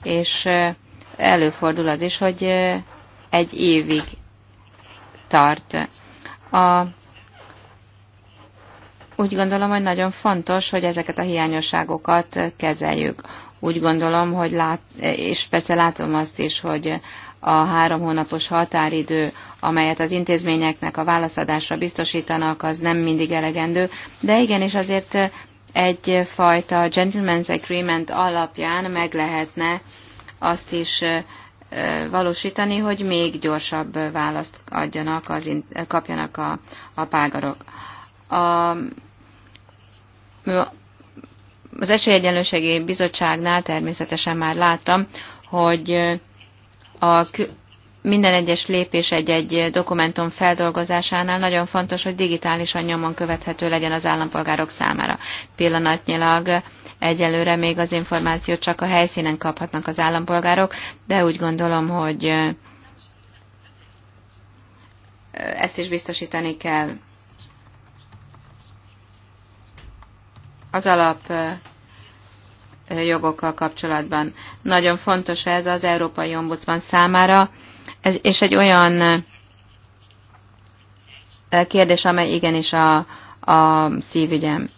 és előfordul az is, hogy egy évig tart. A, úgy gondolom, hogy nagyon fontos, hogy ezeket a hiányosságokat kezeljük. Úgy gondolom, hogy lát, és persze látom azt is, hogy a három hónapos határidő amelyet az intézményeknek a válaszadásra biztosítanak, az nem mindig elegendő, de igenis azért egyfajta gentleman's agreement alapján meg lehetne azt is valósítani, hogy még gyorsabb választ adjanak az, kapjanak a, a págarok. A, az Esélyegyenlőségi Bizottságnál természetesen már láttam, hogy a minden egyes lépés egy-egy dokumentum feldolgozásánál nagyon fontos, hogy digitálisan nyomon követhető legyen az állampolgárok számára. Pillanatnyilag egyelőre még az információt csak a helyszínen kaphatnak az állampolgárok, de úgy gondolom, hogy ezt is biztosítani kell. Az alap jogokkal kapcsolatban. Nagyon fontos ez az Európai Ombudsman számára, ez, és egy olyan kérdés, amely igenis a, a szívügyem.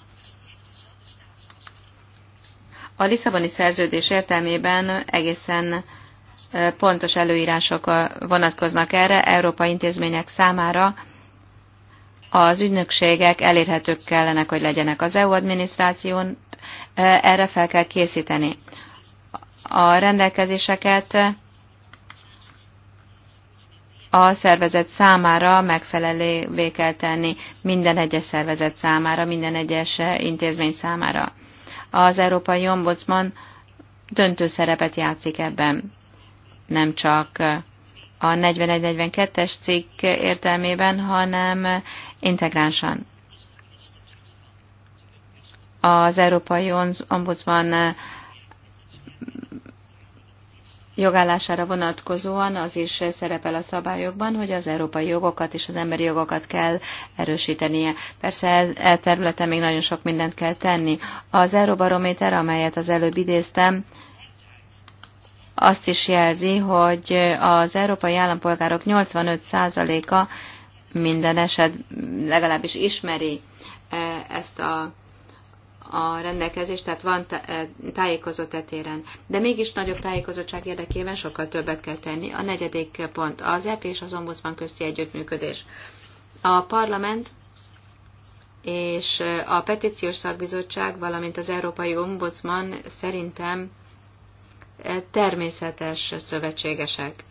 A Lisszaboni szerződés értelmében egészen pontos előírások vonatkoznak erre Európai intézmények számára, az ügynökségek elérhetők kellenek, hogy legyenek az EU adminisztráción, erre fel kell készíteni. A rendelkezéseket a szervezet számára megfelelővé kell tenni, minden egyes szervezet számára, minden egyes eh, intézmény számára. Az Európai Ombudsman döntő szerepet játszik ebben, nem csak eh, a 41-42-es cikk értelmében, hanem eh, integránsan. Az Európai Ombudsman jogállására vonatkozóan az is szerepel a szabályokban, hogy az európai jogokat és az emberi jogokat kell erősítenie. Persze ez, e területen még nagyon sok mindent kell tenni. Az Euróbarométer, amelyet az előbb idéztem, azt is jelzi, hogy az európai állampolgárok 85%-a minden eset legalábbis ismeri e, ezt a a rendelkezés, tehát van eh, tájékozott etéren. De mégis nagyobb tájékozottság érdekében sokkal többet kell tenni. A negyedik pont az EP és az ombudsman közti együttműködés. A parlament és a petíciós szakbizottság, valamint az Európai Ombudsman szerintem eh, természetes szövetségesek.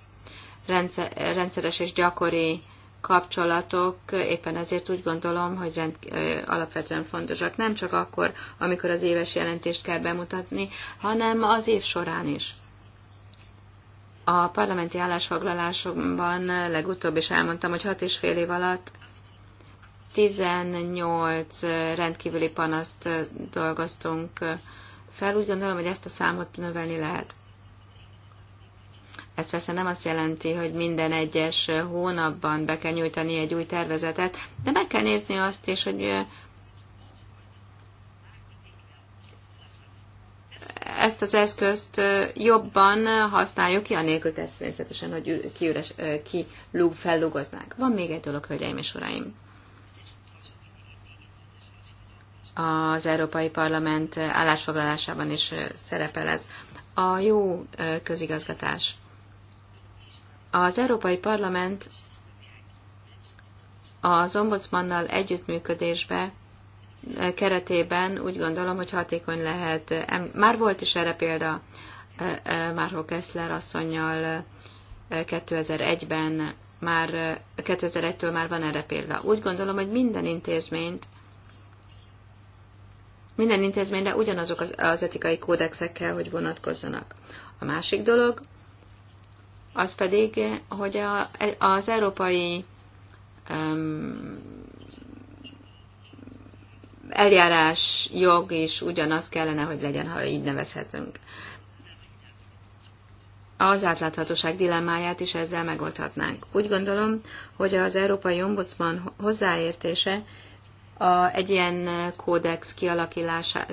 Eh, rendszeres és gyakori kapcsolatok, éppen ezért úgy gondolom, hogy rend, alapvetően fontosak. Nem csak akkor, amikor az éves jelentést kell bemutatni, hanem az év során is. A parlamenti állásfoglalásokban legutóbb is elmondtam, hogy hat és fél év alatt 18 rendkívüli panaszt dolgoztunk fel. Úgy gondolom, hogy ezt a számot növelni lehet. Ez persze nem azt jelenti, hogy minden egyes hónapban be kell nyújtani egy új tervezetet, de meg kell nézni azt is, hogy ezt az eszközt jobban használjuk ki, anélkül természetesen, hogy üres, ki lúg, fellugoznánk. Van még egy dolog, hölgyeim és uraim. Az Európai Parlament állásfoglalásában is szerepel ez. A jó közigazgatás. Az Európai Parlament az ombudsmannal együttműködésbe eh, keretében úgy gondolom, hogy hatékony lehet. Már volt is erre példa eh, eh, Márho Kessler asszonynal 2001-ben, már 2001-től már van erre példa. Úgy gondolom, hogy minden intézményt minden intézményre ugyanazok az, az etikai kódexek kell, hogy vonatkozzanak. A másik dolog, az pedig, hogy a, az európai um, eljárás jog is ugyanaz kellene, hogy legyen, ha így nevezhetünk. Az átláthatóság dilemmáját is ezzel megoldhatnánk. Úgy gondolom, hogy az Európai Ombudsman hozzáértése a, egy ilyen kódex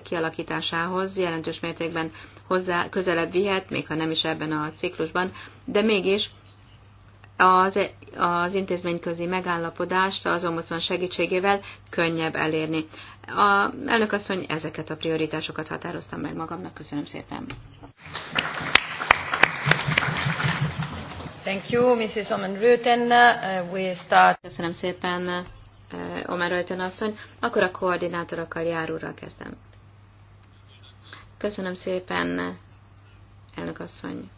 kialakításához jelentős mértékben hozzá közelebb vihet, még ha nem is ebben a ciklusban, de mégis az, az intézményközi megállapodást az ombudsman segítségével könnyebb elérni. A elnök asszony ezeket a prioritásokat határoztam meg magamnak. Köszönöm szépen. Thank you, Mrs. Omen Röten. Uh, we start... Köszönöm szépen, Eh, Omer Rajten asszony, akkor a koordinátorokkal járulra kezdem. Köszönöm szépen, elnök asszony.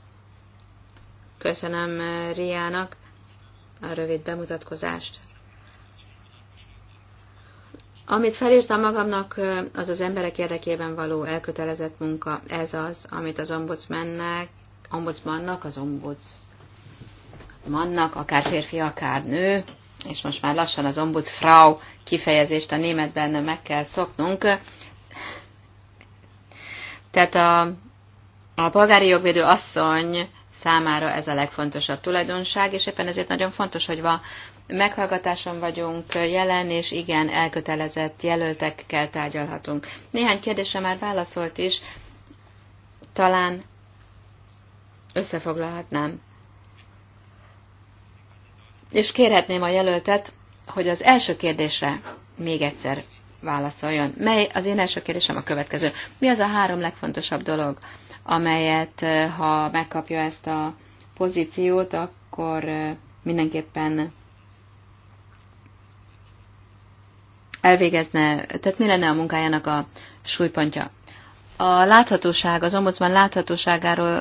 Köszönöm eh, Riának a rövid bemutatkozást. Amit felírtam magamnak, eh, az az emberek érdekében való elkötelezett munka. Ez az, amit az ombudsmannek, ombudsmannak, az ombudsmannak, akár férfi, akár nő, és most már lassan az ombudsfrau kifejezést a németben meg kell szoknunk. Tehát a, a polgári jogvédő asszony számára ez a legfontosabb tulajdonság, és éppen ezért nagyon fontos, hogy van meghallgatáson vagyunk jelen, és igen, elkötelezett jelöltekkel tárgyalhatunk. Néhány kérdésre már válaszolt is, talán összefoglalhatnám és kérhetném a jelöltet, hogy az első kérdésre még egyszer válaszoljon. Mely az én első kérdésem a következő. Mi az a három legfontosabb dolog, amelyet, eh, ha megkapja ezt a pozíciót, akkor eh, mindenképpen elvégezne, tehát mi lenne a munkájának a súlypontja? A láthatóság, az ombudsman láthatóságáról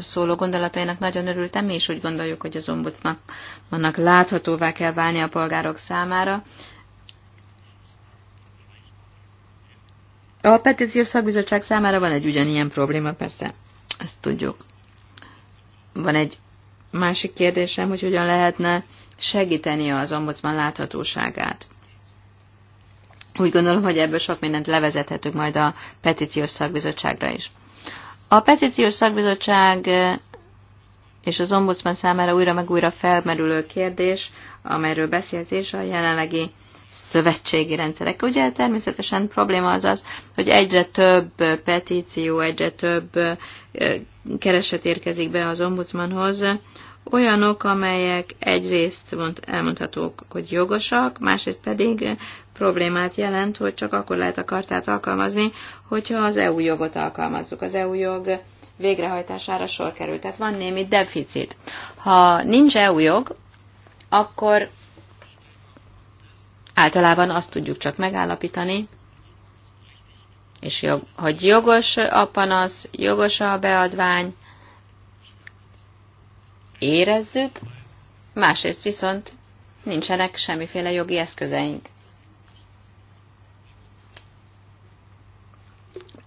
szóló gondolatainak nagyon örültem, mi is úgy gondoljuk, hogy az ombudsmannak láthatóvá kell válni a polgárok számára. A petíciós szakbizottság számára van egy ugyanilyen probléma, persze, ezt tudjuk. Van egy másik kérdésem, hogy hogyan lehetne segíteni az ombudsman láthatóságát. Úgy gondolom, hogy ebből sok mindent levezethetünk majd a petíciós szakbizottságra is. A petíciós szakbizottság eh, és az ombudsman számára újra meg újra felmerülő kérdés, amelyről beszélt is a jelenlegi szövetségi rendszerek. Ugye természetesen probléma az az, hogy egyre több petíció, egyre több eh, kereset érkezik be az ombudsmanhoz, olyanok, amelyek egyrészt elmondhatók, hogy jogosak, másrészt pedig problémát jelent, hogy csak akkor lehet a kartát alkalmazni, hogyha az EU jogot alkalmazzuk. Az EU jog végrehajtására sor került. Tehát van némi deficit. Ha nincs EU jog, akkor általában azt tudjuk csak megállapítani, és jog, hogy jogos a panasz, jogos a beadvány, érezzük, másrészt viszont nincsenek semmiféle jogi eszközeink.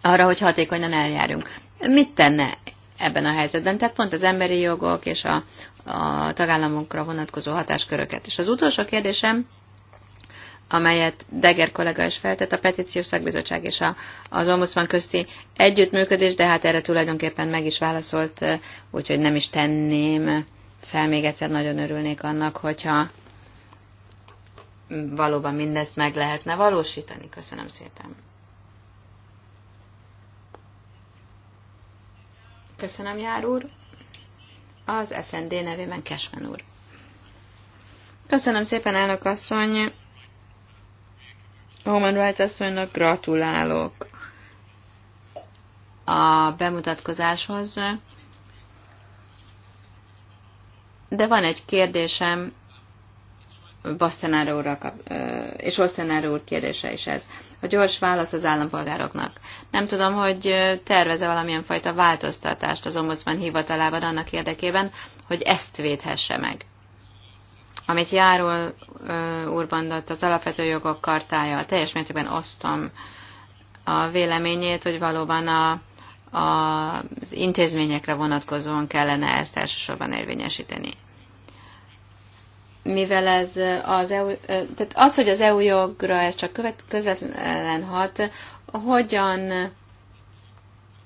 arra, hogy hatékonyan eljárjunk. Mit tenne ebben a helyzetben? Tehát pont az emberi jogok és a, a tagállamokra vonatkozó hatásköröket. És az utolsó kérdésem, amelyet Deger kollega is feltett, a petíciós szakbizottság és a, az ombudsman közti együttműködés, de hát erre tulajdonképpen meg is válaszolt, úgyhogy nem is tenném fel még egyszer, nagyon örülnék annak, hogyha valóban mindezt meg lehetne valósítani. Köszönöm szépen. Köszönöm, Jár úr. Az SND nevében Kesmen úr. Köszönöm szépen, elnök asszony. Human Rights asszonynak gratulálok a bemutatkozáshoz. De van egy kérdésem Basztenáró úr, és Olsztenáró úr kérdése is ez. A gyors válasz az állampolgároknak. Nem tudom, hogy terveze valamilyen fajta változtatást az ombudsman hivatalában annak érdekében, hogy ezt védhesse meg. Amit Járól úr mondott, az alapvető jogok kartája, teljes mértékben osztom a véleményét, hogy valóban a, a, az intézményekre vonatkozóan kellene ezt elsősorban érvényesíteni mivel ez az EU, tehát az, hogy az EU jogra ez csak követ, közvetlen hat, hogyan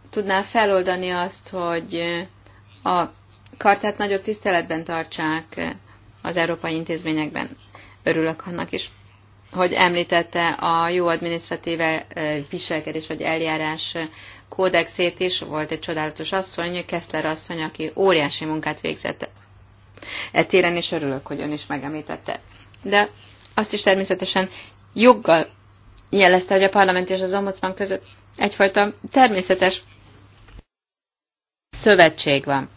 tudná feloldani azt, hogy a kartát nagyobb tiszteletben tartsák az európai intézményekben. Örülök annak is, hogy említette a jó adminisztratív viselkedés vagy eljárás kódexét is. Volt egy csodálatos asszony, Keszler asszony, aki óriási munkát végzett E téren is örülök, hogy ön is megemlítette. De azt is természetesen joggal jelezte, hogy a parlament és az ombudsman között egyfajta természetes szövetség van.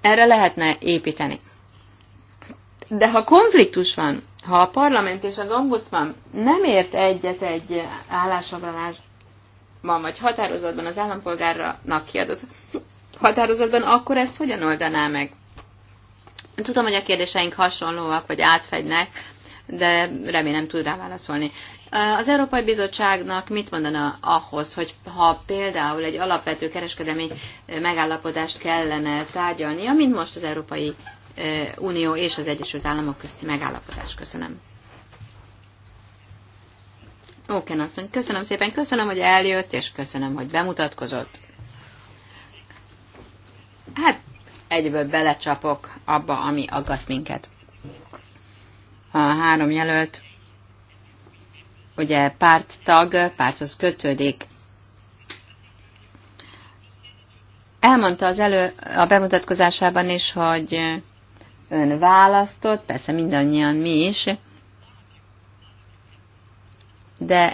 Erre lehetne építeni. De ha konfliktus van, ha a parlament és az ombudsman nem ért egyet egy állásfoglalásban vagy határozatban az állampolgárnak kiadott határozatban, akkor ezt hogyan oldaná meg? Tudom, hogy a kérdéseink hasonlóak, vagy átfegynek, de remélem tud rá válaszolni. Az Európai Bizottságnak mit mondana ahhoz, hogy ha például egy alapvető kereskedelmi megállapodást kellene tárgyalnia, mint most az Európai Unió és az Egyesült Államok közti megállapodás? Köszönöm. Oké, asszony, köszönöm szépen, köszönöm, hogy eljött, és köszönöm, hogy bemutatkozott. Hát egyből belecsapok abba, ami aggaszt minket. A három jelölt, ugye párttag, párthoz kötődik. Elmondta az elő a bemutatkozásában is, hogy ön választott, persze mindannyian mi is, de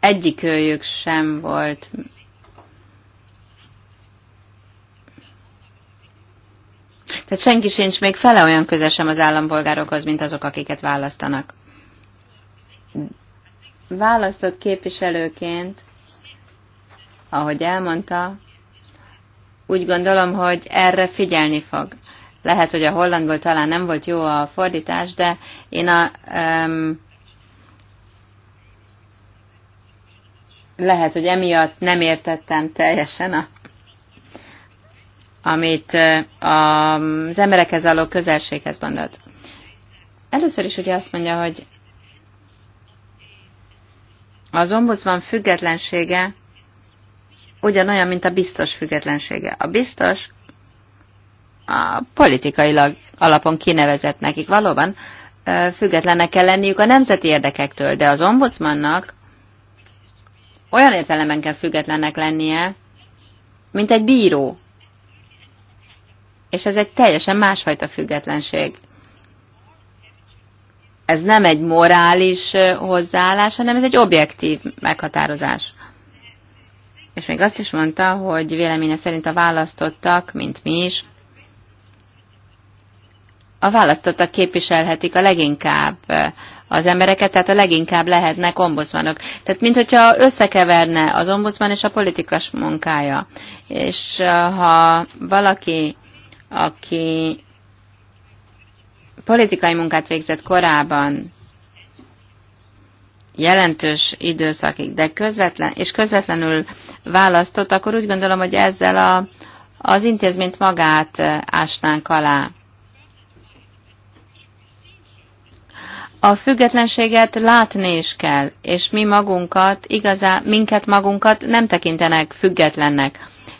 egyik őjük sem volt Tehát senki sincs még fele olyan közel az állampolgárokhoz, mint azok, akiket választanak. Választott képviselőként, ahogy elmondta, úgy gondolom, hogy erre figyelni fog. Lehet, hogy a hollandból talán nem volt jó a fordítás, de én a, um, lehet, hogy emiatt nem értettem teljesen a amit az emberekhez való közelséghez mondott. Először is ugye azt mondja, hogy az ombudsman függetlensége ugyanolyan, mint a biztos függetlensége. A biztos a politikailag alapon kinevezett nekik. Valóban függetlennek kell lenniük a nemzeti érdekektől, de az ombudsmannak olyan értelemben kell függetlennek lennie, mint egy bíró, és ez egy teljesen másfajta függetlenség. Ez nem egy morális hozzáállás, hanem ez egy objektív meghatározás. És még azt is mondta, hogy véleménye szerint a választottak, mint mi is, a választottak képviselhetik a leginkább az embereket, tehát a leginkább lehetnek ombudsmanok. Tehát, mint hogyha összekeverne az ombudsman és a politikas munkája. És ha valaki aki politikai munkát végzett korábban jelentős időszakig, de közvetlen, és közvetlenül választott, akkor úgy gondolom, hogy ezzel a, az intézményt magát eh, ásnánk alá. A függetlenséget látni is kell, és mi magunkat, igazán minket magunkat nem tekintenek függetlennek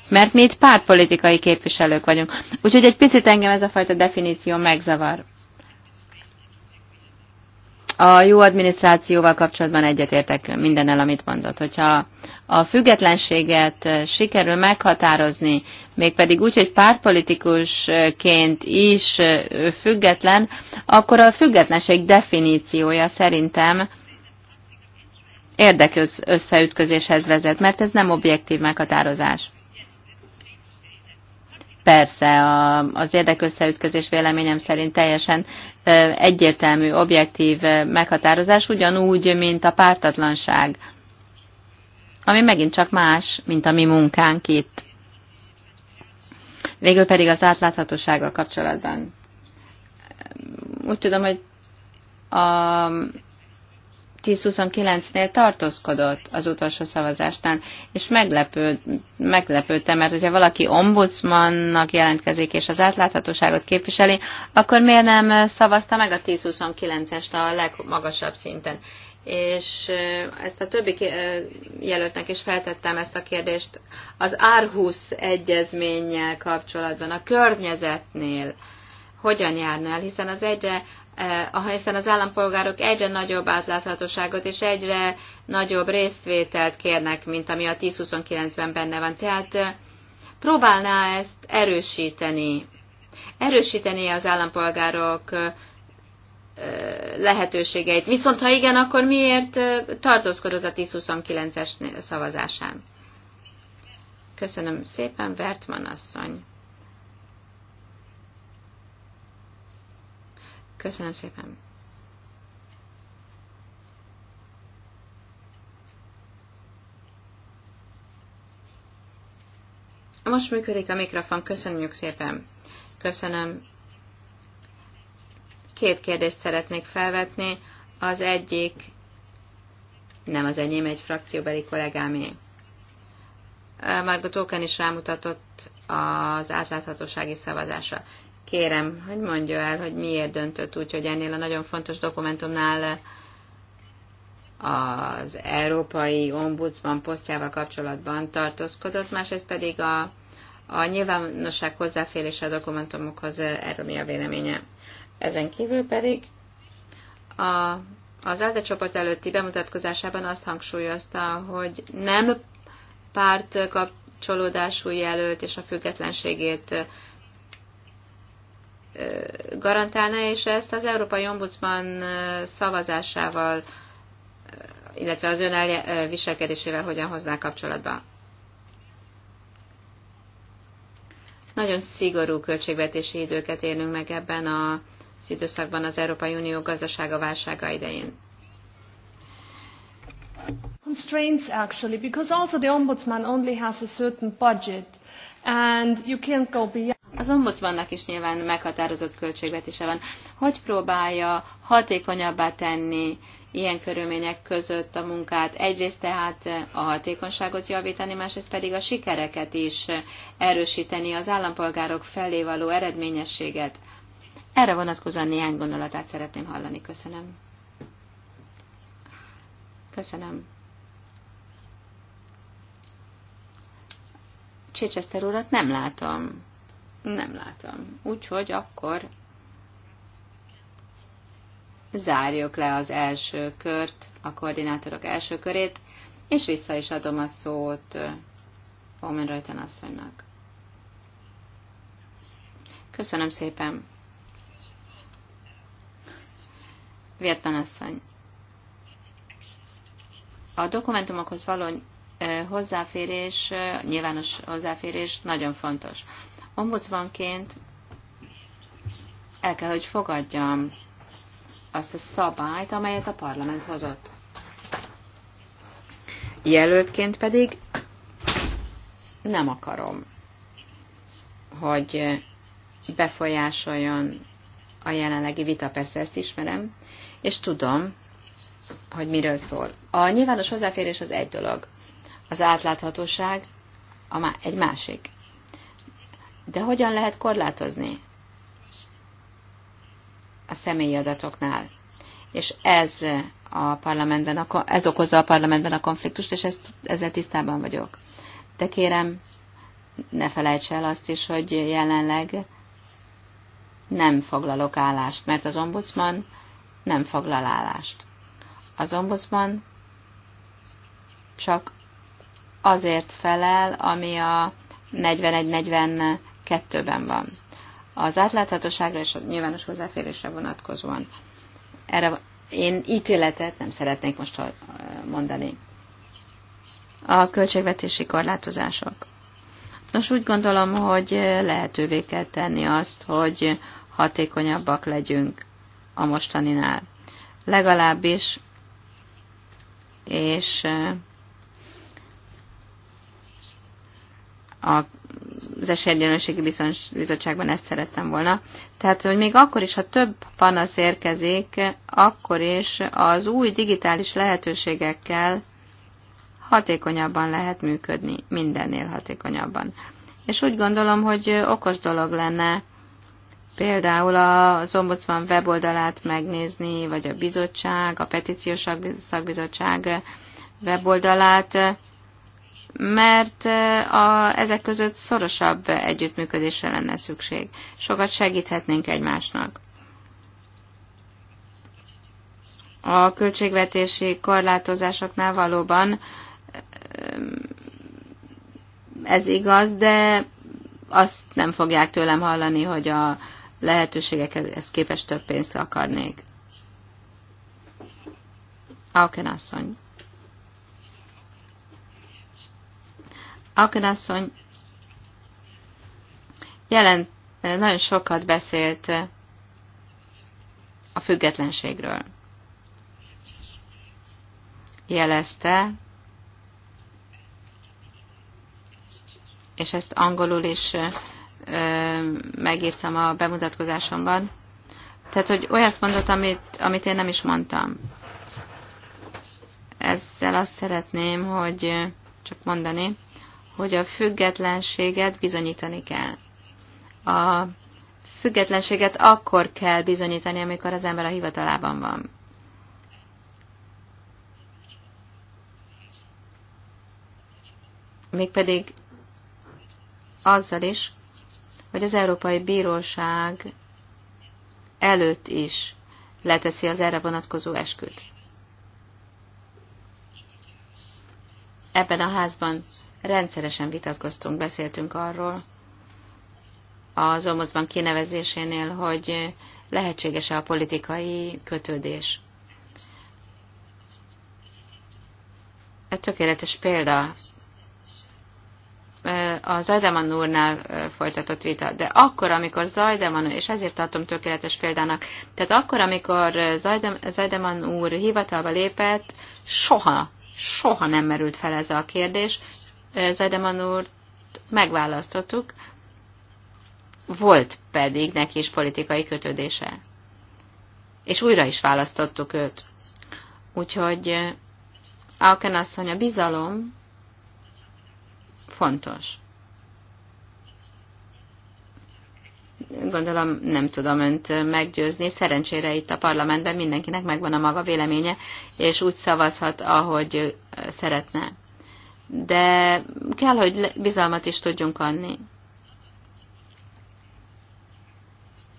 mert mi itt pártpolitikai képviselők vagyunk. Úgyhogy egy picit engem ez a fajta definíció megzavar. A jó adminisztrációval kapcsolatban egyetértek mindennel, amit mondott. Hogyha a függetlenséget eh, sikerül meghatározni, mégpedig úgy, hogy pártpolitikusként is eh, független, akkor a függetlenség definíciója szerintem érdekös összeütközéshez vezet, mert ez nem objektív meghatározás. Persze a, az érdekösszeütközés véleményem szerint teljesen egyértelmű, objektív meghatározás, ugyanúgy, mint a pártatlanság, ami megint csak más, mint a mi munkánk itt. Végül pedig az átláthatósággal kapcsolatban. Úgy tudom, hogy a 10-29-nél tartózkodott az utolsó szavazásnál, és meglepő, meglepődtem, mert hogyha valaki ombudsmannak jelentkezik, és az átláthatóságot képviseli, akkor miért nem szavazta meg a 10-29-est a legmagasabb szinten? És ezt a többi jelöltnek is feltettem ezt a kérdést az Árhusz egyezménnyel kapcsolatban, a környezetnél hogyan járna el, hiszen az egyre Eh, hiszen az állampolgárok egyre nagyobb átláthatóságot és egyre nagyobb résztvételt kérnek, mint ami a 29 ben benne van. Tehát eh, próbálná ezt erősíteni. Erősíteni az állampolgárok eh, lehetőségeit. Viszont ha igen, akkor miért tartózkodott a 29 es szavazásán? Köszönöm szépen, Bertman asszony. Köszönöm szépen. Most működik a mikrofon, köszönjük szépen. Köszönöm. Két kérdést szeretnék felvetni. Az egyik, nem az enyém, egy frakcióbeli kollégámé. Margot Oken is rámutatott az átláthatósági szavazásra. Kérem, hogy mondja el, hogy miért döntött úgy, hogy ennél a nagyon fontos dokumentumnál az Európai Ombudsman posztjával kapcsolatban tartózkodott, másrészt pedig a, a nyilvánosság hozzáférése a dokumentumokhoz, erről mi a véleménye. Ezen kívül pedig a, az ALDE csoport előtti bemutatkozásában azt hangsúlyozta, hogy nem párt kapcsolódású jelölt és a függetlenségét garantálna, és ezt az Európai Ombudsman szavazásával, illetve az ön viselkedésével hogyan hozná kapcsolatba. Nagyon szigorú költségvetési időket élünk meg ebben az időszakban az Európai Unió gazdasága válsága idején. Constraints actually, because also the ombudsman only has a certain budget, and you can't go beyond az ombudsmannak is nyilván meghatározott költségvetése van. Hogy próbálja hatékonyabbá tenni ilyen körülmények között a munkát? Egyrészt tehát a hatékonyságot javítani, másrészt pedig a sikereket is erősíteni, az állampolgárok felé való eredményességet. Erre vonatkozóan néhány gondolatát szeretném hallani. Köszönöm. Köszönöm. Csécseszter urat nem látom. Nem látom. Úgyhogy akkor zárjuk le az első kört, a koordinátorok első körét, és vissza is adom a szót Omen Rajten asszonynak. Köszönöm szépen. Vietnam asszony. A dokumentumokhoz való eh, hozzáférés, eh, nyilvános hozzáférés nagyon fontos. Ombudsmanként el kell, hogy fogadjam azt a szabályt, amelyet a parlament hozott. Jelöltként pedig nem akarom, hogy befolyásoljon a jelenlegi vita, persze ezt ismerem, és tudom, hogy miről szól. A nyilvános hozzáférés az egy dolog, az átláthatóság a má- egy másik. De hogyan lehet korlátozni? A személyi adatoknál. És ez a parlamentben, ez okozza a parlamentben a konfliktust, és ezt, ezzel tisztában vagyok. De kérem, ne felejts el azt is, hogy jelenleg nem foglalok állást, mert az ombudsman nem foglal állást. Az ombudsman csak azért felel, ami a 41-40 kettőben van. Az átláthatóságra és a nyilvános hozzáférésre vonatkozóan. Erre én ítéletet nem szeretnék most mondani. A költségvetési korlátozások. Nos, úgy gondolom, hogy lehetővé kell tenni azt, hogy hatékonyabbak legyünk a mostaninál. Legalábbis, és a az Esélyegyenlőségi Bizottságban ezt szerettem volna. Tehát, hogy még akkor is, ha több panasz érkezik, akkor is az új digitális lehetőségekkel hatékonyabban lehet működni, mindennél hatékonyabban. És úgy gondolom, hogy okos dolog lenne például az ombudsman weboldalát megnézni, vagy a bizottság, a petíciós szakbizottság weboldalát, mert a, ezek között szorosabb együttműködésre lenne szükség. Sokat segíthetnénk egymásnak. A költségvetési korlátozásoknál valóban ez igaz, de azt nem fogják tőlem hallani, hogy a lehetőségekhez képest több pénzt akarnék. Auken asszony. Akenasszony jelent, nagyon sokat beszélt a függetlenségről. Jelezte, és ezt angolul is ö, megírtam a bemutatkozásomban. Tehát, hogy olyat mondott, amit, amit én nem is mondtam. Ezzel azt szeretném, hogy csak mondani, hogy a függetlenséget bizonyítani kell. A függetlenséget akkor kell bizonyítani, amikor az ember a hivatalában van. Mégpedig azzal is, hogy az Európai Bíróság előtt is leteszi az erre vonatkozó esküt. Ebben a házban rendszeresen vitatkoztunk, beszéltünk arról az ombudsman kinevezésénél, hogy lehetséges-e a politikai kötődés. Egy tökéletes példa a Zajdeman úrnál folytatott vita, de akkor, amikor Zajdeman, és ezért tartom tökéletes példának, tehát akkor, amikor Zajdeman úr hivatalba lépett, soha, soha nem merült fel ez a kérdés, Zajdeman úrt megválasztottuk, volt pedig neki is politikai kötődése. És újra is választottuk őt. Úgyhogy Alken asszony, a bizalom fontos. Gondolom nem tudom önt meggyőzni. Szerencsére itt a parlamentben mindenkinek megvan a maga véleménye, és úgy szavazhat, ahogy szeretne de kell, hogy bizalmat is tudjunk adni.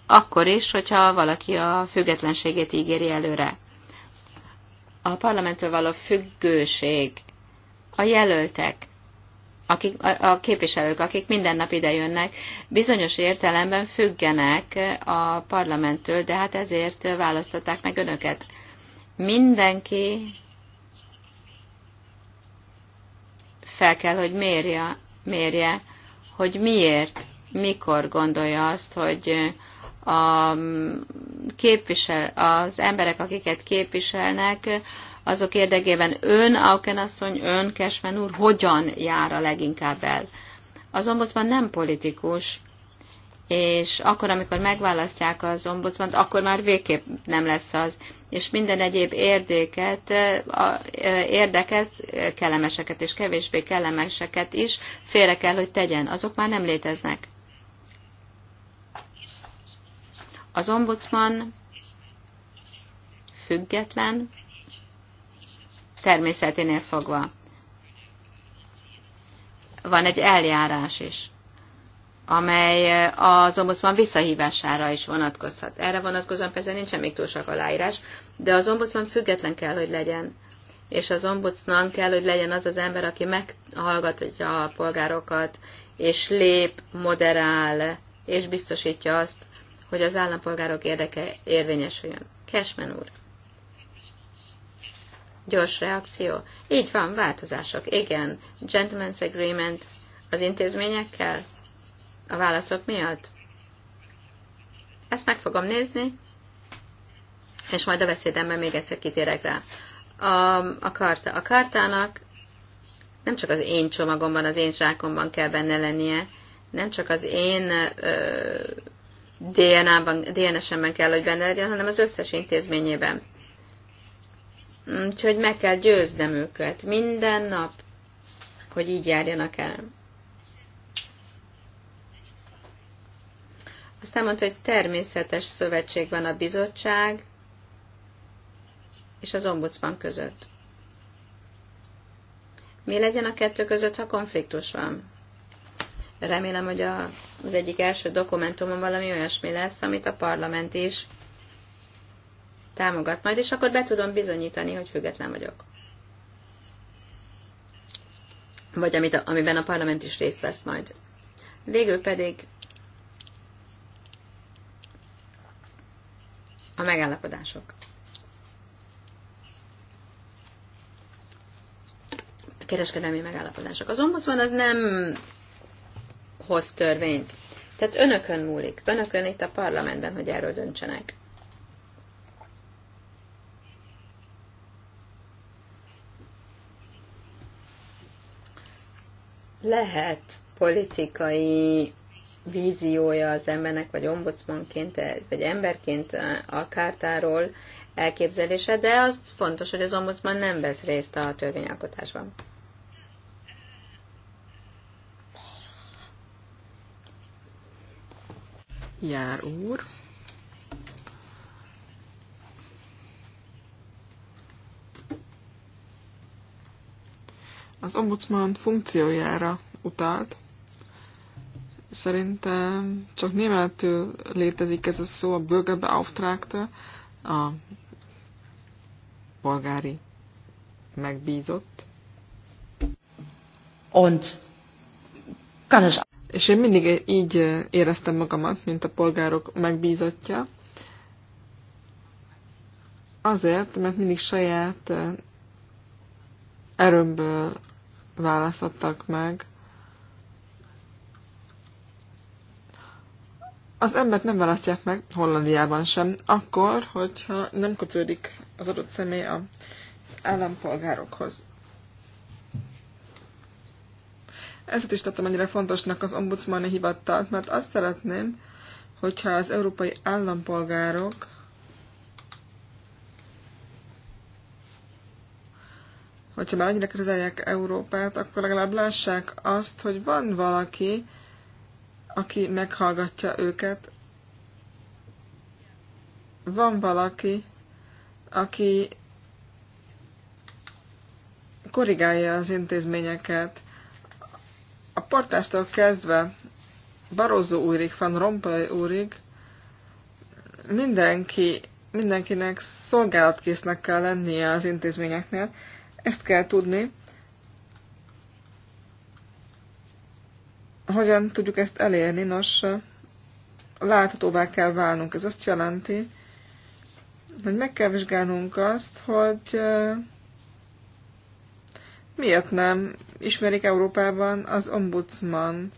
Akkor is, hogyha valaki a függetlenségét ígéri előre. A parlamenttől való függőség, a jelöltek, akik, a, a képviselők, akik minden nap ide jönnek, bizonyos értelemben függenek a parlamenttől, de hát ezért választották meg önöket. Mindenki fel kell, hogy mérje, mérje hogy miért, mikor gondolja azt, hogy a képvisel, az emberek, akiket képviselnek, azok érdekében ön, Auken asszony, ön, Kesmen úr, hogyan jár a leginkább el. Az ombudsman nem politikus, és akkor, amikor megválasztják az ombudsman, akkor már végképp nem lesz az, és minden egyéb érdéket, érdeket, kellemeseket és kevésbé kellemeseket is félre kell, hogy tegyen. Azok már nem léteznek. Az ombudsman független, természeténél fogva. Van egy eljárás is amely eh, az ombudsman visszahívására is vonatkozhat. Erre vonatkozóan persze nincsen még túl sok aláírás, de az ombudsman független kell, hogy legyen. És az ombudsman kell, hogy legyen az az ember, aki meghallgatja a polgárokat, és lép, moderál, és biztosítja azt, hogy az állampolgárok érdeke érvényesüljön. Kesmen úr. Gyors reakció. Így van, változások. Igen, gentleman's agreement az intézményekkel, a válaszok miatt? Ezt meg fogom nézni, és majd a beszédemben még egyszer kitérek rá. A, a karta. A kartának nem csak az én csomagomban, az én zsákomban kell benne lennie, nem csak az én DNS-emben kell, hogy benne legyen, hanem az összes intézményében. Úgyhogy meg kell győznem őket minden nap, hogy így járjanak el. Aztán mondta, hogy természetes szövetség van a bizottság és az ombudsman között. Mi legyen a kettő között, ha konfliktus van? Remélem, hogy a, az egyik első dokumentumon valami olyasmi lesz, amit a parlament is támogat majd, és akkor be tudom bizonyítani, hogy független vagyok. Vagy amit, a amiben a parlament is részt vesz majd. Végül pedig a megállapodások. A kereskedelmi megállapodások. Az ombudsman az nem hoz törvényt. Tehát önökön múlik, önökön itt a parlamentben, hogy erről döntsenek. Lehet politikai víziója az embernek, vagy ombudsmanként, vagy emberként eh, a kártáról elképzelése, de az fontos, hogy az ombudsman nem vesz részt a törvényalkotásban. Jár úr. Az ombudsman funkciójára utalt, Szerintem csak németül létezik ez a szó, a Bürgerbeauftragte, a polgári megbízott. Und kann es... És én mindig így éreztem magamat, mint a polgárok megbízottja. Azért, mert mindig saját eh, erőmből választottak meg az embert nem választják meg Hollandiában sem, akkor, hogyha nem kötődik az adott személy az állampolgárokhoz. Ezt is tartom annyira fontosnak az ombudsmani hivatalt, mert azt szeretném, hogyha az európai állampolgárok hogyha már annyira kezelják Európát, akkor legalább lássák azt, hogy van valaki, aki meghallgatja őket. Van valaki, aki korrigálja az intézményeket. A portástól kezdve Barozó úrig, Van Rompuy úrig mindenki, mindenkinek szolgálatkésznek kell lennie az intézményeknél. Ezt kell tudni. Hogyan tudjuk ezt elérni? Nos, láthatóvá kell válnunk. Ez azt jelenti, hogy meg kell vizsgálnunk azt, hogy miért nem ismerik Európában az ombudsman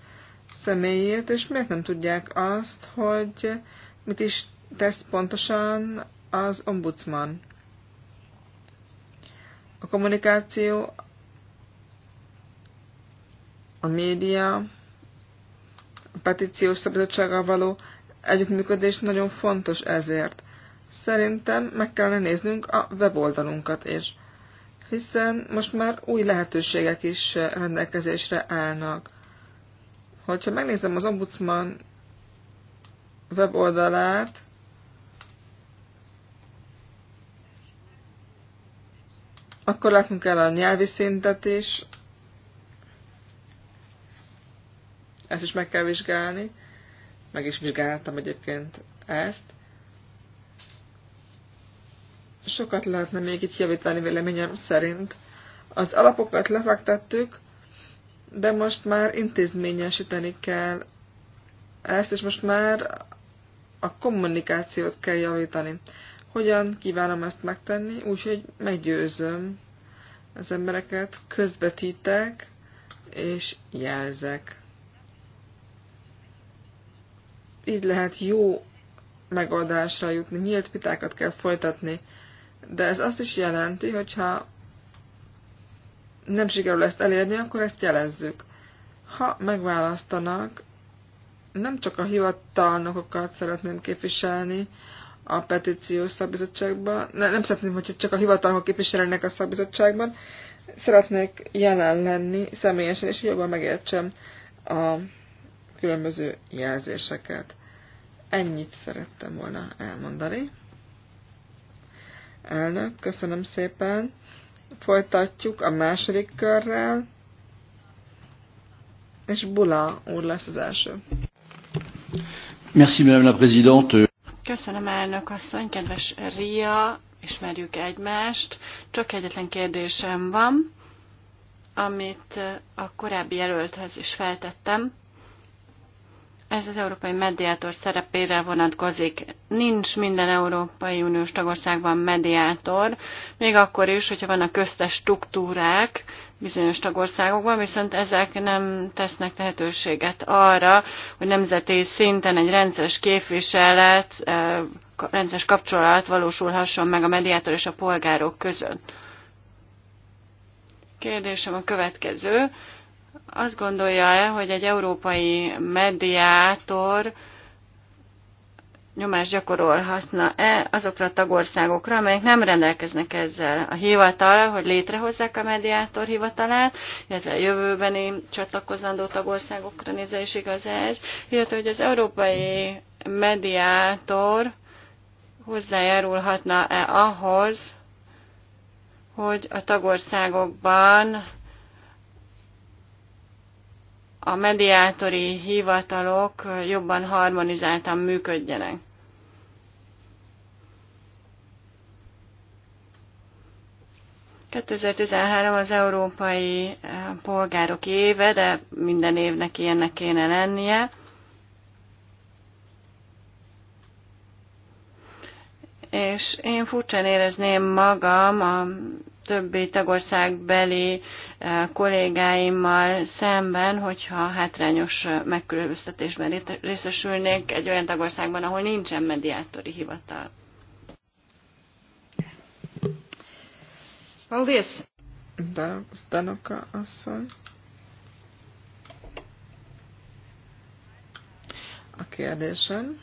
személyét, és miért nem tudják azt, hogy mit is tesz pontosan az ombudsman. A kommunikáció, a média, petíciós szabadsággal való együttműködés nagyon fontos ezért. Szerintem meg kellene néznünk a weboldalunkat is, hiszen most már új lehetőségek is rendelkezésre állnak. Hogyha megnézem az ombudsman weboldalát, akkor látnunk kell a nyelvi szintet is, Ezt is meg kell vizsgálni. Meg is vizsgáltam egyébként ezt. Sokat lehetne még itt javítani véleményem szerint. Az alapokat lefektettük, de most már intézményesíteni kell ezt, és most már a kommunikációt kell javítani. Hogyan kívánom ezt megtenni? Úgy, hogy meggyőzöm az embereket, közvetítek és jelzek így lehet jó megoldásra jutni, nyílt vitákat kell folytatni. De ez azt is jelenti, hogyha nem sikerül ezt elérni, akkor ezt jelezzük. Ha megválasztanak, nem csak a hivatalnokokat szeretném képviselni a petíciós szabizottságban, ne, nem szeretném, hogyha csak a hivatalnokok képviselnek a szabizottságban, szeretnék jelen lenni személyesen, és jobban megértsem a különböző jelzéseket. Ennyit szerettem volna elmondani. Elnök, köszönöm szépen. Folytatjuk a második körrel, és Bula úr lesz az első. Merci, Madame la Présidente. Köszönöm, elnök asszony, kedves Ria, ismerjük egymást. Csak egyetlen kérdésem van, amit a korábbi jelölthez is feltettem. Ez az európai mediátor szerepére vonatkozik. Nincs minden Európai Uniós tagországban mediátor, még akkor is, hogyha vannak köztes struktúrák bizonyos tagországokban, viszont ezek nem tesznek lehetőséget arra, hogy nemzeti szinten egy rendszeres képviselet, eh, rendszeres kapcsolat valósulhasson meg a mediátor és a polgárok között. Kérdésem a következő azt gondolja-e, hogy egy európai mediátor nyomást gyakorolhatna-e azokra a tagországokra, amelyek nem rendelkeznek ezzel a hivatal, hogy létrehozzák a mediátor hivatalát, illetve a jövőbeni csatlakozandó tagországokra nézve is igaz ez, illetve hogy az európai mediátor hozzájárulhatna-e ahhoz, hogy a tagországokban a mediátori hivatalok jobban harmonizáltan működjenek. az európai eh, polgárok éve, de minden évnek ilyennek kéne lennie. És én furcsán érezném magam a többi tagország beli kollégáimmal szemben, hogyha hátrányos megkülönböztetésben részesülnék egy olyan tagországban, ahol nincsen mediátori hivatal. Valdész! Danoka asszony. A kérdésem.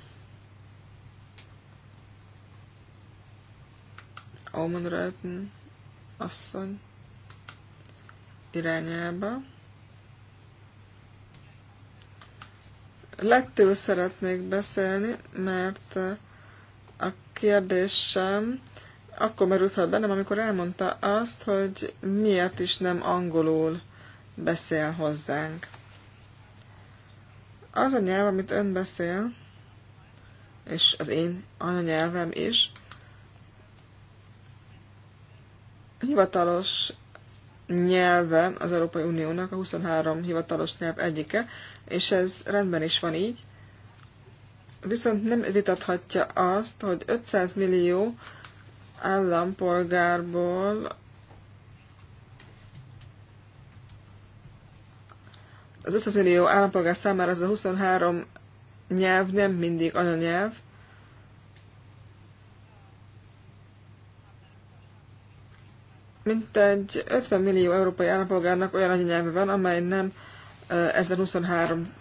Almond Röten asszony irányába. Lettől szeretnék beszélni, mert a kérdésem akkor merült fel bennem, amikor elmondta azt, hogy miért is nem angolul beszél hozzánk. Az a nyelv, amit ön beszél, és az én anyanyelvem is, hivatalos nyelve az Európai Uniónak, a 23 hivatalos nyelv egyike, és ez rendben is van így. Viszont nem vitathatja azt, hogy 500 millió állampolgárból az 500 millió állampolgár számára ez a 23 nyelv nem mindig anyanyelv, mintegy 50 millió európai állampolgárnak olyan nyelve van, amely nem 1023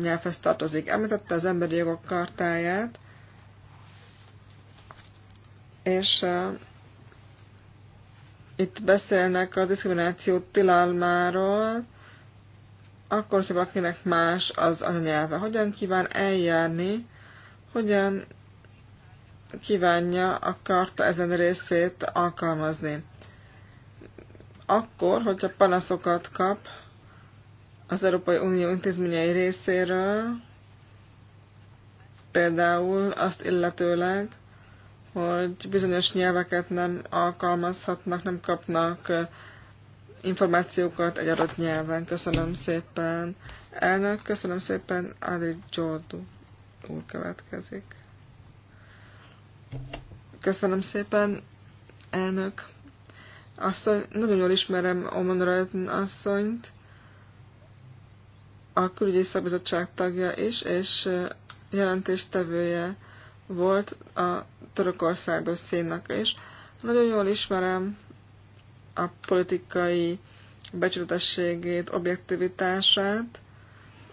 nyelvhez tartozik. Említette az emberi jogok kartáját, és itt beszélnek a diszkrimináció tilalmáról, akkor, hogyha valakinek szóval más az anyanyelve. Hogyan kíván eljárni, hogyan kívánja a karta ezen részét alkalmazni akkor, hogyha panaszokat kap az Európai Unió intézményei részéről, például azt illetőleg, hogy bizonyos nyelveket nem alkalmazhatnak, nem kapnak információkat egy adott nyelven. Köszönöm szépen, elnök, köszönöm szépen, Adi Jordu úr következik. Köszönöm szépen, elnök asszony, nagyon jól ismerem Oman Röten asszonyt, a külügyi szabizottság tagja is, és jelentéstevője volt a Törökország dossziénak is. Nagyon jól ismerem a politikai becsületességét, objektivitását,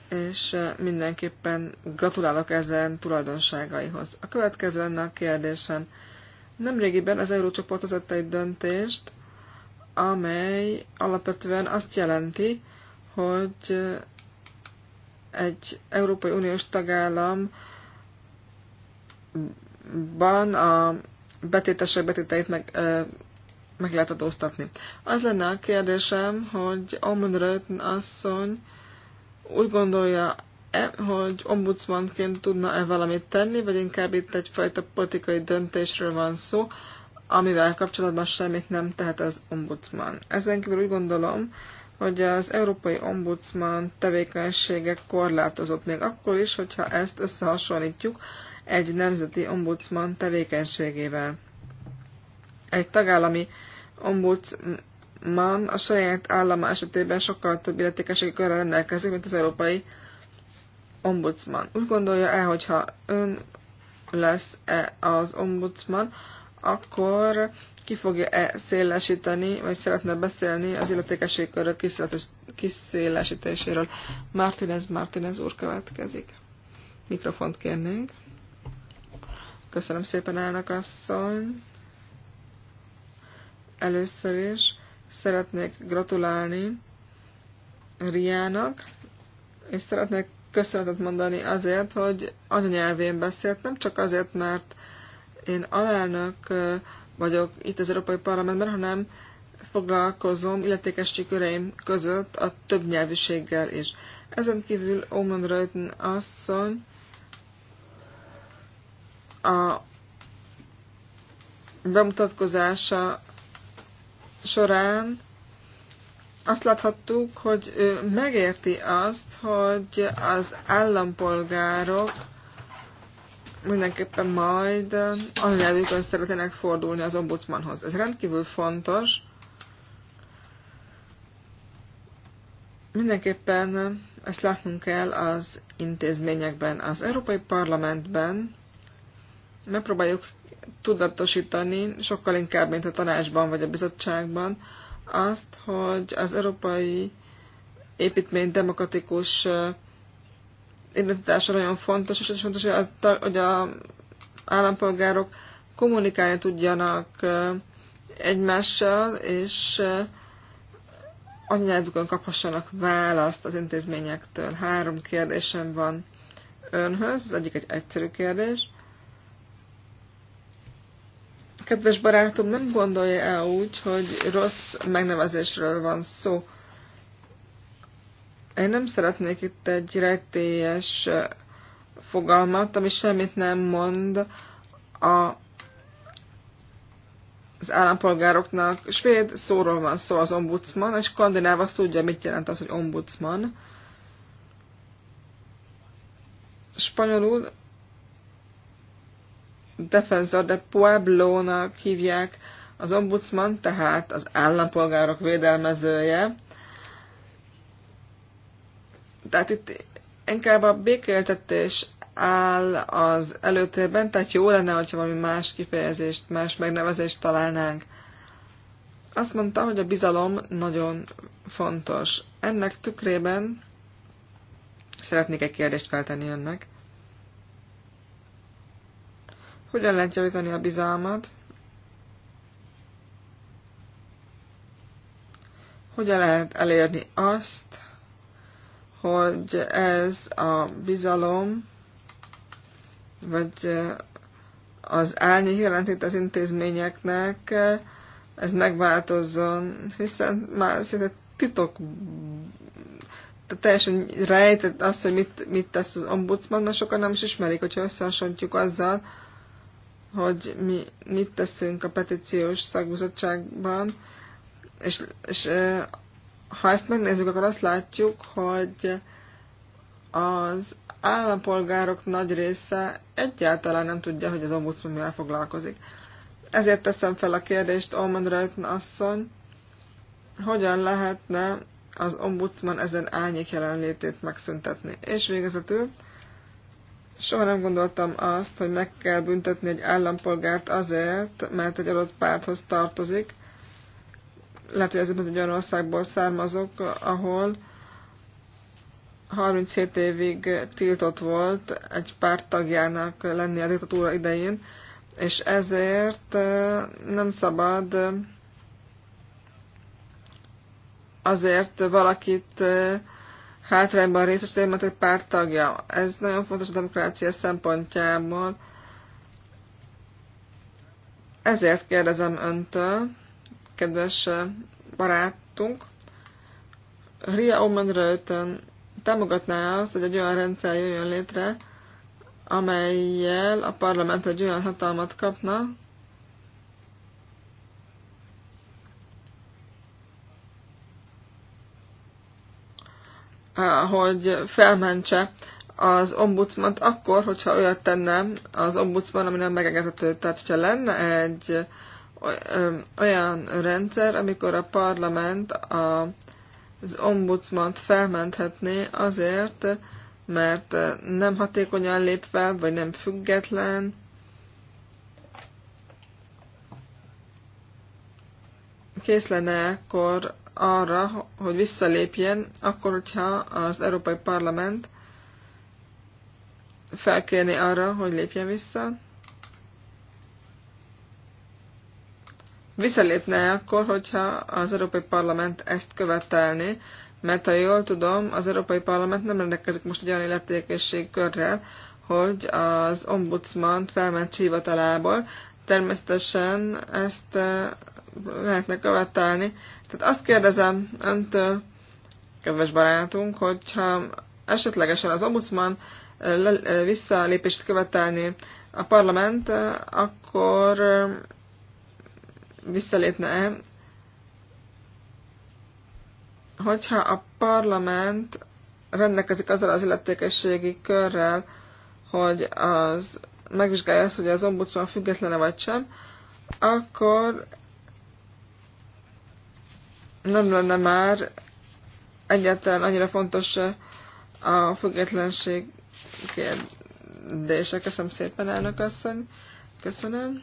és mindenképpen gratulálok ezen tulajdonságaihoz. A következő lenne a kérdésem. Nemrégiben az Eurócsoport hozott egy döntést amely alapvetően azt jelenti, hogy egy Európai Uniós tagállamban a betétesek betéteit meg, meg lehet adóztatni. Az lenne a kérdésem, hogy Omon Rötn asszony úgy gondolja, -e, hogy ombudsmanként tudna-e valamit tenni, vagy inkább itt egyfajta politikai döntésről van szó, amivel kapcsolatban semmit nem tehet az ombudsman. Ezen kívül úgy gondolom, hogy az Európai Ombudsman tevékenysége korlátozott még akkor is, hogyha ezt összehasonlítjuk egy nemzeti ombudsman tevékenységével. Egy tagállami ombudsman a saját állama esetében sokkal több illetékeségi körrel rendelkezik, mint az Európai Ombudsman. Úgy gondolja el, hogyha ön lesz -e az ombudsman, akkor ki fogja-e szélesíteni, vagy szeretne beszélni az illetékességkörök kiszélesítéséről. Martinez Martinez úr következik. Mikrofont kérnénk. Köszönöm szépen, elnök asszony. Először is szeretnék gratulálni Riának, és szeretnék köszönetet mondani azért, hogy anyanyelvén beszélt, nem csak azért, mert uh, én alelnök vagyok itt az Európai Parlamentben, hanem foglalkozom illetékes köreim között a nyelviséggel is. Ezen kívül Omen Röjten asszony a bemutatkozása során azt láthattuk, hogy ő megérti azt, hogy az állampolgárok mindenképpen majd nyelvükön szeretnének fordulni az ombudsmanhoz. Ez rendkívül fontos. Mindenképpen ezt látnunk kell az intézményekben, az Európai Parlamentben megpróbáljuk tudatosítani, sokkal inkább, mint a tanácsban vagy a bizottságban, azt, hogy az európai építmény demokratikus identitása nagyon fontos, és ez fontos, hogy, az, hogy a állampolgárok kommunikálni tudjanak egymással, és anyanyelvükön kaphassanak választ az intézményektől. Három kérdésem van önhöz, az egyik egy egyszerű kérdés. Kedves barátom, nem gondolja el úgy, hogy rossz megnevezésről van szó. Én nem szeretnék itt egy rejtélyes fogalmat, ami semmit nem mond a, az állampolgároknak. Svéd szóról van szó az ombudsman, és Skandináv azt tudja, mit jelent az, hogy ombudsman. Spanyolul Defensor de Pueblo-nak hívják az ombudsman, tehát az állampolgárok védelmezője tehát itt inkább a békéltetés áll az előtérben, tehát jó lenne, hogyha valami más kifejezést, más megnevezést találnánk. Azt mondta, hogy a bizalom nagyon fontos. Ennek tükrében szeretnék egy kérdést feltenni önnek. Hogyan lehet javítani a bizalmat? Hogyan lehet elérni azt, hogy ez a bizalom, vagy eh, az állni jelentét az intézményeknek, eh, ez megváltozzon, hiszen már szinte titok, tehát teljesen rejtett az, hogy mit, mit tesz az ombudsman, mert sokan nem is ismerik, hogyha összehasonlítjuk azzal, hogy mi mit teszünk a petíciós szakbizottságban, és, és eh, ha ezt megnézzük, akkor azt látjuk, hogy az állampolgárok nagy része egyáltalán nem tudja, hogy az ombudsman mivel foglalkozik. Ezért teszem fel a kérdést, Oman Röjtön asszony, hogyan lehetne az ombudsman ezen ányék jelenlétét megszüntetni. És végezetül, soha nem gondoltam azt, hogy meg kell büntetni egy állampolgárt azért, mert egy adott párthoz tartozik, lehet, hogy ezért egy olyan országból származok, ahol 37 évig tiltott volt egy párt tagjának lenni a diktatúra idején, és ezért nem szabad azért valakit hátrányban részesíteni, mert egy párt tagja. Ez nagyon fontos a demokrácia szempontjából. Ezért kérdezem öntől, kedves eh, barátunk, Ria Oman Röten támogatná azt, hogy egy olyan rendszer jöjjön létre, amelyel a parlament egy olyan hatalmat kapna, eh, hogy felmentse az ombudsmant akkor, hogyha olyat tenne az ombudsman, ami nem megengedhető. Tehát, hogyha lenne egy olyan rendszer, amikor a parlament a, az ombudsmant felmenthetné azért, mert nem hatékonyan lép fel, vagy nem független, kész lenne akkor arra, hogy visszalépjen, akkor, hogyha az Európai Parlament felkérni arra, hogy lépjen vissza. visszalépne akkor, hogyha az Európai Parlament ezt követelni, mert ha jól tudom, az Európai Parlament nem rendelkezik most egy olyan illetékesség körrel, hogy az ombudsman felment hivatalából. Természetesen ezt eh, lehetne követelni. Tehát azt kérdezem öntől, kedves barátunk, hogyha esetlegesen az ombudsman eh, eh, visszalépést követelni a parlament, akkor visszalépne-e, hogyha a parlament rendelkezik azzal az illetékességi körrel, hogy az megvizsgálja azt, hogy az ombudsman függetlene vagy sem, akkor nem lenne már egyáltalán annyira fontos a függetlenség kérdése. Köszönöm szépen, elnök asszony. Köszönöm.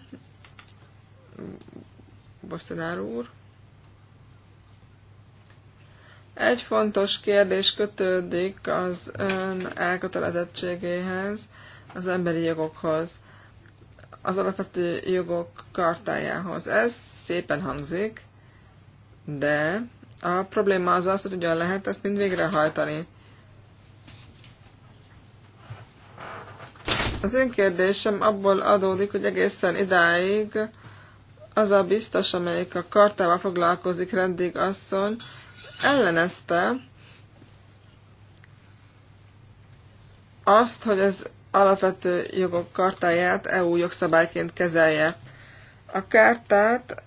Bosszadár úr. Egy fontos kérdés kötődik az ön elkötelezettségéhez, az emberi jogokhoz, az alapvető jogok kartájához. Ez szépen hangzik, de a probléma az az, hogy ugyan lehet ezt mind végrehajtani. Az én kérdésem abból adódik, hogy egészen idáig az a biztos, amelyik a kartával foglalkozik rendig asszony, ellenezte azt, hogy az alapvető jogok kartáját EU jogszabályként kezelje. A kártát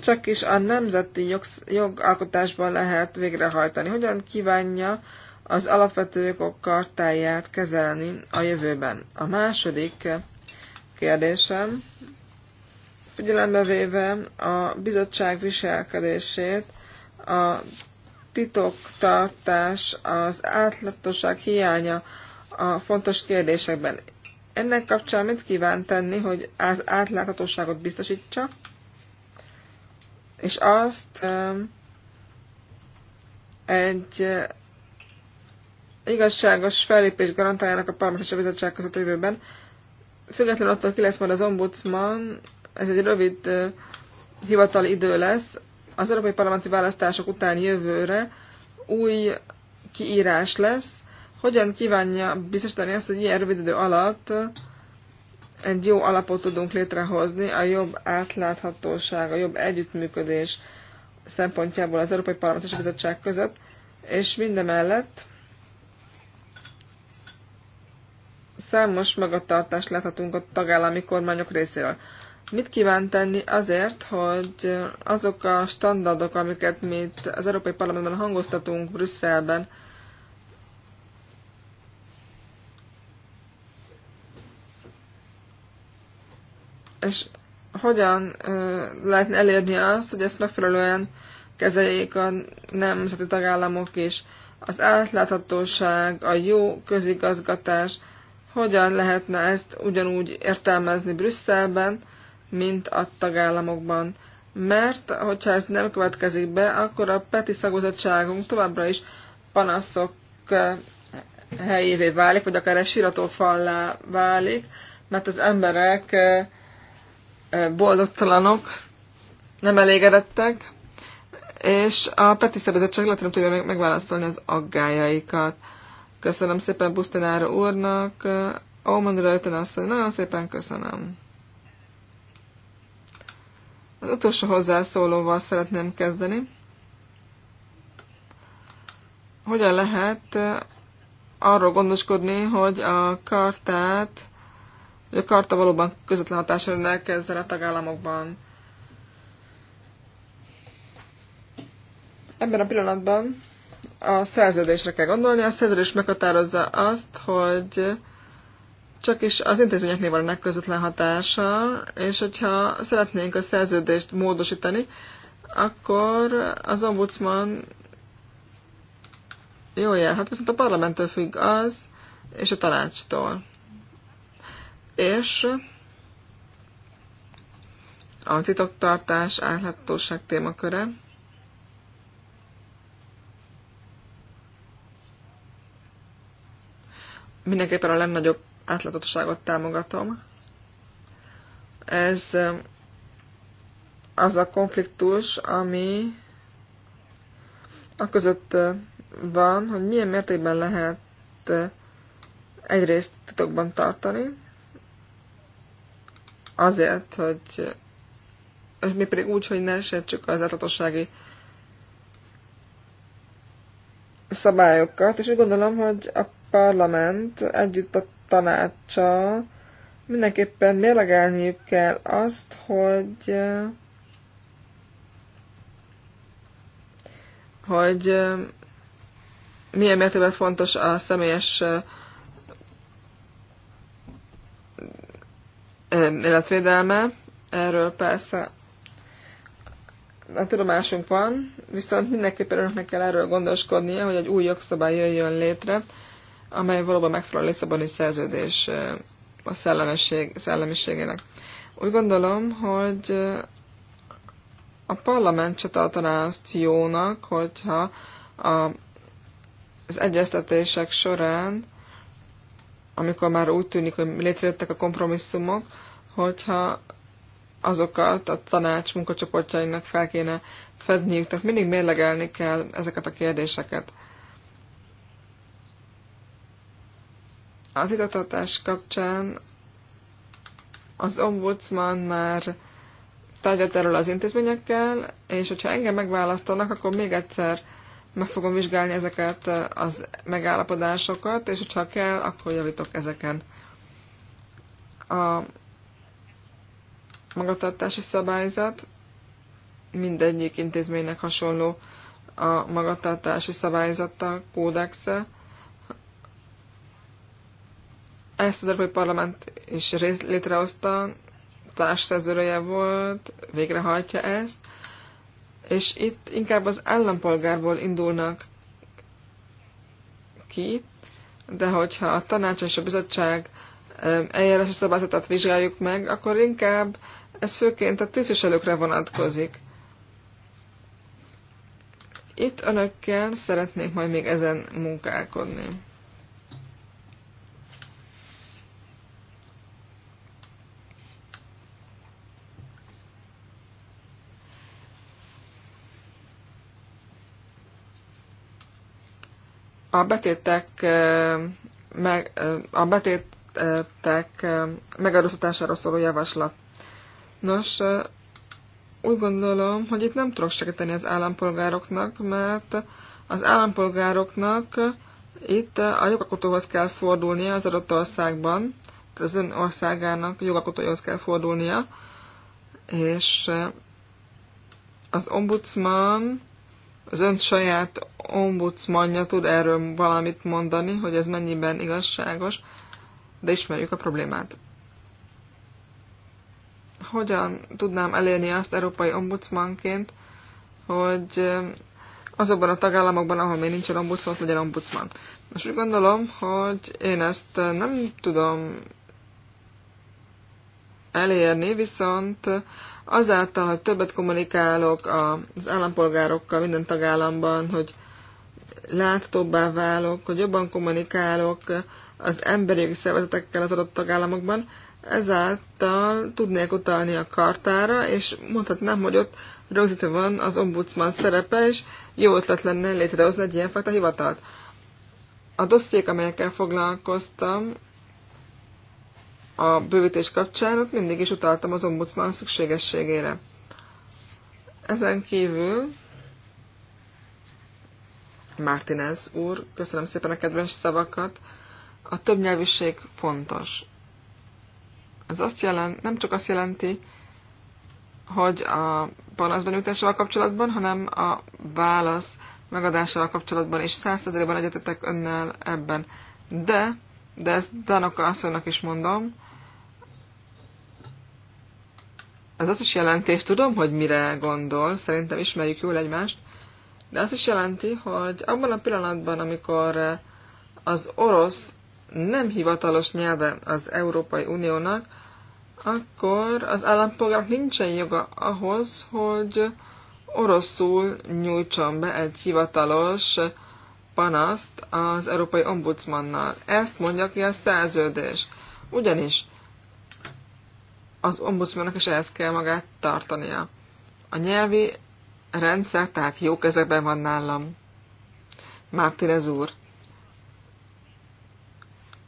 csak is a nemzeti jogsz- jogalkotásban lehet végrehajtani. Hogyan kívánja az alapvető jogok kartáját kezelni a jövőben? A második kérdésem figyelembe véve a bizottság viselkedését, a titoktartás, az átlatosság hiánya a fontos kérdésekben. Ennek kapcsán mit kíván tenni, hogy az átláthatóságot biztosítsa, és azt egy igazságos fellépés garantáljanak a parlament és a bizottság között jövőben, függetlenül attól ki lesz majd az ombudsman, ez egy rövid hivatali idő lesz, az európai parlamenti választások után jövőre új kiírás lesz, hogyan kívánja biztosítani azt, hogy ilyen rövid idő alatt egy jó alapot tudunk létrehozni a jobb átláthatóság, a jobb együttműködés szempontjából az Európai Parlament és a Bizottság között, és mindemellett számos magatartást láthatunk a tagállami kormányok részéről mit kíván tenni azért, hogy azok a standardok, amiket mi az Európai Parlamentben hangoztatunk Brüsszelben, és hogyan ö, lehetne elérni azt, hogy ezt megfelelően kezeljék a nemzeti tagállamok is. Az átláthatóság, a jó közigazgatás, hogyan lehetne ezt ugyanúgy értelmezni Brüsszelben, mint a tagállamokban. Mert, hogyha ez nem következik be, akkor a peti szagozatságunk továbbra is panaszok eh, helyévé válik, vagy akár egy fallá válik, mert az emberek eh, eh, boldogtalanok, nem elégedettek, és a Peti Szabizottság lehet, nem tudja megválaszolni az aggájaikat. Köszönöm szépen Busztinára úrnak, Ómondra Ötön hogy nagyon szépen köszönöm. Az utolsó hozzászólóval szeretném kezdeni. Hogyan lehet eh, arról gondoskodni, hogy a kartát, hogy a karta valóban közvetlen hatással rendelkezzen a tagállamokban? Ebben a pillanatban a szerződésre kell gondolni. A szerződés meghatározza azt, hogy csak is az intézményeknél van ennek közvetlen hatása, és hogyha szeretnénk a szerződést módosítani, akkor az ombudsman jó jel, hát viszont a parlamenttől függ az, és a tanácstól. És a titoktartás állhatóság témaköre. Mindenképpen a legnagyobb átlátottságot támogatom. Ez um, az a konfliktus, ami a között uh, van, hogy milyen mértékben lehet uh, egyrészt titokban tartani, azért, hogy és mi pedig úgy, hogy ne sértsük az átlátossági szabályokat, és úgy gondolom, hogy a parlament együtt a tanácsa, mindenképpen mérlegelniük kell azt, hogy hogy milyen mértékben fontos a személyes életvédelme, erről persze a tudomásunk van, viszont mindenképpen önöknek kell erről gondoskodnia, hogy egy új jogszabály jöjjön létre, amely valóban megfelel a Lisszaboni szerződés a szellemesség, szellemiségének. Úgy gondolom, hogy a parlament se tartaná azt jónak, hogyha a, az egyeztetések során, amikor már úgy tűnik, hogy létrejöttek a kompromisszumok, hogyha azokat a tanács munkacsoportjainak fel kéne fedniük, tehát mindig mérlegelni kell ezeket a kérdéseket. Az igazgatás kapcsán az ombudsman már tárgyat erről az intézményekkel, és hogyha engem megválasztanak, akkor még egyszer meg fogom vizsgálni ezeket az megállapodásokat, és hogyha kell, akkor javítok ezeken. A magatartási szabályzat mindegyik intézménynek hasonló a magatartási szabályzata, kódexe, ezt az Európai Parlament is létrehozta, társszerzője volt, végrehajtja ezt, és itt inkább az állampolgárból indulnak ki, de hogyha a tanács és a bizottság eljárási szabályzatát vizsgáljuk meg, akkor inkább ez főként a tisztviselőkre vonatkozik. Itt önökkel szeretnék majd még ezen munkálkodni. A betétek, meg, a betétek megadóztatásáról szóló javaslat. Nos, úgy gondolom, hogy itt nem tudok segíteni az állampolgároknak, mert az állampolgároknak itt a jogalkotóhoz kell fordulnia az adott országban, tehát az ön országának jogalkotóhoz kell fordulnia, és az ombudsman az ön saját ombudsmanja tud erről valamit mondani, hogy ez mennyiben igazságos, de ismerjük a problémát. Hogyan tudnám elérni azt európai ombudsmanként, hogy azokban a tagállamokban, ahol még nincsen ombudsman, legyen ombudsman. Most úgy gondolom, hogy én ezt nem tudom elérni, viszont azáltal, hogy többet kommunikálok az állampolgárokkal minden tagállamban, hogy láthatóbbá válok, hogy jobban kommunikálok az emberi szervezetekkel az adott tagállamokban, ezáltal tudnék utalni a kartára, és mondhatnám, hogy ott rögzítve van az ombudsman szerepe, és jó ötlet lenne létrehozni egy ilyenfajta hivatalt. A dossziék, amelyekkel foglalkoztam, a bővítés kapcsán, ott mindig is utaltam az ombudsman szükségességére. Ezen kívül Martinez úr, köszönöm szépen a kedves szavakat. A többnyelvűség fontos. Ez azt jelent, nem csak azt jelenti, hogy a panasz benyújtásával kapcsolatban, hanem a válasz megadásával kapcsolatban is százszerzőben egyetetek önnel ebben. De, de ezt Danoka asszonynak is mondom, Az azt is jelenti, és tudom, hogy mire gondol, szerintem ismerjük jól egymást, de azt is jelenti, hogy abban a pillanatban, amikor az orosz nem hivatalos nyelve az Európai Uniónak, akkor az állampolgárok nincsen joga ahhoz, hogy oroszul nyújtson be egy hivatalos panaszt az Európai Ombudsmannal. Ezt mondja ki a szerződés. Ugyanis az ombudsmannak is ehhez kell magát tartania. A nyelvi rendszer tehát jó kezekben van nálam. Mártínez úr.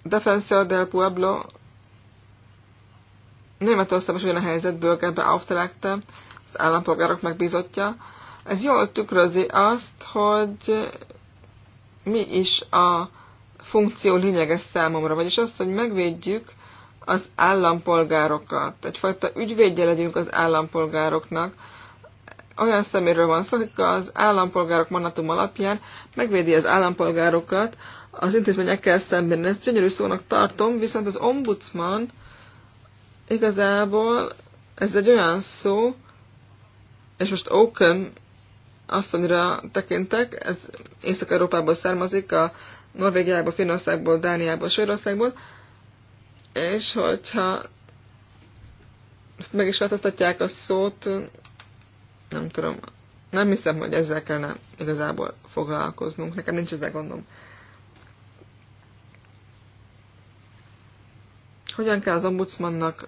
Defensor del Pueblo Németországban is olyan a helyzet, Bölgerbe Auftelekte, az állampolgárok megbízottja. Ez jól tükrözi azt, hogy mi is a funkció lényeges számomra, vagyis azt, hogy megvédjük az állampolgárokat. Egyfajta ügyvédje legyünk az állampolgároknak. Olyan szeméről van szó, hogy az állampolgárok mandatum alapján megvédi az állampolgárokat az intézményekkel szemben. Ezt gyönyörű szónak tartom, viszont az ombudsman igazából ez egy olyan szó, és most Oaken asszonyra tekintek, ez Észak-Európából származik, a Norvégiából, Finnországból, Dániából, Svédországból, és hogyha meg is változtatják a szót, nem tudom, nem hiszem, hogy ezzel kellene igazából foglalkoznunk. Nekem nincs ezzel gondom. Hogyan kell az ombudsmannak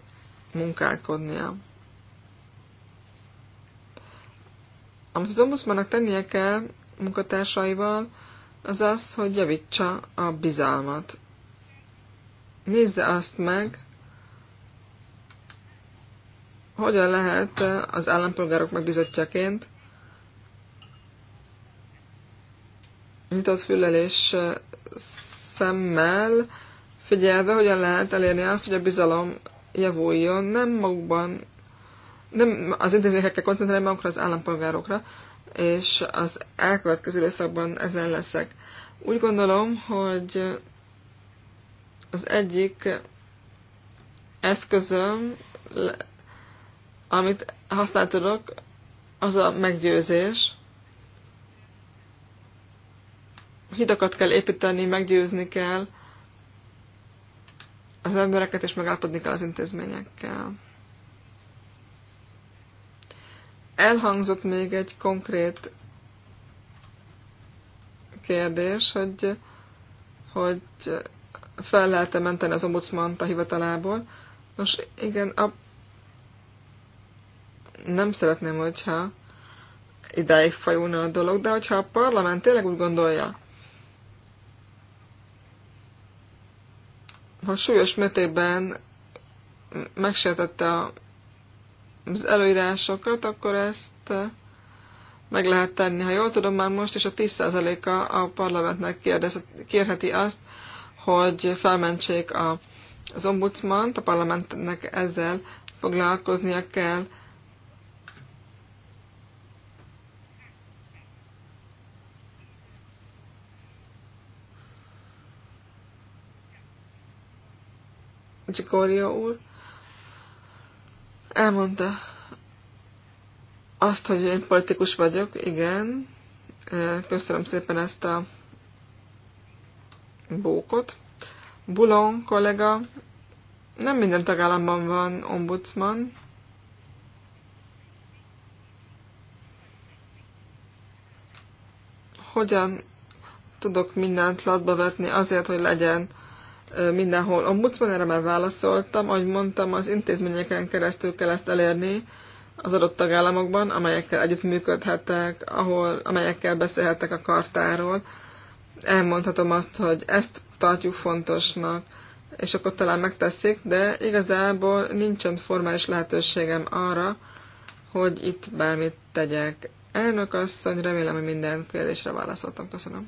munkálkodnia? Amit az ombudsmannak tennie kell munkatársaival, az az, hogy javítsa a bizalmat nézze azt meg, hogyan lehet az állampolgárok megbizottjaként nyitott fülelés szemmel figyelve, hogyan lehet elérni azt, hogy a bizalom javuljon, nem magukban, nem az intézményekkel koncentrálni magukra, az állampolgárokra, és az elkövetkező időszakban ezen leszek. Úgy gondolom, hogy az egyik eszközöm, amit használtudok, az a meggyőzés. Hidakat kell építeni, meggyőzni kell az embereket, és megállapodni kell az intézményekkel. Elhangzott még egy konkrét kérdés, hogy, hogy fel lehet-e menteni az ombudsman a hivatalából. Nos, igen, a... nem szeretném, hogyha ideig fajulna a dolog, de hogyha a parlament tényleg úgy gondolja, hogy súlyos mértékben megsértette az előírásokat, akkor ezt eh, meg lehet tenni. Ha jól tudom, már most is a 10%-a a parlamentnek kérdez, kérheti azt, hogy felmentsék a, az ombudsmant, a parlamentnek ezzel foglalkoznia kell. Csikória úr elmondta azt, hogy én politikus vagyok, igen. Köszönöm szépen ezt a bókot. Bulon kollega, nem minden tagállamban van ombudsman. Hogyan tudok mindent latba vetni azért, hogy legyen mindenhol ombudsman, erre már válaszoltam, ahogy mondtam, az intézményeken keresztül kell ezt elérni az adott tagállamokban, amelyekkel együttműködhetek, ahol, amelyekkel beszélhetek a kartáról, elmondhatom azt, hogy ezt tartjuk fontosnak, és akkor talán megteszik, de igazából nincsen formális lehetőségem arra, hogy itt bármit tegyek. Elnök asszony, remélem, hogy minden kérdésre válaszoltam. Köszönöm.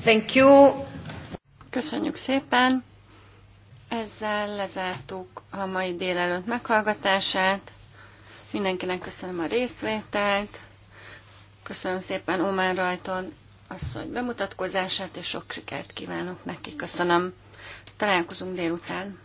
Thank you. Köszönjük szépen. Ezzel lezártuk a mai délelőtt meghallgatását. Mindenkinek köszönöm a részvételt. Köszönöm szépen Omán Rajton asszony bemutatkozását, és sok sikert kívánok neki. Köszönöm. Találkozunk délután.